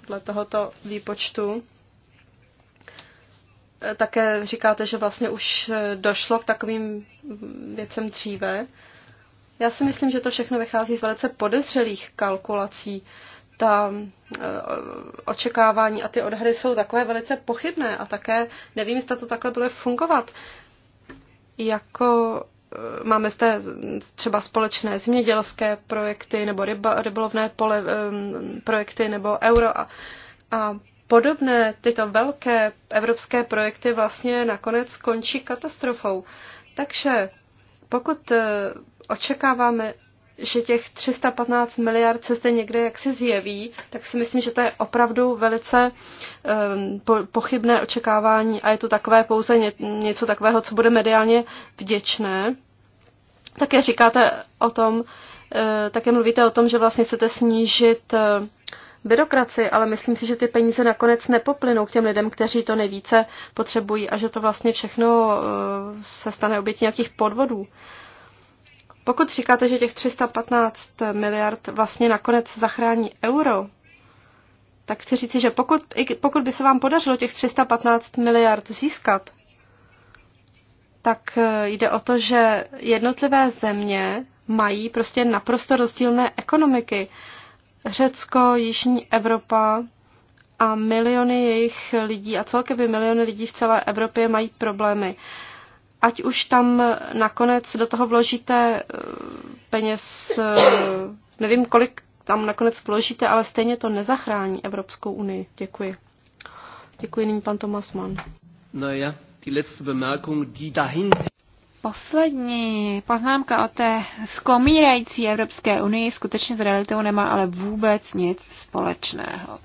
D: podle tohoto výpočtu. E, také říkáte, že vlastně už e, došlo k takovým věcem dříve. Já si myslím, že to všechno vychází z velice podezřelých kalkulací. Ta e, očekávání a ty odhady jsou takové velice pochybné a také nevím, jestli to takhle bude fungovat. Jako Eh, máme zde třeba společné zemědělské projekty nebo ryba, rybolovné pole, projekty nebo euro a, a podobné tyto velké evropské projekty vlastně nakonec končí katastrofou. Takže pokud eh, očekáváme že těch 315 miliard se zde někde jaksi zjeví, tak si myslím, že to je opravdu velice um, po, pochybné očekávání a je to takové pouze ně, něco takového, co bude mediálně vděčné. Také říkáte o tom, uh, také mluvíte o tom, že vlastně chcete snížit uh, eh, byrokraci, ale myslím si, že ty peníze nakonec nepoplynou k těm lidem, kteří to nejvíce potřebují a že to vlastně všechno uh, se stane obětí nějakých podvodů. Uh, pokud říkáte, že těch 315 miliard vlastně nakonec zachrání euro, tak chci říci, že pokud, pokud by se vám podařilo těch 315 miliard získat, tak eh, jde o to, že jednotlivé země mají prostě naprosto rozdílné ekonomiky. Řecko, Jižní Evropa a miliony jejich lidí a celkově miliony lidí v celé Evropě mají problémy. Uh, ať už tam nakonec do toho vložíte eh, peněz, eh, nevím, kolik tam nakonec vložíte, ale stejně to nezachrání Evropskou unii. Děkuji. Děkuji nyní pan Tomas Mann.
B: No ja, die letzte Bemerkung, die dahin...
D: Poslední
B: poznámka o té skomírající Evropské unii skutečně s realitou nemá ale vůbec nic společného.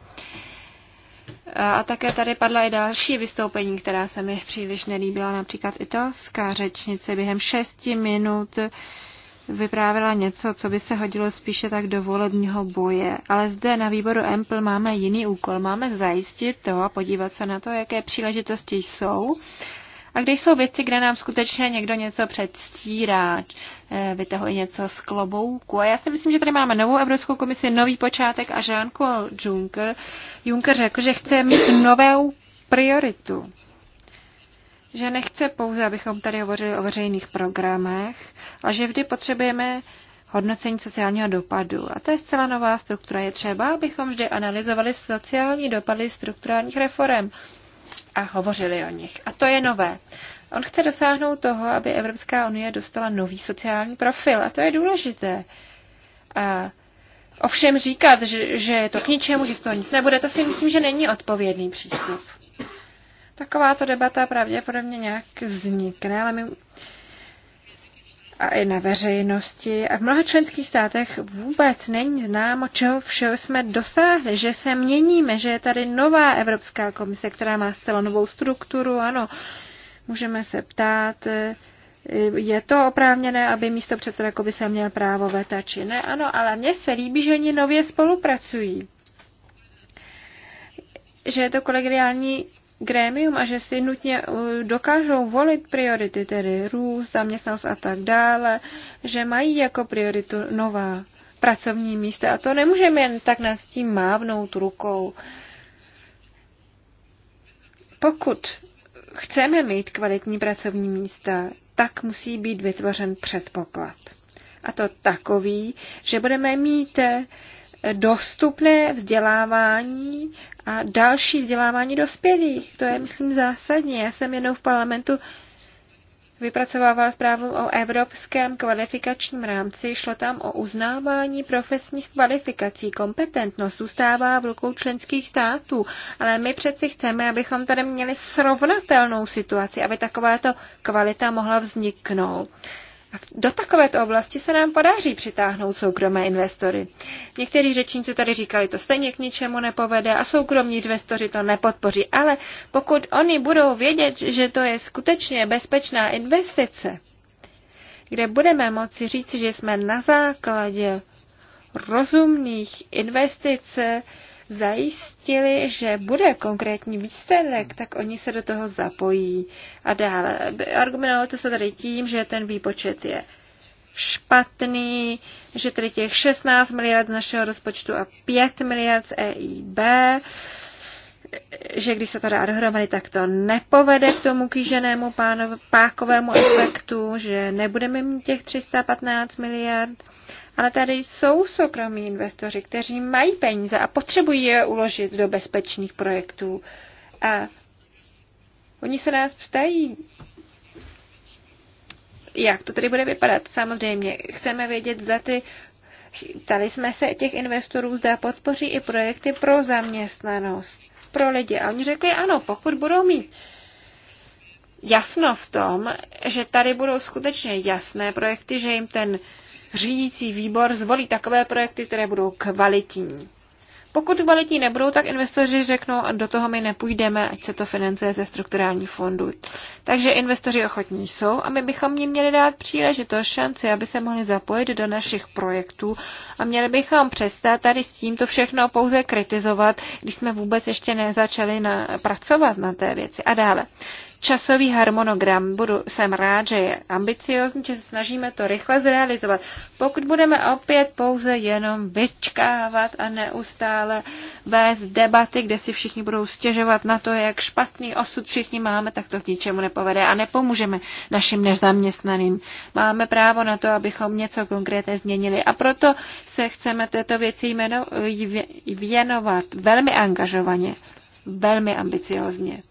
B: A také tady padla i další vystoupení, která se mi příliš nelíbila, například italská řečnice během šesti minut vyprávěla něco, co by se hodilo spíše tak do volebního boje. Ale zde na výboru EMPL máme jiný úkol. Máme zajistit to a podívat se na to, jaké příležitosti jsou a když jsou věci, kde nám skutečně někdo něco předstírá, eh, vytahuje něco z klobouku. A já si myslím, že tady máme novou Evropskou komisi, nový počátek a Jean-Claude Juncker, Juncker řekl, že chce mít novou prioritu že nechce pouze, abychom tady hovořili o veřejných programech, ale že vždy potřebujeme hodnocení sociálního dopadu. A to je zcela nová struktura. Je třeba, abychom vždy analyzovali sociální dopady strukturálních reform a hovořili o nich. A to je nové. On chce dosáhnout toho, aby Evropská unie dostala nový sociální profil a to je důležité. A ovšem říkat, že, že je to k ničemu, že z toho nic nebude, to si myslím, že není odpovědný přístup. Takováto debata pravděpodobně nějak vznikne, ale my a i na veřejnosti. A v mnoha členských státech vůbec není známo, čeho všeho jsme dosáhli, že se měníme, že je tady nová Evropská komise, která má zcela novou strukturu. Ano, můžeme se ptát, je to oprávněné, aby místo předseda komise měl právo veta, či ne? Ano, ale mně se líbí, že oni nově spolupracují. Že je to kolegiální grémium a že si nutně eh, dokážou volit priority, tedy růst, zaměstnanost a tak dále, že mají jako prioritu nová pracovní místa a to nemůžeme jen tak nás tím mávnout rukou. Pokud chceme mít kvalitní pracovní místa, tak musí být vytvořen předpoklad. A to takový, že budeme mít dostupné vzdělávání a další vzdělávání dospělých. To je, myslím, zásadní. Já jsem jednou v parlamentu vypracovávala zprávu o evropském kvalifikačním rámci. Šlo tam o uznávání profesních kvalifikací. Kompetentnost zůstává v rukou členských států, ale my přeci chceme, abychom tady měli srovnatelnou situaci, aby takováto kvalita mohla vzniknout do takovéto oblasti se nám podaří přitáhnout soukromé investory. Někteří řečníci tady říkali, to stejně k ničemu nepovede a soukromní investoři to nepodpoří, ale pokud oni budou vědět, že to je skutečně bezpečná investice, kde budeme moci říct, že jsme na základě rozumných investic zajistili, že bude konkrétní výsledek, tak oni se do toho zapojí. A dále, argumentovalo to se tady tím, že ten výpočet je špatný, že tedy těch 16 miliard z našeho rozpočtu a 5 miliard z EIB, že když se to dá dohromady, tak to nepovede k tomu kýženému pánov, pákovému efektu, že nebudeme mít těch 315 miliard ale tady jsou soukromí investoři, kteří mají peníze a potřebují je uložit do bezpečných projektů. A oni se nás ptají, jak to tady bude vypadat. Samozřejmě chceme vědět, zda ty Tady jsme se těch investorů, zda podpoří i projekty pro zaměstnanost, pro lidi. A oni řekli, ano, pokud budou mít jasno v tom, že tady budou skutečně jasné projekty, že jim ten řídící výbor zvolí takové projekty, které budou kvalitní. Pokud kvalitní nebudou, tak investoři řeknou, do toho my nepůjdeme, ať se to financuje ze strukturální fondů. Takže investoři ochotní jsou a my bychom jim měli dát příležitost, šanci, aby se mohli zapojit do našich projektů a měli bychom přestat tady s tímto všechno pouze kritizovat, když jsme vůbec ještě nezačali na, pracovat na té věci. A dále časový harmonogram. Budu, jsem rád, že je ambiciozní, že se snažíme to rychle zrealizovat. Pokud budeme opět pouze jenom vyčkávat a neustále vést debaty, kde si všichni budou stěžovat na to, jak špatný osud všichni máme, tak to k ničemu nepovede a nepomůžeme našim nezaměstnaným. Máme právo na to, abychom něco konkrétně změnili a proto se chceme této věci jmenu, věnovat velmi angažovaně, velmi ambiciozně.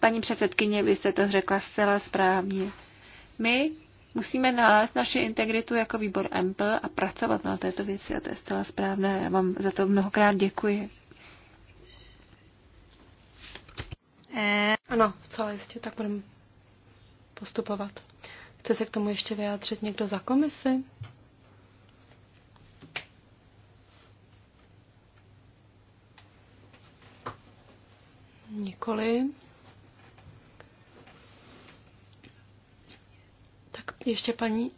B: Paní předsedkyně, vy jste to řekla zcela správně. My musíme nalézt naši integritu jako výbor Ample a pracovat na této věci a to je zcela správné. Já vám za to mnohokrát děkuji.
D: Eh. Ano, zcela jistě, tak budeme postupovat. Chce se k tomu ještě vyjádřit někdo za komisi? Nikoli. Ještě paní,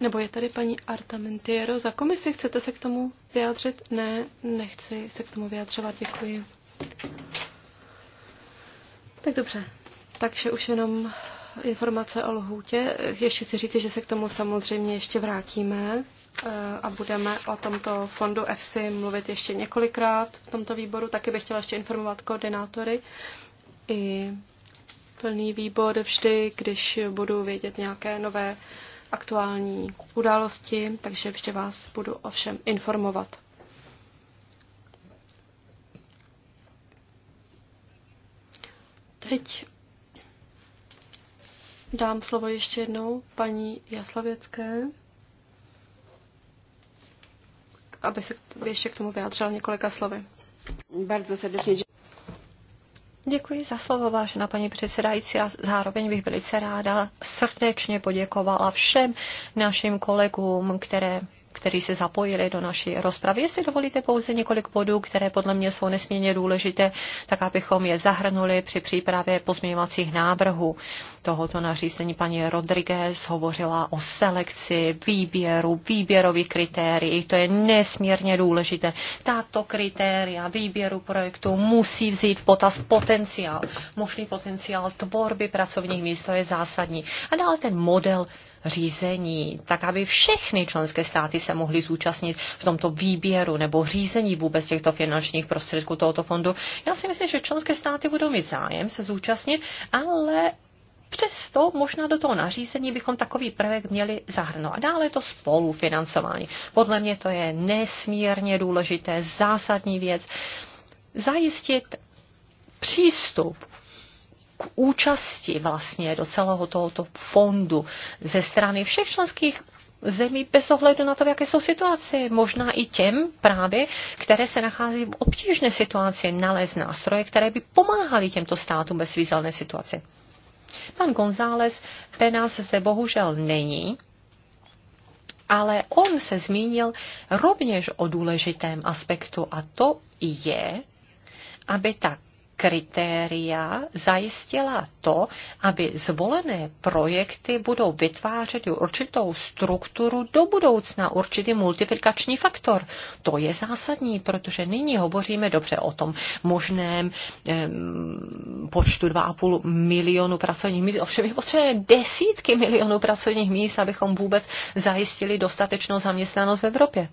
D: nebo je tady paní Artamentiero za komisi. Chcete se k tomu vyjádřit? Ne, nechci se k tomu vyjadřovat. Děkuji. Tak dobře. Takže už jenom informace o lhůtě. Ještě chci říct, že se k tomu samozřejmě ještě vrátíme eh, a budeme o tomto fondu EFSI mluvit ještě několikrát v tomto výboru. Taky bych chtěla ještě informovat koordinátory i plný výbor vždy, když budu vědět nějaké nové aktuální události, takže vždy vás budu ovšem informovat. Teď dám slovo ještě jednou paní Jaslavěcké, aby se ještě k tomu vyjádřila několika slovy. Bardzo serdecznie dziękuję. Děkuji za slovo, vážená
A: paní předsedající, a zároveň bych velice ráda srdečně poděkovala všem našim kolegům, které kteří se zapojili do naší rozpravy. Jestli dovolíte pouze několik bodů, které podle mě jsou nesmírně důležité, tak abychom je zahrnuli při přípravě pozměňovacích návrhů tohoto nařízení. Paní Rodriguez hovořila o selekci, výběru, výběrových kritérií. To je nesmírně důležité. Tato kritéria výběru projektu musí vzít v potaz potenciál, možný potenciál tvorby pracovních míst, to je zásadní. A dále ten model řízení, tak aby všechny členské státy se mohly zúčastnit v tomto výběru nebo řízení vůbec těchto finančních prostředků tohoto fondu. Já si myslím, že členské státy budou mít zájem se zúčastnit, ale Přesto možná do toho nařízení bychom takový prvek měli zahrnout. A dále to spolufinancování. Podle mě to je nesmírně důležité, zásadní věc. Zajistit přístup k účasti vlastně do celého tohoto fondu ze strany všech členských zemí bez ohledu na to, v jaké jsou situace, Možná i těm právě, které se nachází v obtížné situaci, nalézt nástroje, které by pomáhaly těmto státům bez svízelné situace. Pan González Penas zde bohužel není, ale on se zmínil rovněž o důležitém aspektu a to je, aby ta kritéria zajistila to, aby zvolené projekty budou vytvářet určitou strukturu do budoucna, určitý multiplikační faktor. To je zásadní, protože nyní hovoříme dobře o tom možném eh, počtu 2,5 milionu pracovních míst. Ovšem je potřeba desítky milionů pracovních míst, abychom vůbec zajistili dostatečnou zaměstnanost v Evropě.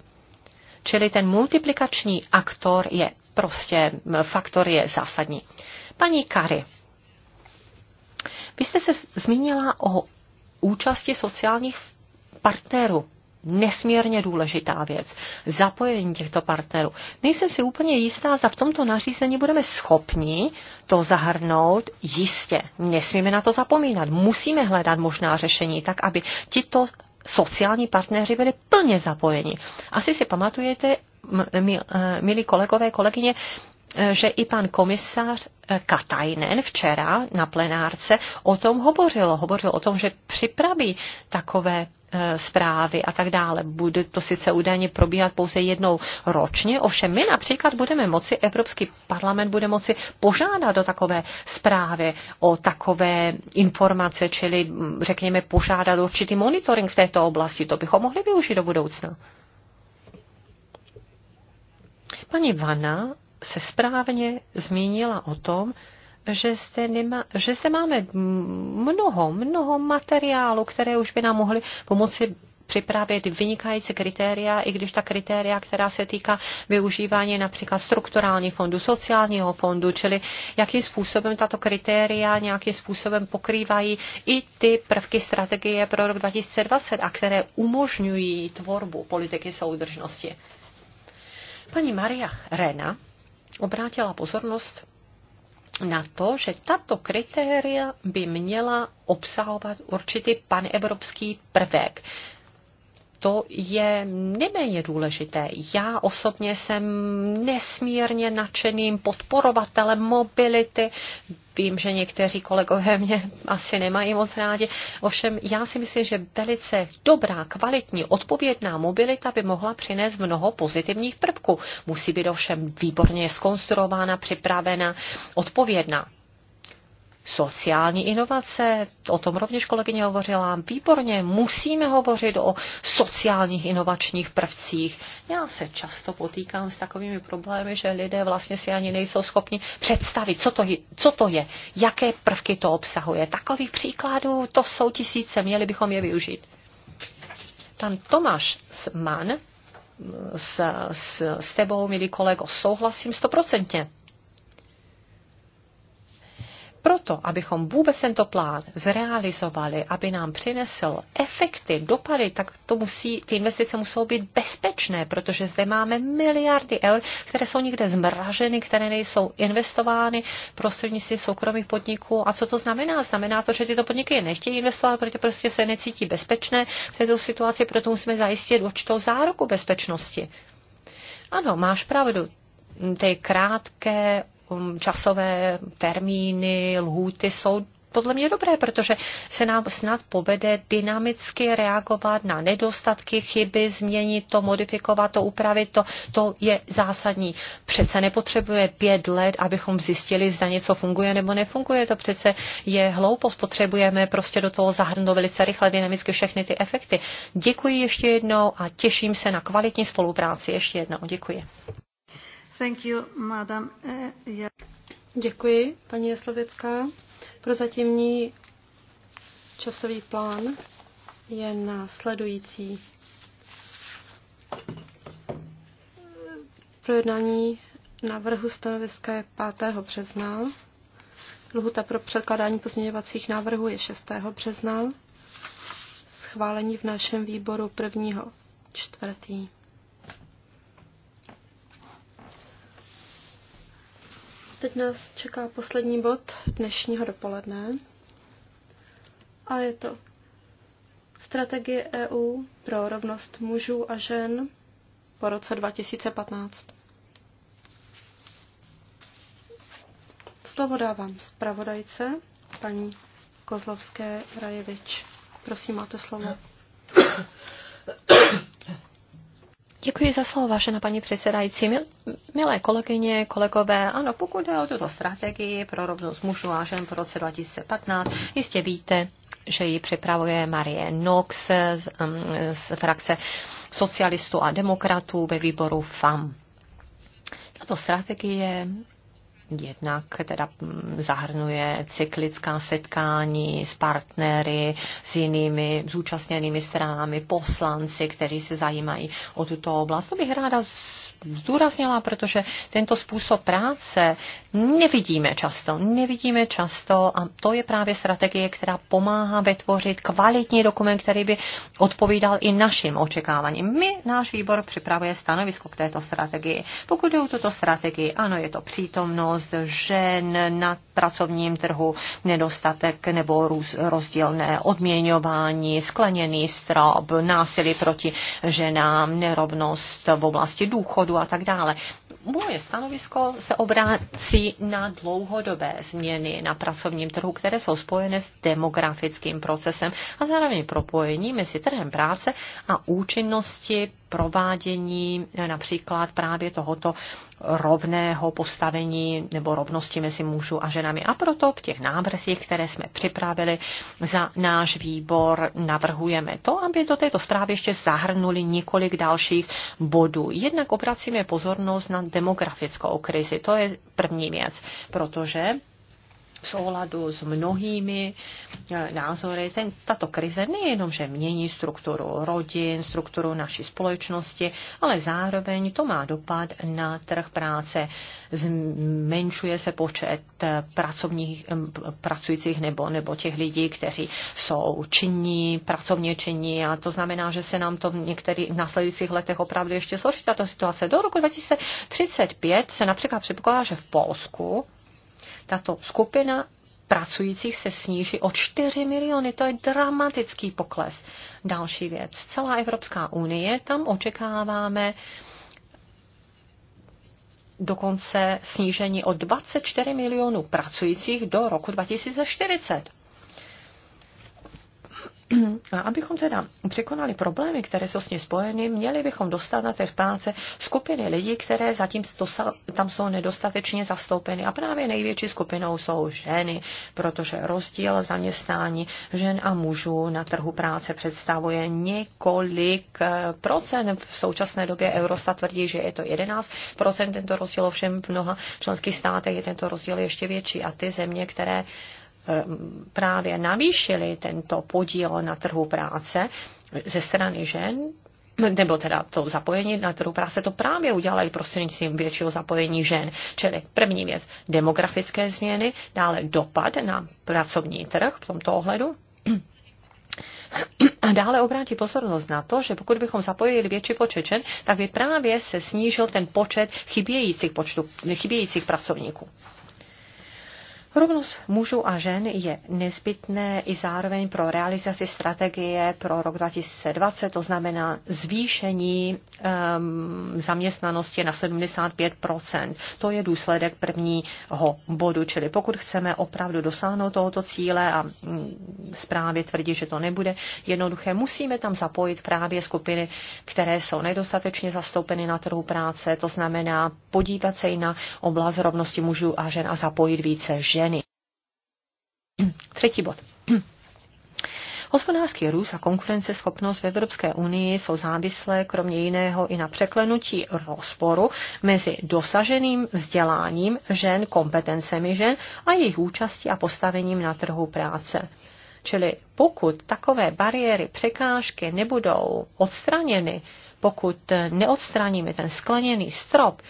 A: Čili ten multiplikační aktor je prostě faktor je zásadní. Paní Kary, vy jste se zmínila o účasti sociálních partnerů. Nesmírně důležitá věc. Zapojení těchto partnerů. Nejsem si úplně jistá, zda v tomto nařízení budeme schopni to zahrnout. Jistě, nesmíme na to zapomínat. Musíme hledat možná řešení tak, aby tito sociální partneři byli plně zapojeni. Asi si pamatujete, Eh, milí kolegové, kolegyně, eh, že i pan komisař eh, Katajnen včera na plenárce o tom hovořil. Hovořil o tom, že připraví takové zprávy a tak dále. Bude to sice údajně probíhat pouze jednou ročně, ovšem my například budeme moci, Evropský parlament bude moci požádat o takové zprávy, o takové informace, čili mm, řekněme požádat určitý monitoring v této oblasti. To bychom mohli využít do budoucna. Paní Vana se správně zmínila o tom, že zde, nema, že zde máme mnoho, mnoho materiálu, které už by nám mohly pomoci připravit vynikající kritéria, i když ta kritéria, která se týká využívání například strukturálních fondů, sociálního fondu, čili jakým způsobem tato kritéria nějakým způsobem pokrývají i ty prvky strategie pro rok 2020 a které umožňují tvorbu politiky soudržnosti. Paní Maria Rena obrátila pozornost na to, že tato kritéria by měla obsahovat určitý panevropský prvek to je neméně důležité. Já osobně jsem nesmírně nadšeným podporovatelem mobility. Vím, že někteří kolegové mě asi nemají moc rádi. Ovšem, já si myslím, že velice dobrá, kvalitní, odpovědná mobilita by mohla přinést mnoho pozitivních prvků. Musí být ovšem výborně skonstruována, připravena, odpovědná. Sociální inovace, o tom rovněž kolegyně hovořila, výborně, musíme hovořit o sociálních inovačních prvcích. Já se často potýkám s takovými problémy, že lidé vlastně si ani nejsou schopni představit, co to je, co to je jaké prvky to obsahuje. Takových příkladů to jsou tisíce, měli bychom je využít. Pan Tomáš Mann s, s, s tebou, milý kolego, souhlasím stoprocentně. Proto, abychom vůbec tento plán zrealizovali, aby nám přinesl efekty, dopady, tak to musí, ty investice musou být bezpečné, protože zde máme miliardy eur, které jsou někde zmraženy, které nejsou investovány prostřednictvím soukromých podniků. A co to znamená? Znamená to, že tyto podniky nechtějí investovat, protože prostě se necítí bezpečné v této situaci, proto musíme zajistit určitou záruku bezpečnosti. Ano, máš pravdu. Ty krátké Um, časové termíny, lhůty jsou podle mě dobré, protože se nám snad povede dynamicky reagovat na nedostatky, chyby, změnit to, modifikovat to, upravit to. To je zásadní. Přece nepotřebuje pět let, abychom zjistili, zda něco funguje nebo nefunguje. To přece je hloupost. Potřebujeme prostě do toho zahrnout velice rychle dynamicky všechny ty efekty. Děkuji ještě jednou a těším se na kvalitní spolupráci. Ještě jednou děkuji.
D: Thank you, madam. Eh, Děkuji, paní Jaslověcká. Prozatímní časový plán je následující. Projednání návrhu stanoviska je 5. března. Lhuta pro předkládání pozměňovacích návrhů je 6. března. Schválení v našem výboru 1. čtvrtý. Teď nás čeká poslední bod dnešního dopoledne. A je to strategie EU pro rovnost mužů a žen po roce 2015. Slovo dávám zpravodajce, paní Kozlovské Rajevič. Prosím, máte slovo.
A: Děkuji za slovo, vážená paní předsedající. Milé kolegyně, kolegové, ano, pokud jde o tuto strategii pro rovnost mužů a žen po roce 2015, jistě víte, že ji připravuje Marie Knox z, um, z frakce socialistů a demokratů ve výboru FAM. Tato strategie jednak teda mm, zahrnuje cyklická setkání s partnery, s jinými zúčastněnými stranami, poslanci, kteří se zajímají o tuto oblast. To bych ráda zdůraznila, protože tento způsob práce nevidíme často. Nevidíme často a to je právě strategie, která pomáhá vytvořit kvalitní dokument, který by odpovídal i našim očekáváním. My, náš výbor, připravuje stanovisko k této strategii. Pokud jde o tuto strategii, ano, je to přítomnost, nerovnost žen na pracovním trhu, nedostatek nebo rozdílné odměňování, skleněný strop, násilí proti ženám, nerovnost v oblasti důchodu a tak dále. Moje stanovisko se obrácí na dlouhodobé změny na pracovním trhu, které jsou spojené s demografickým procesem a zároveň propojení mezi trhem práce a účinnosti provádění eh, například právě tohoto rovného postavení nebo rovnosti mezi mužů a ženami. A proto v těch návrzích, které jsme připravili za náš výbor, navrhujeme to, aby do této zprávy ještě zahrnuli několik dalších bodů. Jednak obracíme pozornost na demografickou krizi. To je první věc, protože v souladu s mnohými eh, názory. Ten, tato krize nejenom, že mění strukturu rodin, strukturu naší společnosti, ale zároveň to má dopad na trh práce. Zmenšuje se počet eh, pracovních, eh, pracujících nebo, nebo těch lidí, kteří jsou činní, pracovně činní a to znamená, že se nám to v některých následujících letech opravdu ještě složí tato situace. Do roku 2035 se například připokládá, že v Polsku tato skupina pracujících se sníží o 4 miliony. To je dramatický pokles. Další věc. Celá Evropská unie, tam očekáváme dokonce snížení o 24 milionů pracujících do roku 2040. A abychom teda překonali problémy, které jsou s ní spojeny, měli bychom dostat na trh práce skupiny lidí, které zatím tam jsou nedostatečně zastoupeny. A právě největší skupinou jsou ženy, protože rozdíl zaměstnání žen a mužů na trhu práce představuje několik eh, procent. V současné době Eurostat tvrdí, že je to 11 procent tento rozdíl, ovšem v mnoha členských státech je tento rozdíl ještě větší. A ty země, které Ehm, právě navýšili tento podíl na trhu práce ze strany žen, nebo teda to zapojení na trhu práce, to právě udělali prostřednictvím většího zapojení žen. Čili první věc, demografické změny, dále dopad na pracovní trh v tomto ohledu. A dále obrátí pozornost na to, že pokud bychom zapojili větší počet žen, tak by právě se snížil ten počet chybějících, počtu, chybějících pracovníků. Rovnost mužů a žen je nezbytné i zároveň pro realizaci strategie pro rok 2020, to znamená zvýšení um, zaměstnanosti na 75 To je důsledek prvního bodu, čili pokud chceme opravdu dosáhnout tohoto cíle a mm, zprávě tvrdí, že to nebude jednoduché, musíme tam zapojit právě skupiny, které jsou nedostatečně zastoupeny na trhu práce, to znamená podívat se i na oblast rovnosti mužů a žen a zapojit více žen Třetí bod. Hospodářský růst a konkurenceschopnost v Evropské unii jsou závislé kromě jiného i na překlenutí rozporu mezi dosaženým vzděláním žen, kompetencemi žen a jejich účastí a postavením na trhu práce. Čili pokud takové bariéry, překážky nebudou odstraněny, pokud neodstraníme ten skleněný strop,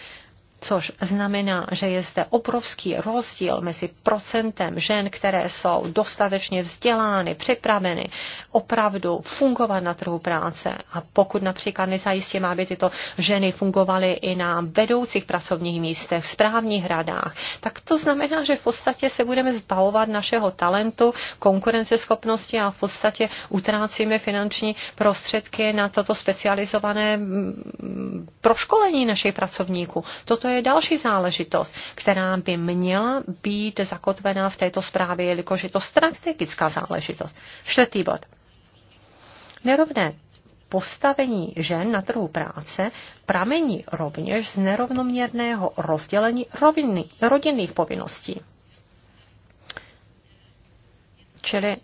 A: což znamená, že je zde obrovský rozdíl mezi procentem žen, které jsou dostatečně vzdělány, připraveny opravdu fungovat na trhu práce. A pokud například nezajistíme, aby tyto ženy fungovaly i na vedoucích pracovních místech, v správních radách, tak to znamená, že v podstatě se budeme zbavovat našeho talentu, konkurenceschopnosti a v podstatě utrácíme finanční prostředky na toto specializované mm, proškolení našich pracovníků. Toto je další záležitost, která by měla být zakotvená v této zprávě, jelikož je to strategická záležitost. Čtvrtý bod. Nerovné postavení žen na trhu práce pramení rovněž z nerovnoměrného rozdělení roviny, rodinných povinností. Čili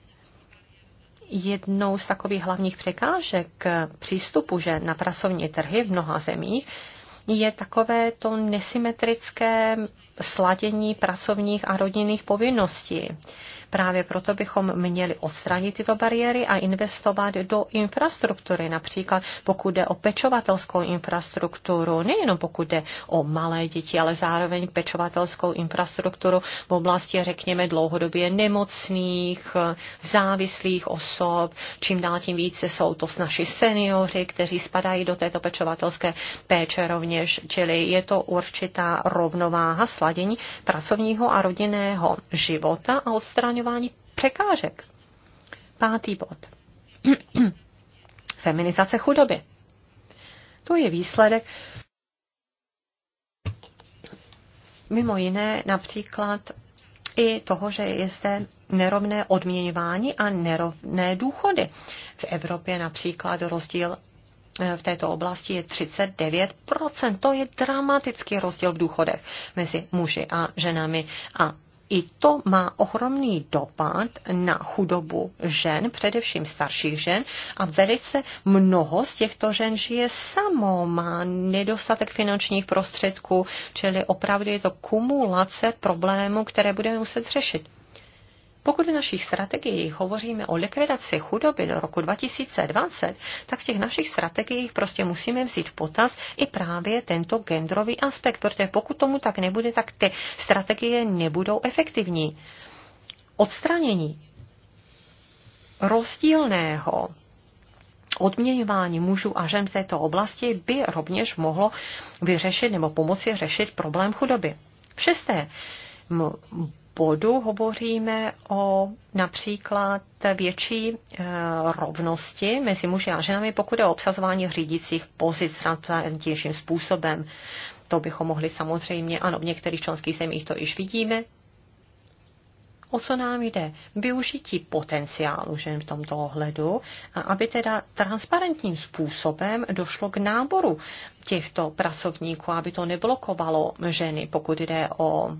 A: jednou z takových hlavních překážek přístupu žen na pracovní trhy v mnoha zemích je takové to nesymetrické sladění pracovních a rodinných povinností. Právě proto bychom měli odstranit tyto bariéry a investovat do infrastruktury, například pokud jde o pečovatelskou infrastrukturu, nejenom pokud jde o malé děti, ale zároveň pečovatelskou infrastrukturu v oblasti, řekněme, dlouhodobě nemocných, závislých osob. Čím dál tím více jsou to naši seniori, kteří spadají do této pečovatelské péče rovněž, čili je to určitá rovnováha sladění pracovního a rodinného života a odstraňování odstraňování překážek. Pátý bod. Feminizace chudoby. To je výsledek mimo jiné například i toho, že je zde nerovné odměňování a nerovné důchody. V Evropě například rozdíl eh, v této oblasti je 39%. To je dramatický rozdíl v důchodech mezi muži a ženami. A i to má ohromný dopad na chudobu žen, především starších žen, a velice mnoho z těchto žen žije samo, má nedostatek finančních prostředků, čili opravdu je to kumulace problémů, které budeme muset řešit. Pokud v našich strategiích hovoříme o likvidaci chudoby do roku 2020, tak v těch našich strategiích prostě musíme vzít v potaz i právě tento genderový aspekt, protože pokud tomu tak nebude, tak ty strategie nebudou efektivní. Odstranění rozdílného odměňování mužů a žen v této oblasti by rovněž mohlo vyřešit nebo pomoci řešit problém chudoby. V šesté, bodu hovoříme o například větší eh, rovnosti mezi muži a ženami, pokud je o obsazování řídících pozic transparentnějším způsobem. To bychom mohli samozřejmě, ano, v některých členských zemích to již vidíme, o co nám jde. Využití potenciálu žen v tomto ohledu, a aby teda transparentním způsobem došlo k náboru těchto pracovníků, aby to neblokovalo ženy, pokud jde o um,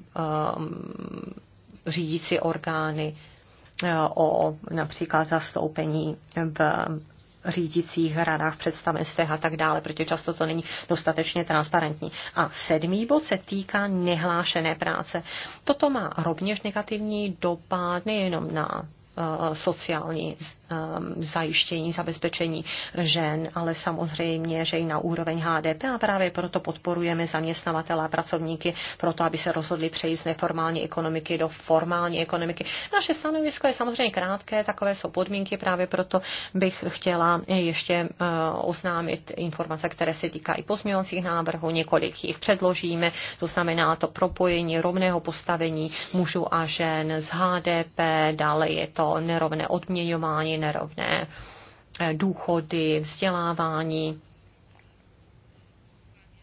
A: řídící orgány, e, o například zastoupení v řídicích radách, představenstvech a tak dále, protože často to není dostatečně transparentní. A sedmý bod se týká nehlášené práce. Toto má rovněž negativní dopad nejenom na Eh, sociální eh, zajištění, zabezpečení žen, ale samozřejmě, že i na úroveň HDP a právě proto podporujeme zaměstnavatele a pracovníky proto, aby se rozhodli přejít z neformální ekonomiky do formální ekonomiky. Naše stanovisko je samozřejmě krátké, takové jsou podmínky, právě proto bych chtěla ještě eh, oznámit informace, které se týká i pozměňovacích návrhů, několik jich předložíme, to znamená to propojení rovného postavení mužů a žen z HDP, dále je to nerovné odměňování, nerovné eh, důchody, vzdělávání,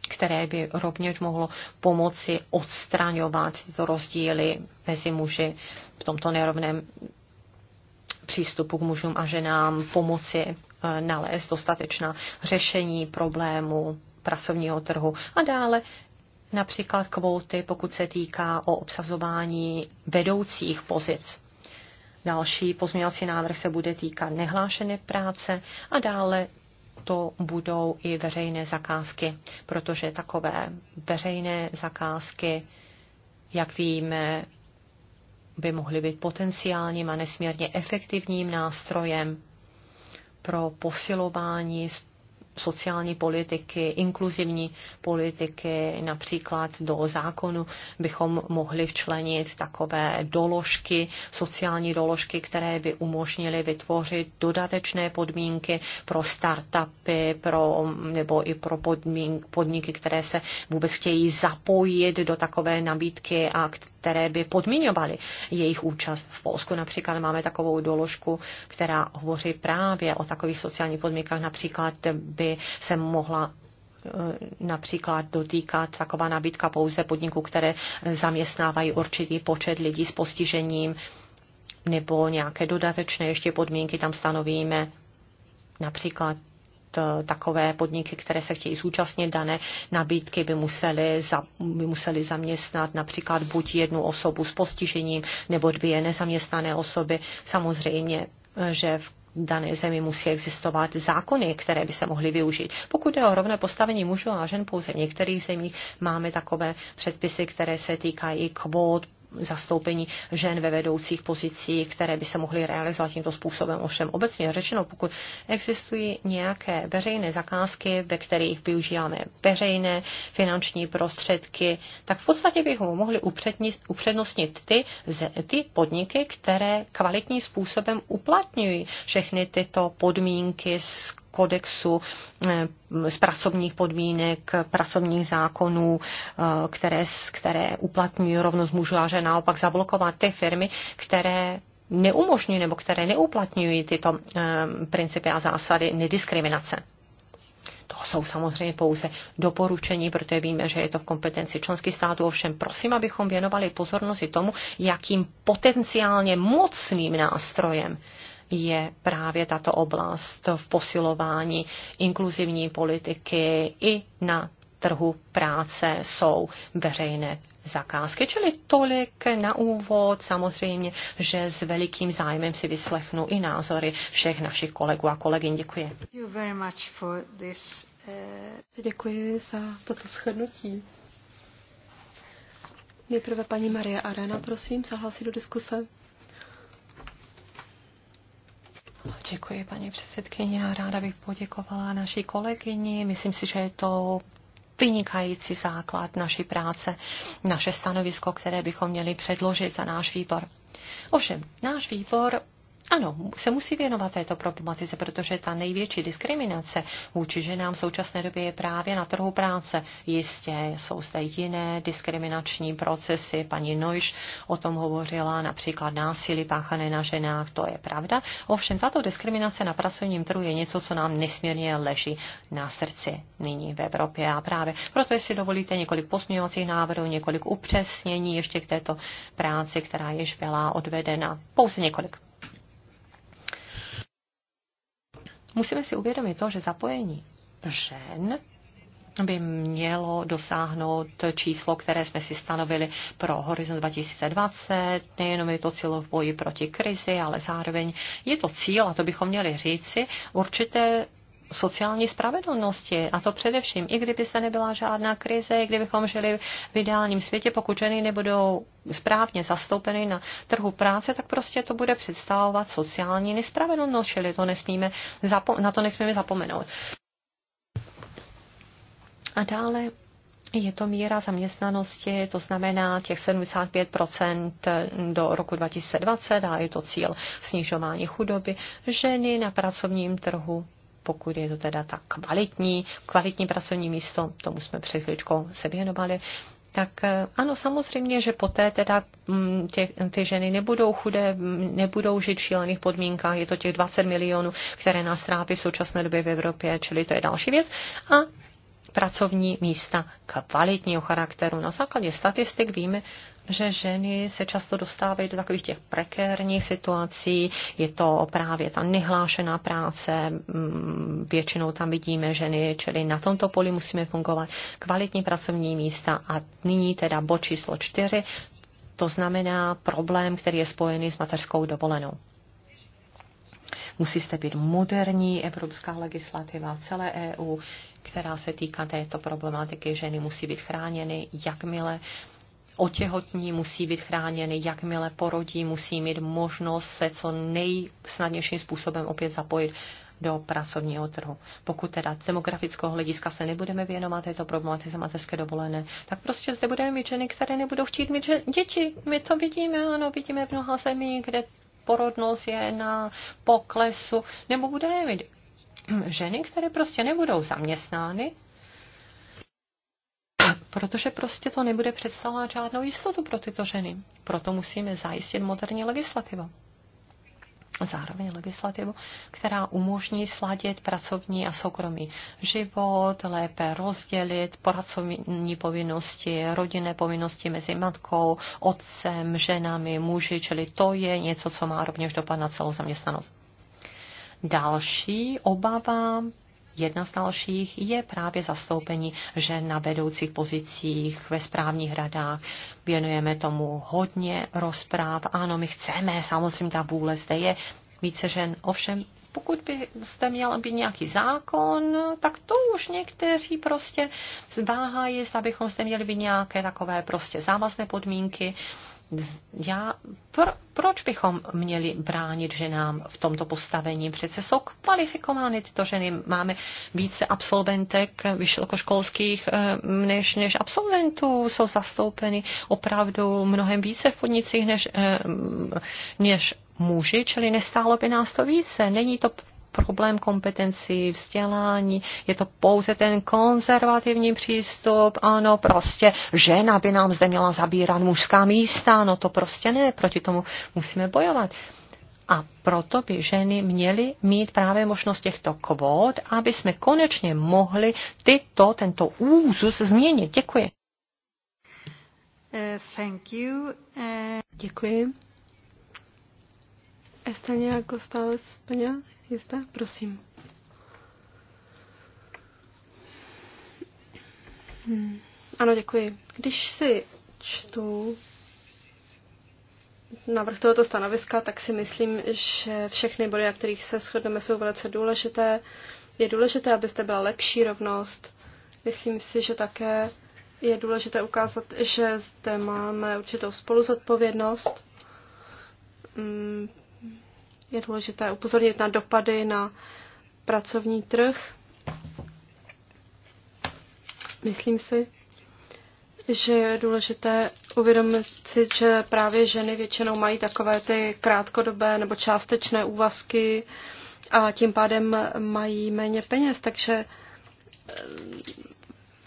A: které by rovněž mohlo pomoci odstraňovat tyto rozdíly mezi muži v tomto nerovném přístupu k mužům a ženám, pomoci eh, nalézt dostatečná řešení problému pracovního trhu a dále například kvóty, pokud se týká o obsazování vedoucích pozic. Další pozměňovací návrh se bude týkat nehlášené práce a dále to budou i veřejné zakázky, protože takové veřejné zakázky, jak víme, by mohly být potenciálním a nesmírně efektivním nástrojem pro posilování sociální politiky, inkluzivní politiky, například do zákonu bychom mohli včlenit takové doložky, sociální doložky, které by umožnily vytvořit dodatečné podmínky pro startupy, pro, nebo i pro podmín, podniky, které se vůbec chtějí zapojit do takové nabídky a které by podmiňovaly jejich účast. V Polsku například máme takovou doložku, která hovoří právě o takových sociálních podmínkách, například by by se mohla eh, například dotýkat taková nabídka pouze podniků, které zaměstnávají určitý počet lidí s postižením nebo nějaké dodatečné ještě podmínky tam stanovíme, například eh, takové podniky, které se chtějí zúčastnit dané nabídky, by museli, za, by museli zaměstnat například buď jednu osobu s postižením nebo dvě nezaměstnané osoby. Samozřejmě, eh, že v dané zemi musí existovat zákony, které by se mohly využít. Pokud je o rovné postavení mužů a žen pouze v některých zemích, máme takové předpisy, které se týkají kvót zastoupení žen ve vedoucích pozicích, které by se mohly realizovat tímto způsobem. Ovšem obecně řečeno, pokud existují nějaké veřejné zakázky, ve kterých využíváme veřejné finanční prostředky, tak v podstatě bychom mohli upřednostnit ty, ty podniky, které kvalitním způsobem uplatňují všechny tyto podmínky, kodexu, eh, z pracovních podmínek, pracovních zákonů, eh, které, které uplatňují rovnost mužů a žen, naopak zablokovat ty firmy, které neumožňují nebo které neuplatňují tyto eh, principy a zásady nediskriminace. To jsou samozřejmě pouze doporučení, protože víme, že je to v kompetenci členských států. Ovšem prosím, abychom věnovali pozornost i tomu, jakým potenciálně mocným nástrojem je právě tato oblast v posilování inkluzivní politiky i na trhu práce jsou veřejné zakázky. Čili tolik na úvod. Samozřejmě, že s velikým zájmem si vyslechnu i názory všech našich kolegů a kolegyň. Děkuji.
D: Eh, Děkuji za toto shrnutí. Nejprve paní Maria Arena, prosím, zahlasí do diskuse.
A: Děkuji, paní předsedkyně. ráda bych poděkovala naší kolegyni. Myslím si, že je to vynikající základ naší práce, naše stanovisko, které bychom měli předložit za náš výbor. Ovšem, náš výbor ano, se musí věnovat této problematice, protože ta největší diskriminace vůči ženám v současné době je právě na trhu práce. Jistě jsou zde jiné diskriminační procesy, paní Nojš o tom hovořila, například násilí páchané na ženách, to je pravda. Ovšem, tato diskriminace na pracovním trhu je něco, co nám nesmírně leží na srdci nyní v Evropě a právě proto, jestli dovolíte několik posměvacích návrhů, několik upřesnění ještě k této práci, která již byla odvedena, pouze několik Musíme si uvědomit to, že zapojení žen by mělo dosáhnout číslo, které jsme si stanovili pro Horizont 2020. Nejenom je to cíl v boji proti krizi, ale zároveň je to cíl, a to bychom měli říci, určité sociální spravedlnosti. A to především, i kdyby se nebyla žádná krize, i kdybychom žili v ideálním světě, pokud ženy nebudou správně zastoupeny na trhu práce, tak prostě to bude představovat sociální nespravedlnost, čili to nesmíme na to nesmíme zapomenout. A dále je to míra zaměstnanosti, to znamená těch 75 do roku 2020 a je to cíl snižování chudoby ženy na pracovním trhu pokud je to teda tak kvalitní, kvalitní pracovní místo, tomu jsme před chvíličkou se věnovali, tak eh, ano, samozřejmě, že poté teda mm, tě, ty ženy nebudou chudé, mm, nebudou žít v šílených podmínkách. Je to těch 20 milionů, které nás trápí v současné době v Evropě, čili to je další věc. A pracovní místa kvalitního charakteru. Na základě statistik víme, že ženy se často dostávají do takových těch prekérních situací, je to právě ta nehlášená práce, mm, většinou tam vidíme ženy, čili na tomto poli musíme fungovat kvalitní pracovní místa a nyní teda bod číslo čtyři, to znamená problém, který je spojený s mateřskou dovolenou. Musíte být moderní evropská legislativa v celé EU, která se týká této problematiky. Ženy musí být chráněny, jakmile otěhotní musí být chráněny, jakmile porodí, musí mít možnost se co nejsnadnějším způsobem opět zapojit do pracovního trhu. Pokud teda z demografického hlediska se nebudeme věnovat této problematice mateřské dovolené, tak prostě zde budeme mít ženy, které nebudou chtít mít děti. My to vidíme, ano, vidíme v mnoha zemí, kde porodnost je na poklesu, nebo budeme mít ženy, které prostě nebudou zaměstnány, protože prostě to nebude představovat žádnou jistotu pro tyto ženy. Proto musíme zajistit moderní legislativu. Zároveň legislativu, která umožní sladit pracovní a soukromý život, lépe rozdělit pracovní povinnosti, rodinné povinnosti mezi matkou, otcem, ženami, muži, čili to je něco, co má rovněž dopad na celou zaměstnanost. Další obava Jedna z dalších je právě zastoupení žen na vedoucích pozicích ve správních radách. Věnujeme tomu hodně rozpráv. Ano, my chceme, samozřejmě ta vůle zde je více žen. Ovšem, pokud byste měla být nějaký zákon, tak to už někteří prostě zváhají, zda bychom zde měli být nějaké takové prostě závazné podmínky já, pro, proč bychom měli bránit ženám v tomto postavení? Přece jsou kvalifikovány tyto ženy. Máme více absolventek vysokoškolských eh, než, než absolventů. Jsou zastoupeny opravdu mnohem více v podnicích než, eh, než muži, čili nestálo by nás to více. Není to problém kompetencí, vzdělání, je to pouze ten konzervativní přístup, ano, prostě žena by nám zde měla zabírat mužská místa, no to prostě ne, proti tomu musíme bojovat. A proto by ženy měly mít právě možnost těchto kvót, aby jsme konečně mohli tyto, tento úzus změnit. Děkuji.
D: Uh, thank you. Uh... Děkuji. Estaně jako stále Jistá, Prosím. Hmm. Ano, děkuji. Když si čtu návrh tohoto stanoviska, tak si myslím, že všechny body, na kterých se shodneme, jsou velice důležité. Je důležité, abyste byla lepší rovnost. Myslím si, že také je důležité ukázat, že zde máme určitou spoluzodpovědnost hmm je důležité upozornit na dopady na pracovní trh. Myslím si, že je důležité uvědomit si, že právě ženy většinou mají takové ty krátkodobé nebo částečné úvazky a tím pádem mají méně peněz, takže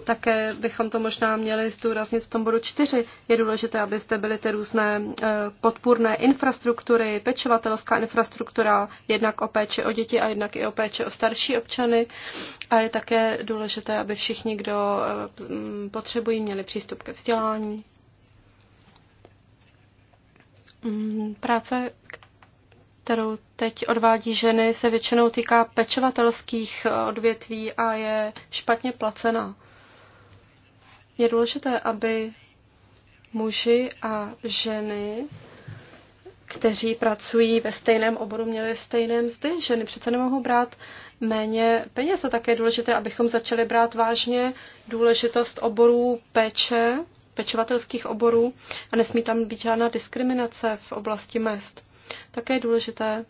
D: také bychom to možná měli zdůraznit v tom bodu čtyři. Je důležité, abyste byly ty různé eh, podpůrné infrastruktury, pečovatelská infrastruktura, jednak o péči o děti a jednak i o péči o starší občany. A je také důležité, aby všichni, kdo eh, potřebují, měli přístup ke vzdělání. Mm, práce, kterou teď odvádí ženy, se většinou týká pečovatelských eh, odvětví a je špatně placená. Je důležité, aby muži a ženy, kteří pracují ve stejném oboru, měli stejné mzdy. Ženy přece nemohou brát méně peněz a také je důležité, abychom začali brát vážně důležitost oborů péče, pečovatelských oborů a nesmí tam být žádná diskriminace v oblasti mest. Také je důležité,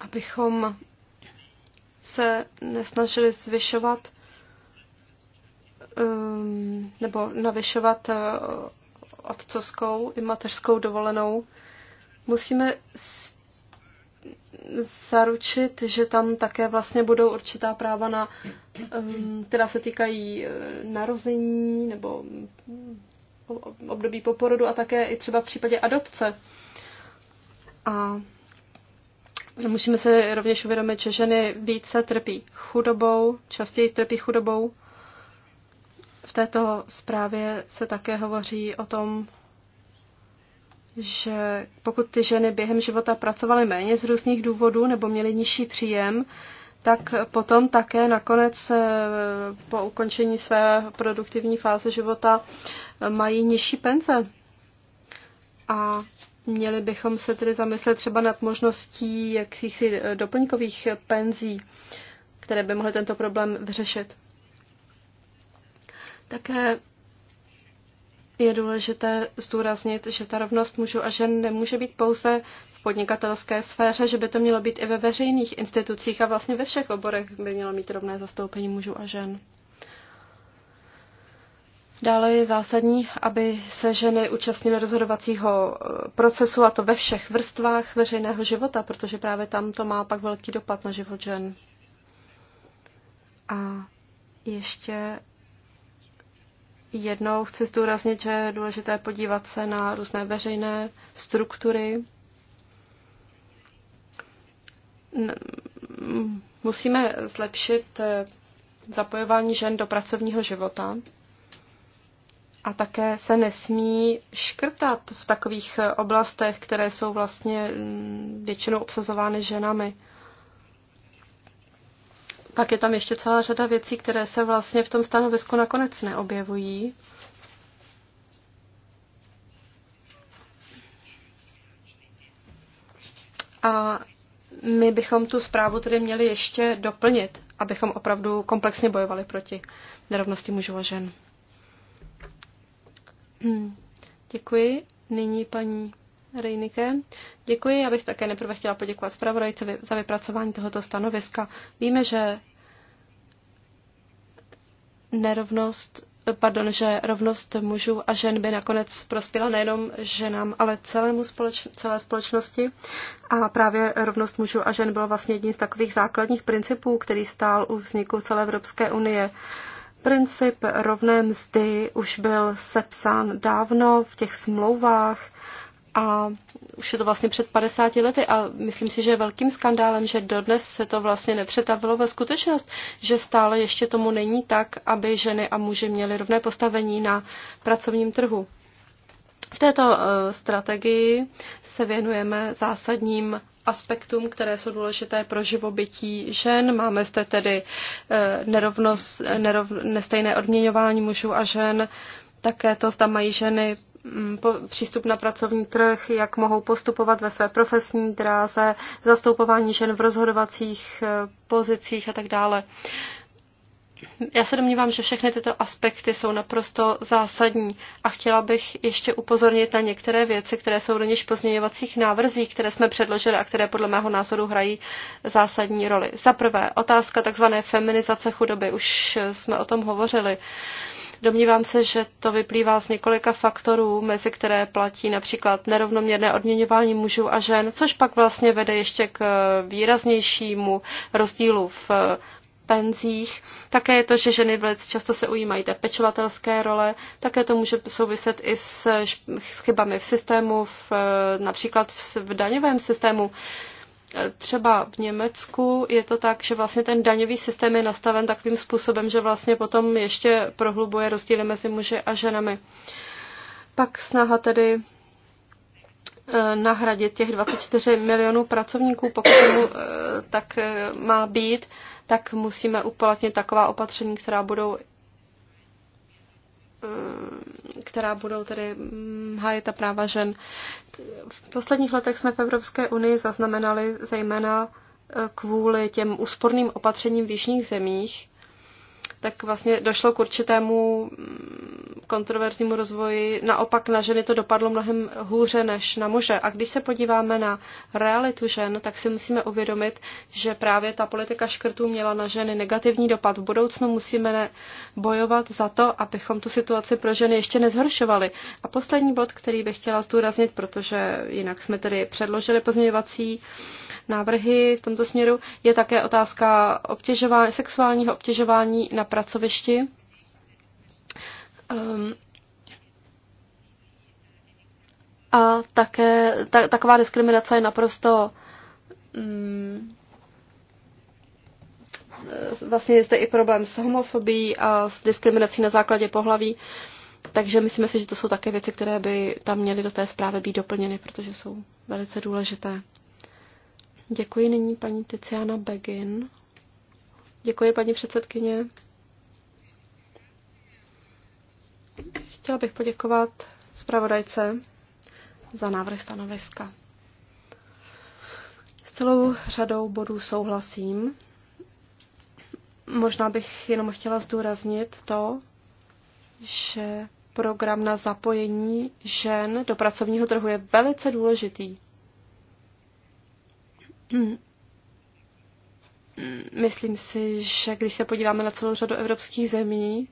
D: abychom se nesnažili zvyšovat um, nebo navyšovat uh, otcovskou i mateřskou dovolenou, musíme zaručit, že tam také vlastně budou určitá práva, na, um, která se týkají uh, narození nebo um, období po porodu a také i třeba v případě adopce. A musíme se rovněž uvědomit, že ženy více trpí chudobou, častěji trpí chudobou v této zprávě se také hovoří o tom, že pokud ty ženy během života pracovaly méně z různých důvodů nebo měly nižší příjem, tak potom také nakonec eh, po ukončení své produktivní fáze života eh, mají nižší penze. A měli bychom se tedy zamyslet třeba nad možností jakýchsi eh, doplňkových penzí, které by mohly tento problém vyřešit. Také je důležité zdůraznit, že ta rovnost mužů a žen nemůže být pouze v podnikatelské sféře, že by to mělo být i ve veřejných institucích a vlastně ve všech oborech by mělo mít rovné zastoupení mužů a žen. Dále je zásadní, aby se ženy účastnily rozhodovacího eh, procesu, a to ve všech vrstvách veřejného života, protože právě tam to má pak velký dopad na život žen. A ještě Jednou chci zdůraznit, že je důležité podívat se na různé veřejné struktury. Musíme zlepšit eh, zapojování žen do pracovního života a také se nesmí škrtat v takových eh, oblastech, které jsou vlastně mm, většinou obsazovány ženami. Pak je tam ještě celá řada věcí, které se vlastně v tom stanovisku nakonec neobjevují. A my bychom tu zprávu tedy měli ještě doplnit, abychom opravdu komplexně bojovali proti nerovnosti mužů a žen. Hmm. Děkuji. Nyní paní Rejnike. Děkuji, já bych také neprve chtěla poděkovat zpravodajce za vypracování tohoto stanoviska. Víme, že nerovnost, pardon, že rovnost mužů a žen by nakonec prospěla nejenom ženám, ale celému společ, celé společnosti. A právě rovnost mužů a žen byl vlastně jedním z takových základních principů, který stál u vzniku celé Evropské unie. Princip rovné mzdy už byl sepsán dávno v těch smlouvách a už je to vlastně před 50 lety a myslím si, že je velkým skandálem, že dodnes se to vlastně nepřetavilo ve skutečnost, že stále ještě tomu není tak, aby ženy a muži měli rovné postavení na pracovním trhu. V této eh, strategii se věnujeme zásadním aspektům, které jsou důležité pro živobytí žen. Máme zde tedy eh, nerovnost, nerov, nestejné odměňování mužů a žen, také to, zda mají ženy Mm, přístup na pracovní trh, jak mohou postupovat ve své profesní dráze, zastoupování žen v rozhodovacích eh, pozicích a tak dále. Já se domnívám, že všechny tyto aspekty jsou naprosto zásadní a chtěla bych ještě upozornit na některé věci, které jsou do něž pozměňovacích návrzí, které jsme předložili a které podle mého názoru hrají zásadní roli. Za prvé, otázka takzvané feminizace chudoby, už jsme o tom hovořili. Um, Domnívám se, že to vyplývá z několika faktorů, mezi které platí například nerovnoměrné odměňování mužů a žen, což pak vlastně vede ještě k výraznějšímu rozdílu v eh, penzích. Také je to, že ženy velice často se ujímají té pečovatelské role, také to může souviset i s chybami v systému, v, eh, například v, v daňovém systému třeba v Německu je to tak, že vlastně ten daňový systém je nastaven takovým způsobem, že vlastně potom ještě prohlubuje rozdíly mezi muži a ženami. Pak snaha tedy eh, nahradit těch 24 milionů pracovníků, pokud eh, tak eh, má být, tak musíme uplatnit taková opatření, která budou Eh, která budou tedy mm, hájet ta práva žen. V posledních letech jsme v Evropské unii zaznamenali zejména eh, kvůli těm úsporným opatřením v jižních zemích tak vlastně došlo k určitému mm, kontroverznímu rozvoji. Naopak na ženy to dopadlo mnohem hůře než na muže. A když se podíváme na realitu žen, tak si musíme uvědomit, že právě ta politika škrtů měla na ženy negativní dopad. V budoucnu musíme bojovat za to, abychom tu situaci pro ženy ještě nezhoršovali. A poslední bod, který bych chtěla zdůraznit, protože jinak jsme tedy předložili pozměňovací návrhy v tomto směru. Je také otázka obtěžování, sexuálního obtěžování na pracovišti. Um, a také ta, taková diskriminace je naprosto um, vlastně je zde i problém s homofobií a s diskriminací na základě pohlaví. Takže myslíme si, že to jsou také věci, které by tam měly do té zprávy být doplněny, protože jsou velice důležité. Děkuji nyní paní Tiziana Begin. Děkuji paní předsedkyně. Chtěla bych poděkovat zpravodajce za návrh stanoviska. S celou řadou bodů souhlasím. Možná bych jenom chtěla zdůraznit to, že program na zapojení žen do pracovního trhu je velice důležitý. Myslím si, že když se podíváme na celou řadu evropských zemí,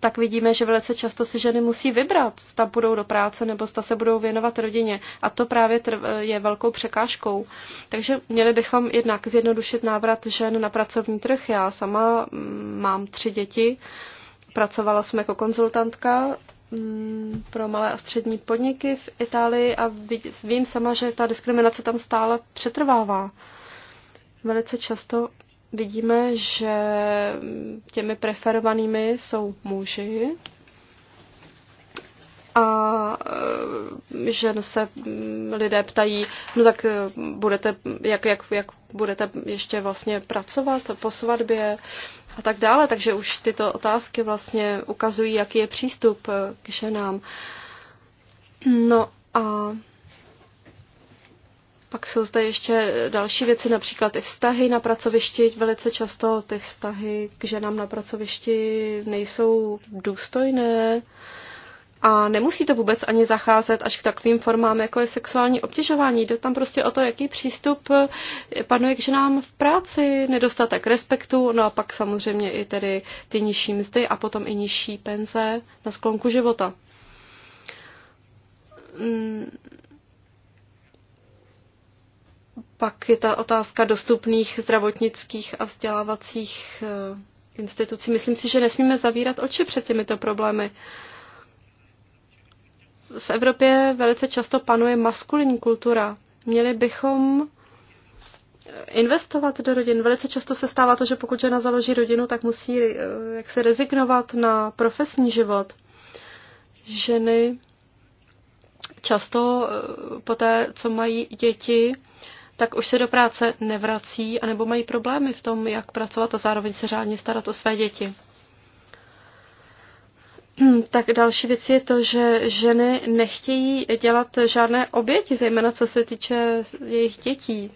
D: tak vidíme, že velice často si ženy musí vybrat, zda budou do práce nebo zda se budou věnovat rodině. A to právě je velkou překážkou. Takže měli bychom jednak zjednodušit návrat žen na pracovní trh. Já sama mm, mám tři děti, pracovala jsem jako konzultantka Mm, pro malé a střední podniky v Itálii a vím sama, že ta diskriminace tam stále přetrvává. Velice často vidíme, že těmi preferovanými jsou muži a e, že se mm, lidé ptají, no tak e, budete, jak, jak, jak budete ještě vlastně pracovat po svatbě a tak dále. Takže už tyto otázky vlastně ukazují, jaký je přístup eh, k ženám. No a pak jsou zde ještě další věci, například i vztahy na pracovišti. Velice často ty vztahy k ženám na pracovišti nejsou důstojné. Uh, a nemusí to vůbec ani zacházet až k takovým formám, jako je sexuální obtěžování. Jde tam prostě o to, jaký přístup eh, panuje k ženám v práci, nedostatek respektu, no a pak samozřejmě i tedy ty nižší mzdy a potom i nižší penze na sklonku života. Mm. Pak je ta otázka dostupných zdravotnických a vzdělávacích eh, institucí. Myslím si, že nesmíme zavírat oči před těmito problémy. Uh, v Evropě velice často panuje maskulinní kultura. Měli bychom investovat do rodin. Velice často se stává to, že pokud žena založí rodinu, tak musí eh, jak se rezignovat na profesní život. Ženy často eh, po té, co mají děti, tak už se do práce nevrací, anebo mají problémy v tom, jak pracovat a zároveň se řádně starat o své děti. Hmm, tak další věc je to, že ženy nechtějí dělat žádné oběti, zejména co se týče jejich dětí.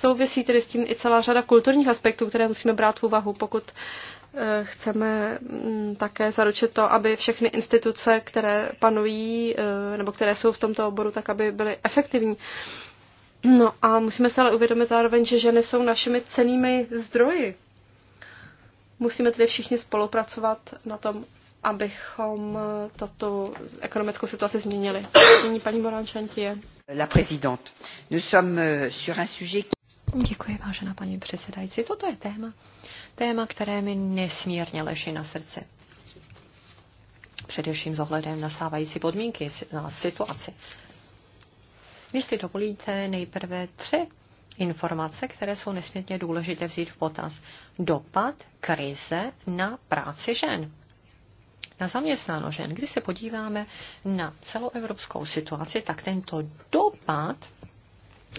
D: Souvisí tedy s tím i celá řada kulturních aspektů, které musíme brát v úvahu, pokud eh, chceme mm, také zaručit to, aby všechny instituce, které panují eh, nebo které jsou v tomto oboru, tak aby byly efektivní. No a musíme se ale uvědomit zároveň, že ženy jsou našimi cenými zdroji. Musíme tedy všichni spolupracovat na tom, abychom eh, tato ekonomickou situaci změnili. Nyní paní Morančantě.
B: La présidente, nous sommes eh, sur un sujet
A: qui... Děkuji, vážená paní předsedající. Toto je téma, téma, které mi nesmírně leží na srdci. Především s ohledem na stávající podmínky, na situaci. Jestli dovolíte, nejprve tři informace, které jsou nesmírně důležité vzít v potaz. Dopad krize na práci žen na zaměstnáno žen. Když se podíváme na celoevropskou situaci, tak tento dopad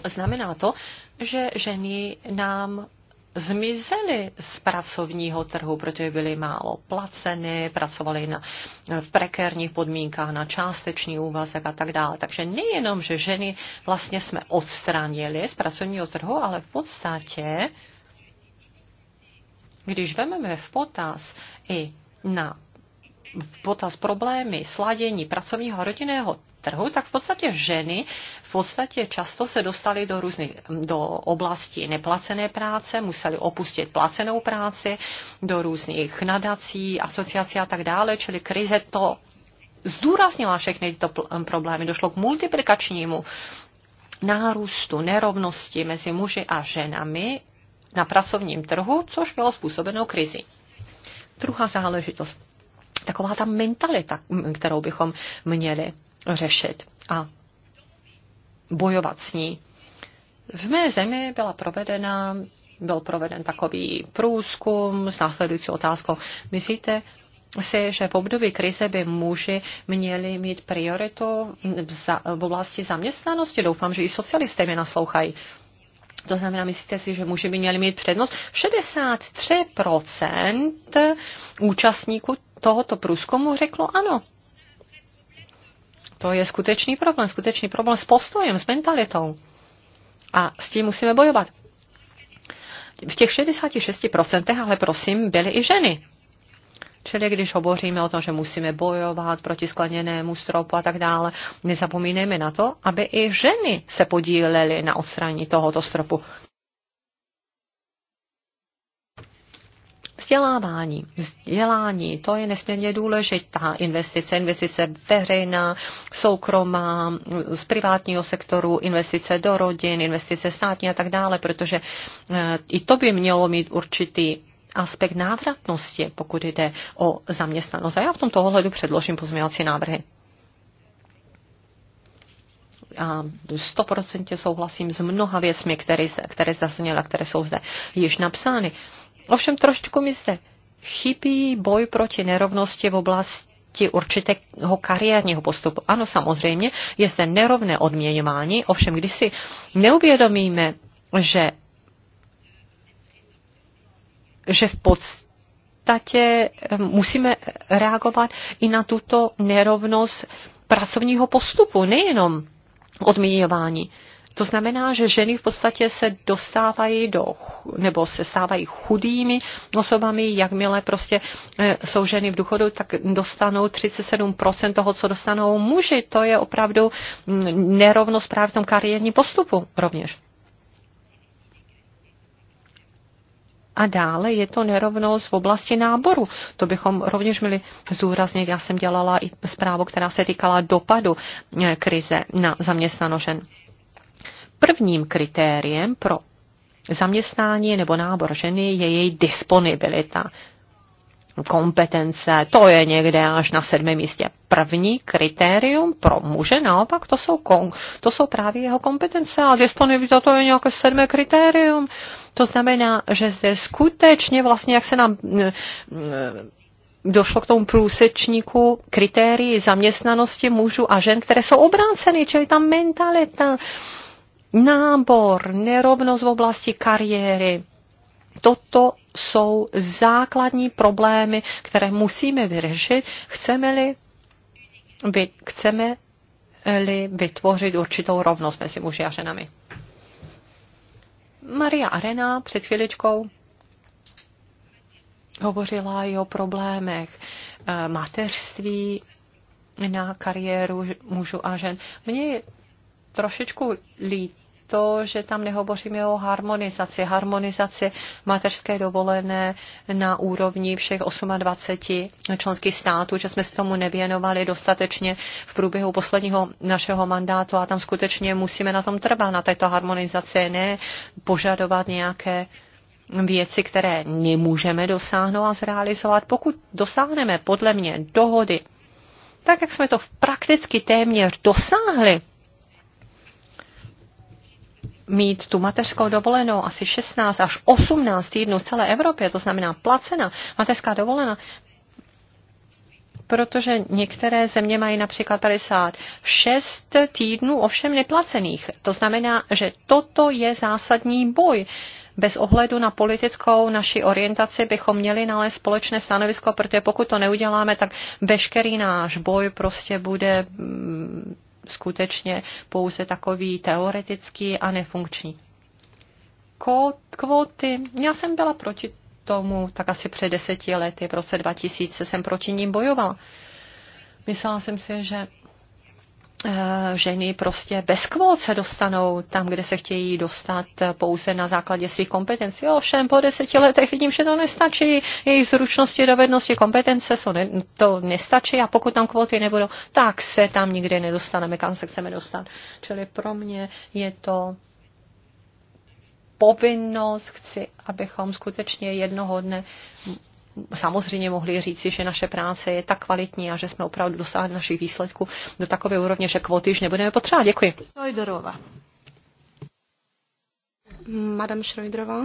A: znamená to, že ženy nám zmizely z pracovního trhu, protože byly málo placeny, pracovaly na, v prekérních podmínkách na částečný úvazek a tak dále. Takže nejenom, že ženy vlastně jsme odstranili z pracovního trhu, ale v podstatě, když vememe v potaz i na potaz problémy sladění pracovního a rodinného trhu, tak v podstatě ženy v podstatě často se dostaly do různých, do oblasti neplacené práce, museli opustit placenou práci, do různých nadací, asociací a tak dále, čili krize to zdůraznila všechny tyto problémy. Došlo k multiplikačnímu nárůstu nerovnosti mezi muži a ženami na pracovním trhu, což bylo způsobeno krizi. Druhá záležitost taková ta mentalita, kterou bychom měli řešit a bojovat s ní. V mé zemi byla provedena, byl proveden takový průzkum s následující otázkou. Myslíte, si, že v období krize by muži měli mít prioritu v oblasti zaměstnanosti. Doufám, že i socialisté mě naslouchají. To znamená, myslíte si, že muži by měli mít přednost? 63% účastníků tohoto průzkumu řeklo ano. To je skutečný problém, skutečný problém s postojem, s mentalitou. A s tím musíme bojovat. V těch 66% ale prosím byly i ženy. Čili když hovoříme o tom, že musíme bojovat proti skleněnému stropu a tak dále, nezapomínejme na to, aby i ženy se podílely na odstranění tohoto stropu. vzdělávání, vzdělání, to je nesmírně důležitá investice, investice veřejná, soukromá, z privátního sektoru, investice do rodin, investice státní a tak dále, protože eh, i to by mělo mít určitý aspekt návratnosti, pokud jde o zaměstnanost. A já v tomto ohledu předložím pozměňovací návrhy. A stoprocentně souhlasím s mnoha věcmi, které, které zazněly a které jsou zde již napsány. Uh, Ovšem trošku mi zde chybí boj proti nerovnosti v oblasti ti určitého kariérního postupu. Ano, samozřejmě, je zde nerovné odměňování, ovšem když si neuvědomíme, že, že v podstatě eh, musíme reagovat i na tuto nerovnost pracovního postupu, nejenom odměňování. To znamená, že ženy v podstatě se dostávají do, nebo se stávají chudými osobami, jakmile prostě eh, jsou ženy v důchodu, tak dostanou 37% toho, co dostanou muži. To je opravdu mm, nerovnost právě v tom kariérním postupu rovněž. A dále je to nerovnost v oblasti náboru. To bychom rovněž měli zúraznit. Já jsem dělala i zprávu, která se týkala dopadu eh, krize na zaměstnanost žen. Prvním kritériem pro zaměstnání nebo nábor ženy je její disponibilita, kompetence, to je někde až na sedmém místě. První kritérium pro muže naopak, to jsou, kon, to jsou právě jeho kompetence a disponibilita, to je nějaké sedmé kritérium. To znamená, že zde skutečně vlastně, jak se nám eh, eh, došlo k tomu průsečníku kritérií zaměstnanosti mužů a žen, které jsou obráceny, čili ta mentalita, nábor, nerovnost v oblasti kariéry. Toto jsou základní problémy, které musíme vyřešit, chceme-li, chceme-li vytvořit určitou rovnost mezi muži a ženami. Maria Arena před chvíličkou hovořila i o problémech eh, mateřství na kariéru mužů a žen. Mně je trošičku lít, to, že tam nehovoříme o harmonizaci. Harmonizaci mateřské dovolené na úrovni všech 28 členských států, že jsme se tomu nevěnovali dostatečně v průběhu posledního našeho mandátu a tam skutečně musíme na tom trvat, na této harmonizaci, ne požadovat nějaké věci, které nemůžeme dosáhnout a zrealizovat. Pokud dosáhneme podle mě dohody, tak jak jsme to prakticky téměř dosáhli mít tu mateřskou dovolenou asi 16 až 18 týdnů v celé Evropě, to znamená placena mateřská dovolena, protože některé země mají například 56 týdnů ovšem neplacených. To znamená, že toto je zásadní boj. Bez ohledu na politickou naši orientaci bychom měli nalézt společné stanovisko, protože pokud to neuděláme, tak veškerý náš boj prostě bude mm, skutečně pouze takový teoretický a nefunkční. Kvóty. Já jsem byla proti tomu tak asi před deseti lety, v roce 2000 jsem proti ním bojovala. Myslela jsem si, že Eh, ženy prostě bez kvót se dostanou tam, kde se chtějí dostat eh, pouze na základě svých kompetencí. Ovšem po deseti letech vidím, že to nestačí. Jejich zručnosti, dovednosti, kompetence jsou ne, to nestačí a pokud tam kvóty nebudou, tak se tam nikdy nedostaneme, kam se chceme dostat. Čili pro mě je to povinnost, chci, abychom skutečně jednoho dne samozřejmě mohli říci, že naše práce je tak kvalitní a že jsme opravdu dosáhli našich výsledků do takové úrovně, že kvoty už nebudeme potřebovat. Děkuji.
D: Šrojdorová. Madam
C: Šrojdorová.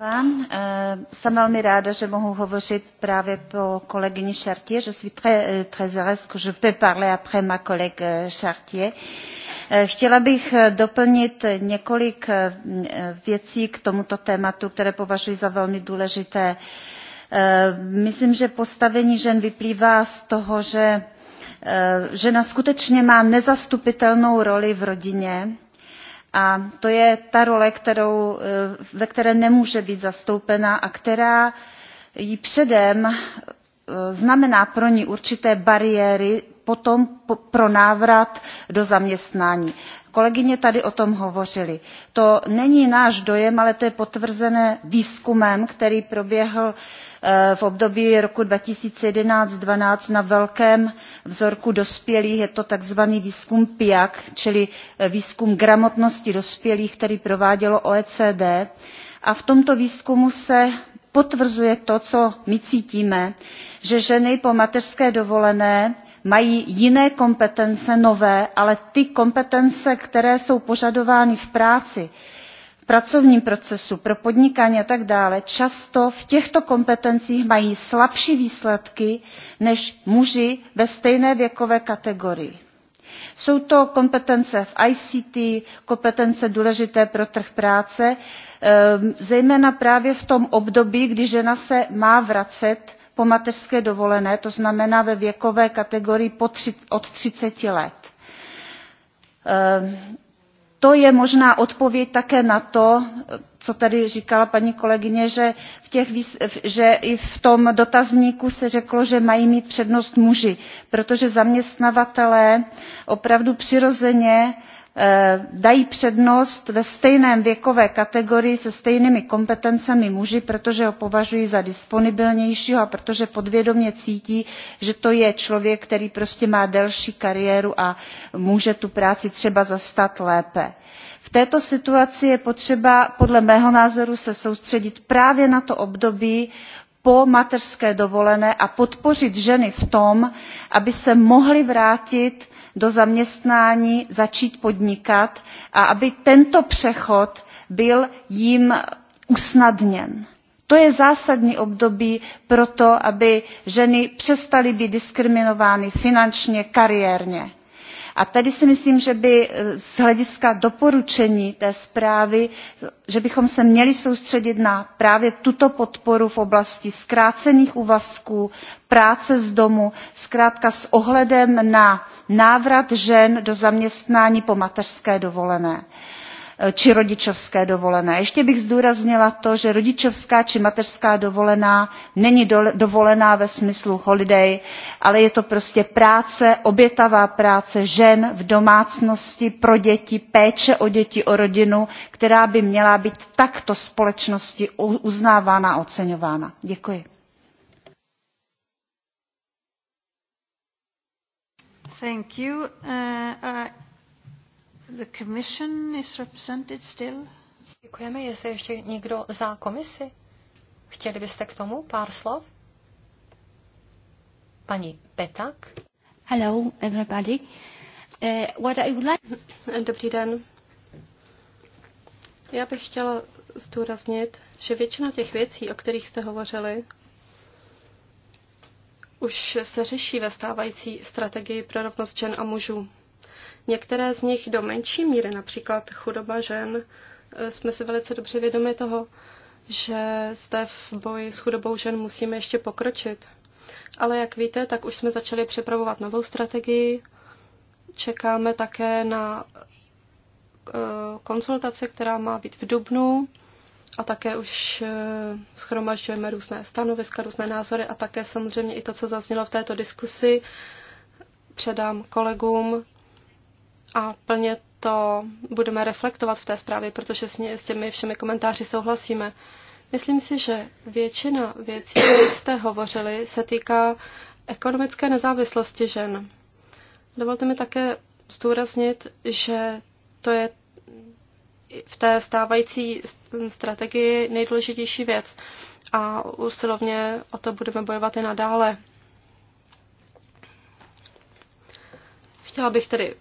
C: Vám. Eh, jsem velmi ráda, že mohu hovořit právě po kolegyni Chartier. Je suis très, eh, très heureuse que je peux parler après ma collègue eh, Chartier. Chtěla bych eh, doplnit několik eh, věcí k tomuto tématu, které považuji za velmi důležité. Eh, myslím, že postavení žen vyplývá z toho, že žena skutečně má nezastupitelnou roli v rodině a to je ta role, kterou, ve které nemůže být zastoupena a která jí předem znamená pro ní určité bariéry potom pro návrat do zaměstnání. kolegyně tady o tom hovořily. to není náš dojem ale to je potvrzené výzkumem který proběhl eh, v období roku 2011 12 na velkém vzorku dospělých je to takzvaný výzkum PIAC, čili eh, výzkum gramotnosti dospělých který provádělo oecd a v tomto výzkumu se potvrzuje to co my cítíme že ženy po mateřské dovolené mají jiné kompetence nové ale ty kompetence které jsou požadovány v práci v pracovním procesu pro podnikání a tak dále často v těchto kompetencích mají slabší výsledky než muži ve stejné věkové kategorii. jsou to kompetence v ict kompetence důležité pro trh práce ehm, zejména právě v tom období kdy žena se má vracet po mateřské dovolené, to znamená ve věkové kategorii od 30 let. Ehm, to je možná odpověď také na to, co tady říkala paní kolegyně, že, v těch, že i v tom dotazníku se řeklo, že mají mít přednost muži, protože zaměstnavatelé opravdu přirozeně Eh, dají přednost ve stejné věkové kategorii se stejnými kompetencemi muži protože ho považují za disponibilnějšího a protože podvědomě cítí že to je člověk který prostě má delší kariéru a může tu práci třeba zastat lépe v této situaci je potřeba podle mého názoru se soustředit právě na to období po mateřské dovolené a podpořit ženy v tom aby se mohly vrátit do zaměstnání, začít podnikat a aby tento přechod byl jim usnadněn. To je zásadní období pro to, aby ženy přestaly být diskriminovány finančně, kariérně a tady si myslím že by eh, z hlediska doporučení té zprávy že bychom se měli soustředit na právě tuto podporu v oblasti zkrácených úvazků práce z domu zkrátka s ohledem na návrat žen do zaměstnání po mateřské dovolené. Eh, či rodičovské dovolené. Ještě bych zdůraznila to, že rodičovská či mateřská dovolená není dovolená ve smyslu holiday, ale je to prostě práce, obětavá práce žen v domácnosti pro děti, péče o děti, o rodinu, která by měla být takto společnosti uznávána a oceňována. Děkuji.
B: Thank you.
A: Uh, uh the commission is represented still? Děkujeme. Je zde ještě někdo za komisi? Chtěli byste k tomu pár slov? Paní Petak. Hello, everybody. Uh, what I would like...
D: Dobrý den. Já bych chtěla zdůraznit, že většina těch věcí, o kterých jste hovořili, už se řeší ve stávající strategii pro rovnost žen a mužů. Některé z nich do menší míry, například chudoba žen, eh, jsme si velice dobře vědomi toho, že zde v boji s chudobou žen musíme ještě pokročit. Ale jak víte, tak už jsme začali připravovat novou strategii. Čekáme také na eh, konzultaci, která má být v Dubnu a také už eh, schromažďujeme různé stanoviska, různé názory a také samozřejmě i to, co zaznělo v této diskusi, předám kolegům a plně to budeme reflektovat v té zprávě, protože s těmi všemi komentáři souhlasíme. Myslím si, že většina věcí, které jste hovořili, se týká ekonomické nezávislosti žen. Dovolte mi také zdůraznit, že to je v té stávající strategii nejdůležitější věc a usilovně o to budeme bojovat i nadále. Chtěla bych tedy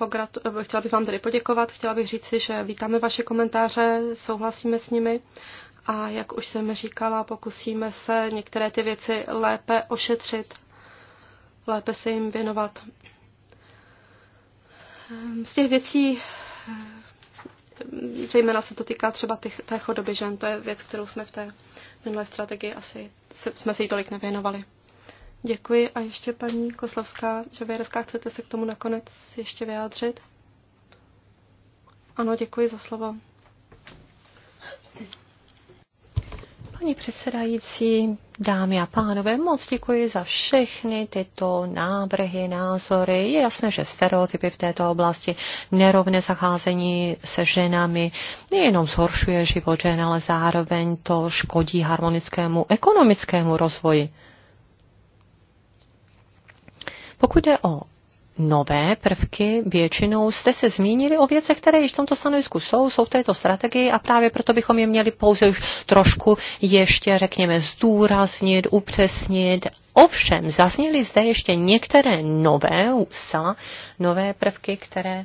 D: pogratu, eh, chtěla bych vám tady poděkovat, chtěla bych říci, že vítáme vaše komentáře, souhlasíme s nimi a jak už jsem říkala, pokusíme se některé ty věci lépe ošetřit, lépe se jim věnovat. Ehm, z těch věcí, ehm, zejména se to týká třeba těch, té chodoby žen, to je věc, kterou jsme v té minulé strategii asi jsme si ji tolik nevěnovali. Děkuji. A ještě paní Koslavská, Žavěrská, chcete se k tomu nakonec ještě vyjádřit? Ano, děkuji za slovo.
A: Paní předsedající, dámy a pánové, moc děkuji za všechny tyto návrhy, názory. Je jasné, že stereotypy v této oblasti, nerovné zacházení se ženami nejenom zhoršuje život žen, ale zároveň to škodí harmonickému ekonomickému rozvoji. Pokud jde o nové prvky, většinou jste se zmínili o věcech, které již v tomto stanovisku jsou, jsou v této strategii a právě proto bychom je měli pouze už trošku ještě, řekněme, zdůraznit, upřesnit. Ovšem, zazněly zde ještě některé nové USA, nové prvky, které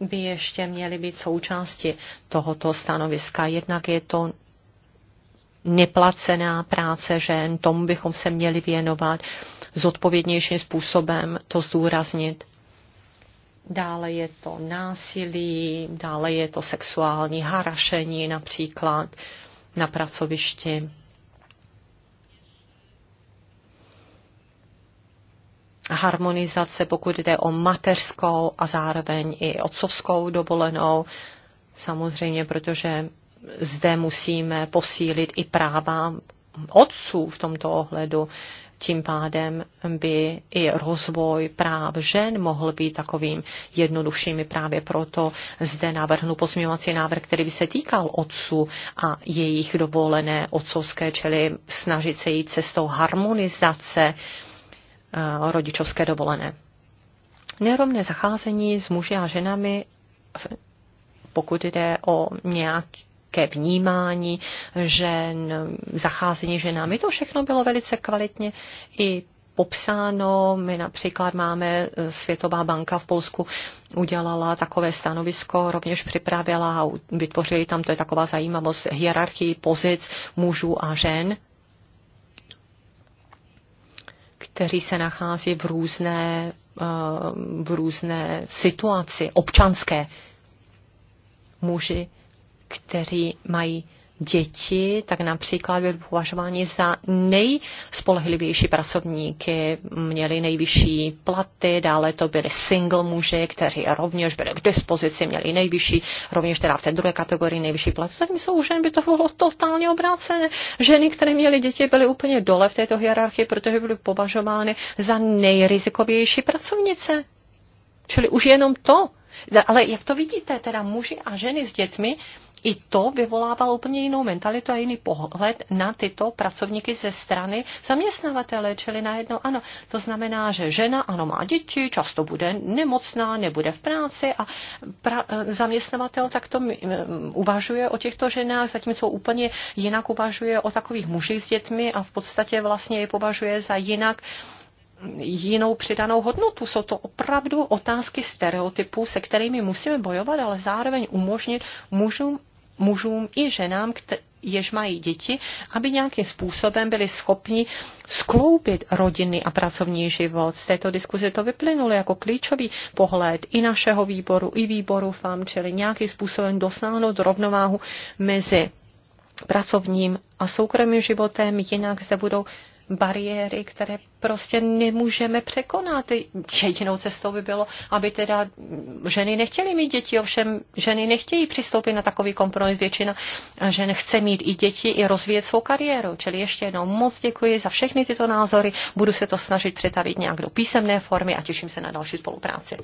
A: by ještě měly být součástí tohoto stanoviska. Jednak je to neplacená práce žen, tomu bychom se měli věnovat, zodpovědnějším způsobem to zdůraznit. Dále je to násilí, dále je to sexuální harašení například na pracovišti. Harmonizace, pokud jde o mateřskou a zároveň i otcovskou dovolenou, samozřejmě, protože zde musíme posílit i práva otců v tomto ohledu. Tím pádem by i rozvoj práv žen mohl být takovým jednodušším. Právě proto zde navrhnu pozměňovací návrh, který by se týkal otců a jejich dovolené otcovské, čili snažit se jít cestou harmonizace eh, rodičovské dovolené. Nerovné zacházení s muži a ženami, pokud jde o nějaký ke vnímání žen, zacházení ženami. To všechno bylo velice kvalitně i popsáno. My například máme Světová banka v Polsku udělala takové stanovisko, rovněž připravila a vytvořili tam, to je taková zajímavost, hierarchii pozic mužů a žen, kteří se nachází v různé, eh, v různé situaci občanské. Muži kteří mají děti, tak například byli považováni za nejspolehlivější pracovníky, měli nejvyšší platy, dále to byli single muži, kteří rovněž byli k dispozici, měli nejvyšší, rovněž teda v té druhé kategorii nejvyšší platy. Tak myslím, že by to bylo totálně obrácené. Ženy, které měly děti, byly úplně dole v této hierarchii, protože byly považovány za nejrizikovější pracovnice. Čili už jenom to No, ale jak to vidíte, teda muži a ženy s dětmi, i to vyvolávalo úplně jinou mentalitu a jiný pohled na tyto pracovníky ze strany zaměstnavatele, čili najednou ano. To znamená, že žena ano má děti, často bude nemocná, nebude v práci a pra, zaměstnavatel takto mm, uvažuje o těchto ženách, zatímco úplně jinak uvažuje o takových mužích s dětmi a v podstatě vlastně je považuje za jinak uh, jinou přidanou hodnotu. Jsou to opravdu otázky stereotypů, se kterými musíme bojovat, ale zároveň umožnit mužům, mužům i ženám, které jež mají děti, aby nějakým způsobem byli schopni skloubit rodinný a pracovní život. Z této diskuze to vyplynulo jako klíčový pohled i našeho výboru, i výboru FAM, čili nějakým způsobem dosáhnout rovnováhu mezi pracovním a soukromým životem, jinak zde budou bariéry, které prostě nemůžeme překonat. Jedinou cestou by bylo, aby teda ženy nechtěly mít děti, ovšem ženy nechtějí přistoupit na takový kompromis. Většina žen chce mít i děti, i rozvíjet svou kariéru. Čili ještě jednou moc děkuji za všechny tyto názory. Budu se to snažit přetavit nějak do písemné formy a těším se na další spolupráci.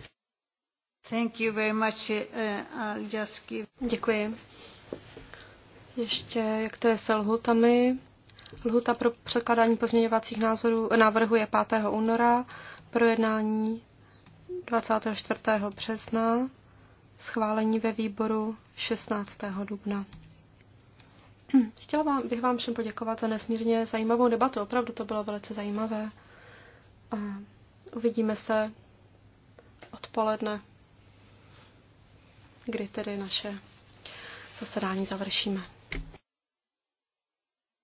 C: Thank you very much. Uh, Děkuji.
D: Ještě, jak to je s lhutami? Lhuta pro překladání pozměňovacích názorů, návrhu je 5. února, projednání 24. března, schválení ve výboru 16. dubna. Chtěla vám, bych vám všem poděkovat za nesmírně zajímavou debatu. Opravdu to bylo velice zajímavé. A uvidíme se odpoledne, kdy tedy naše zasedání završíme.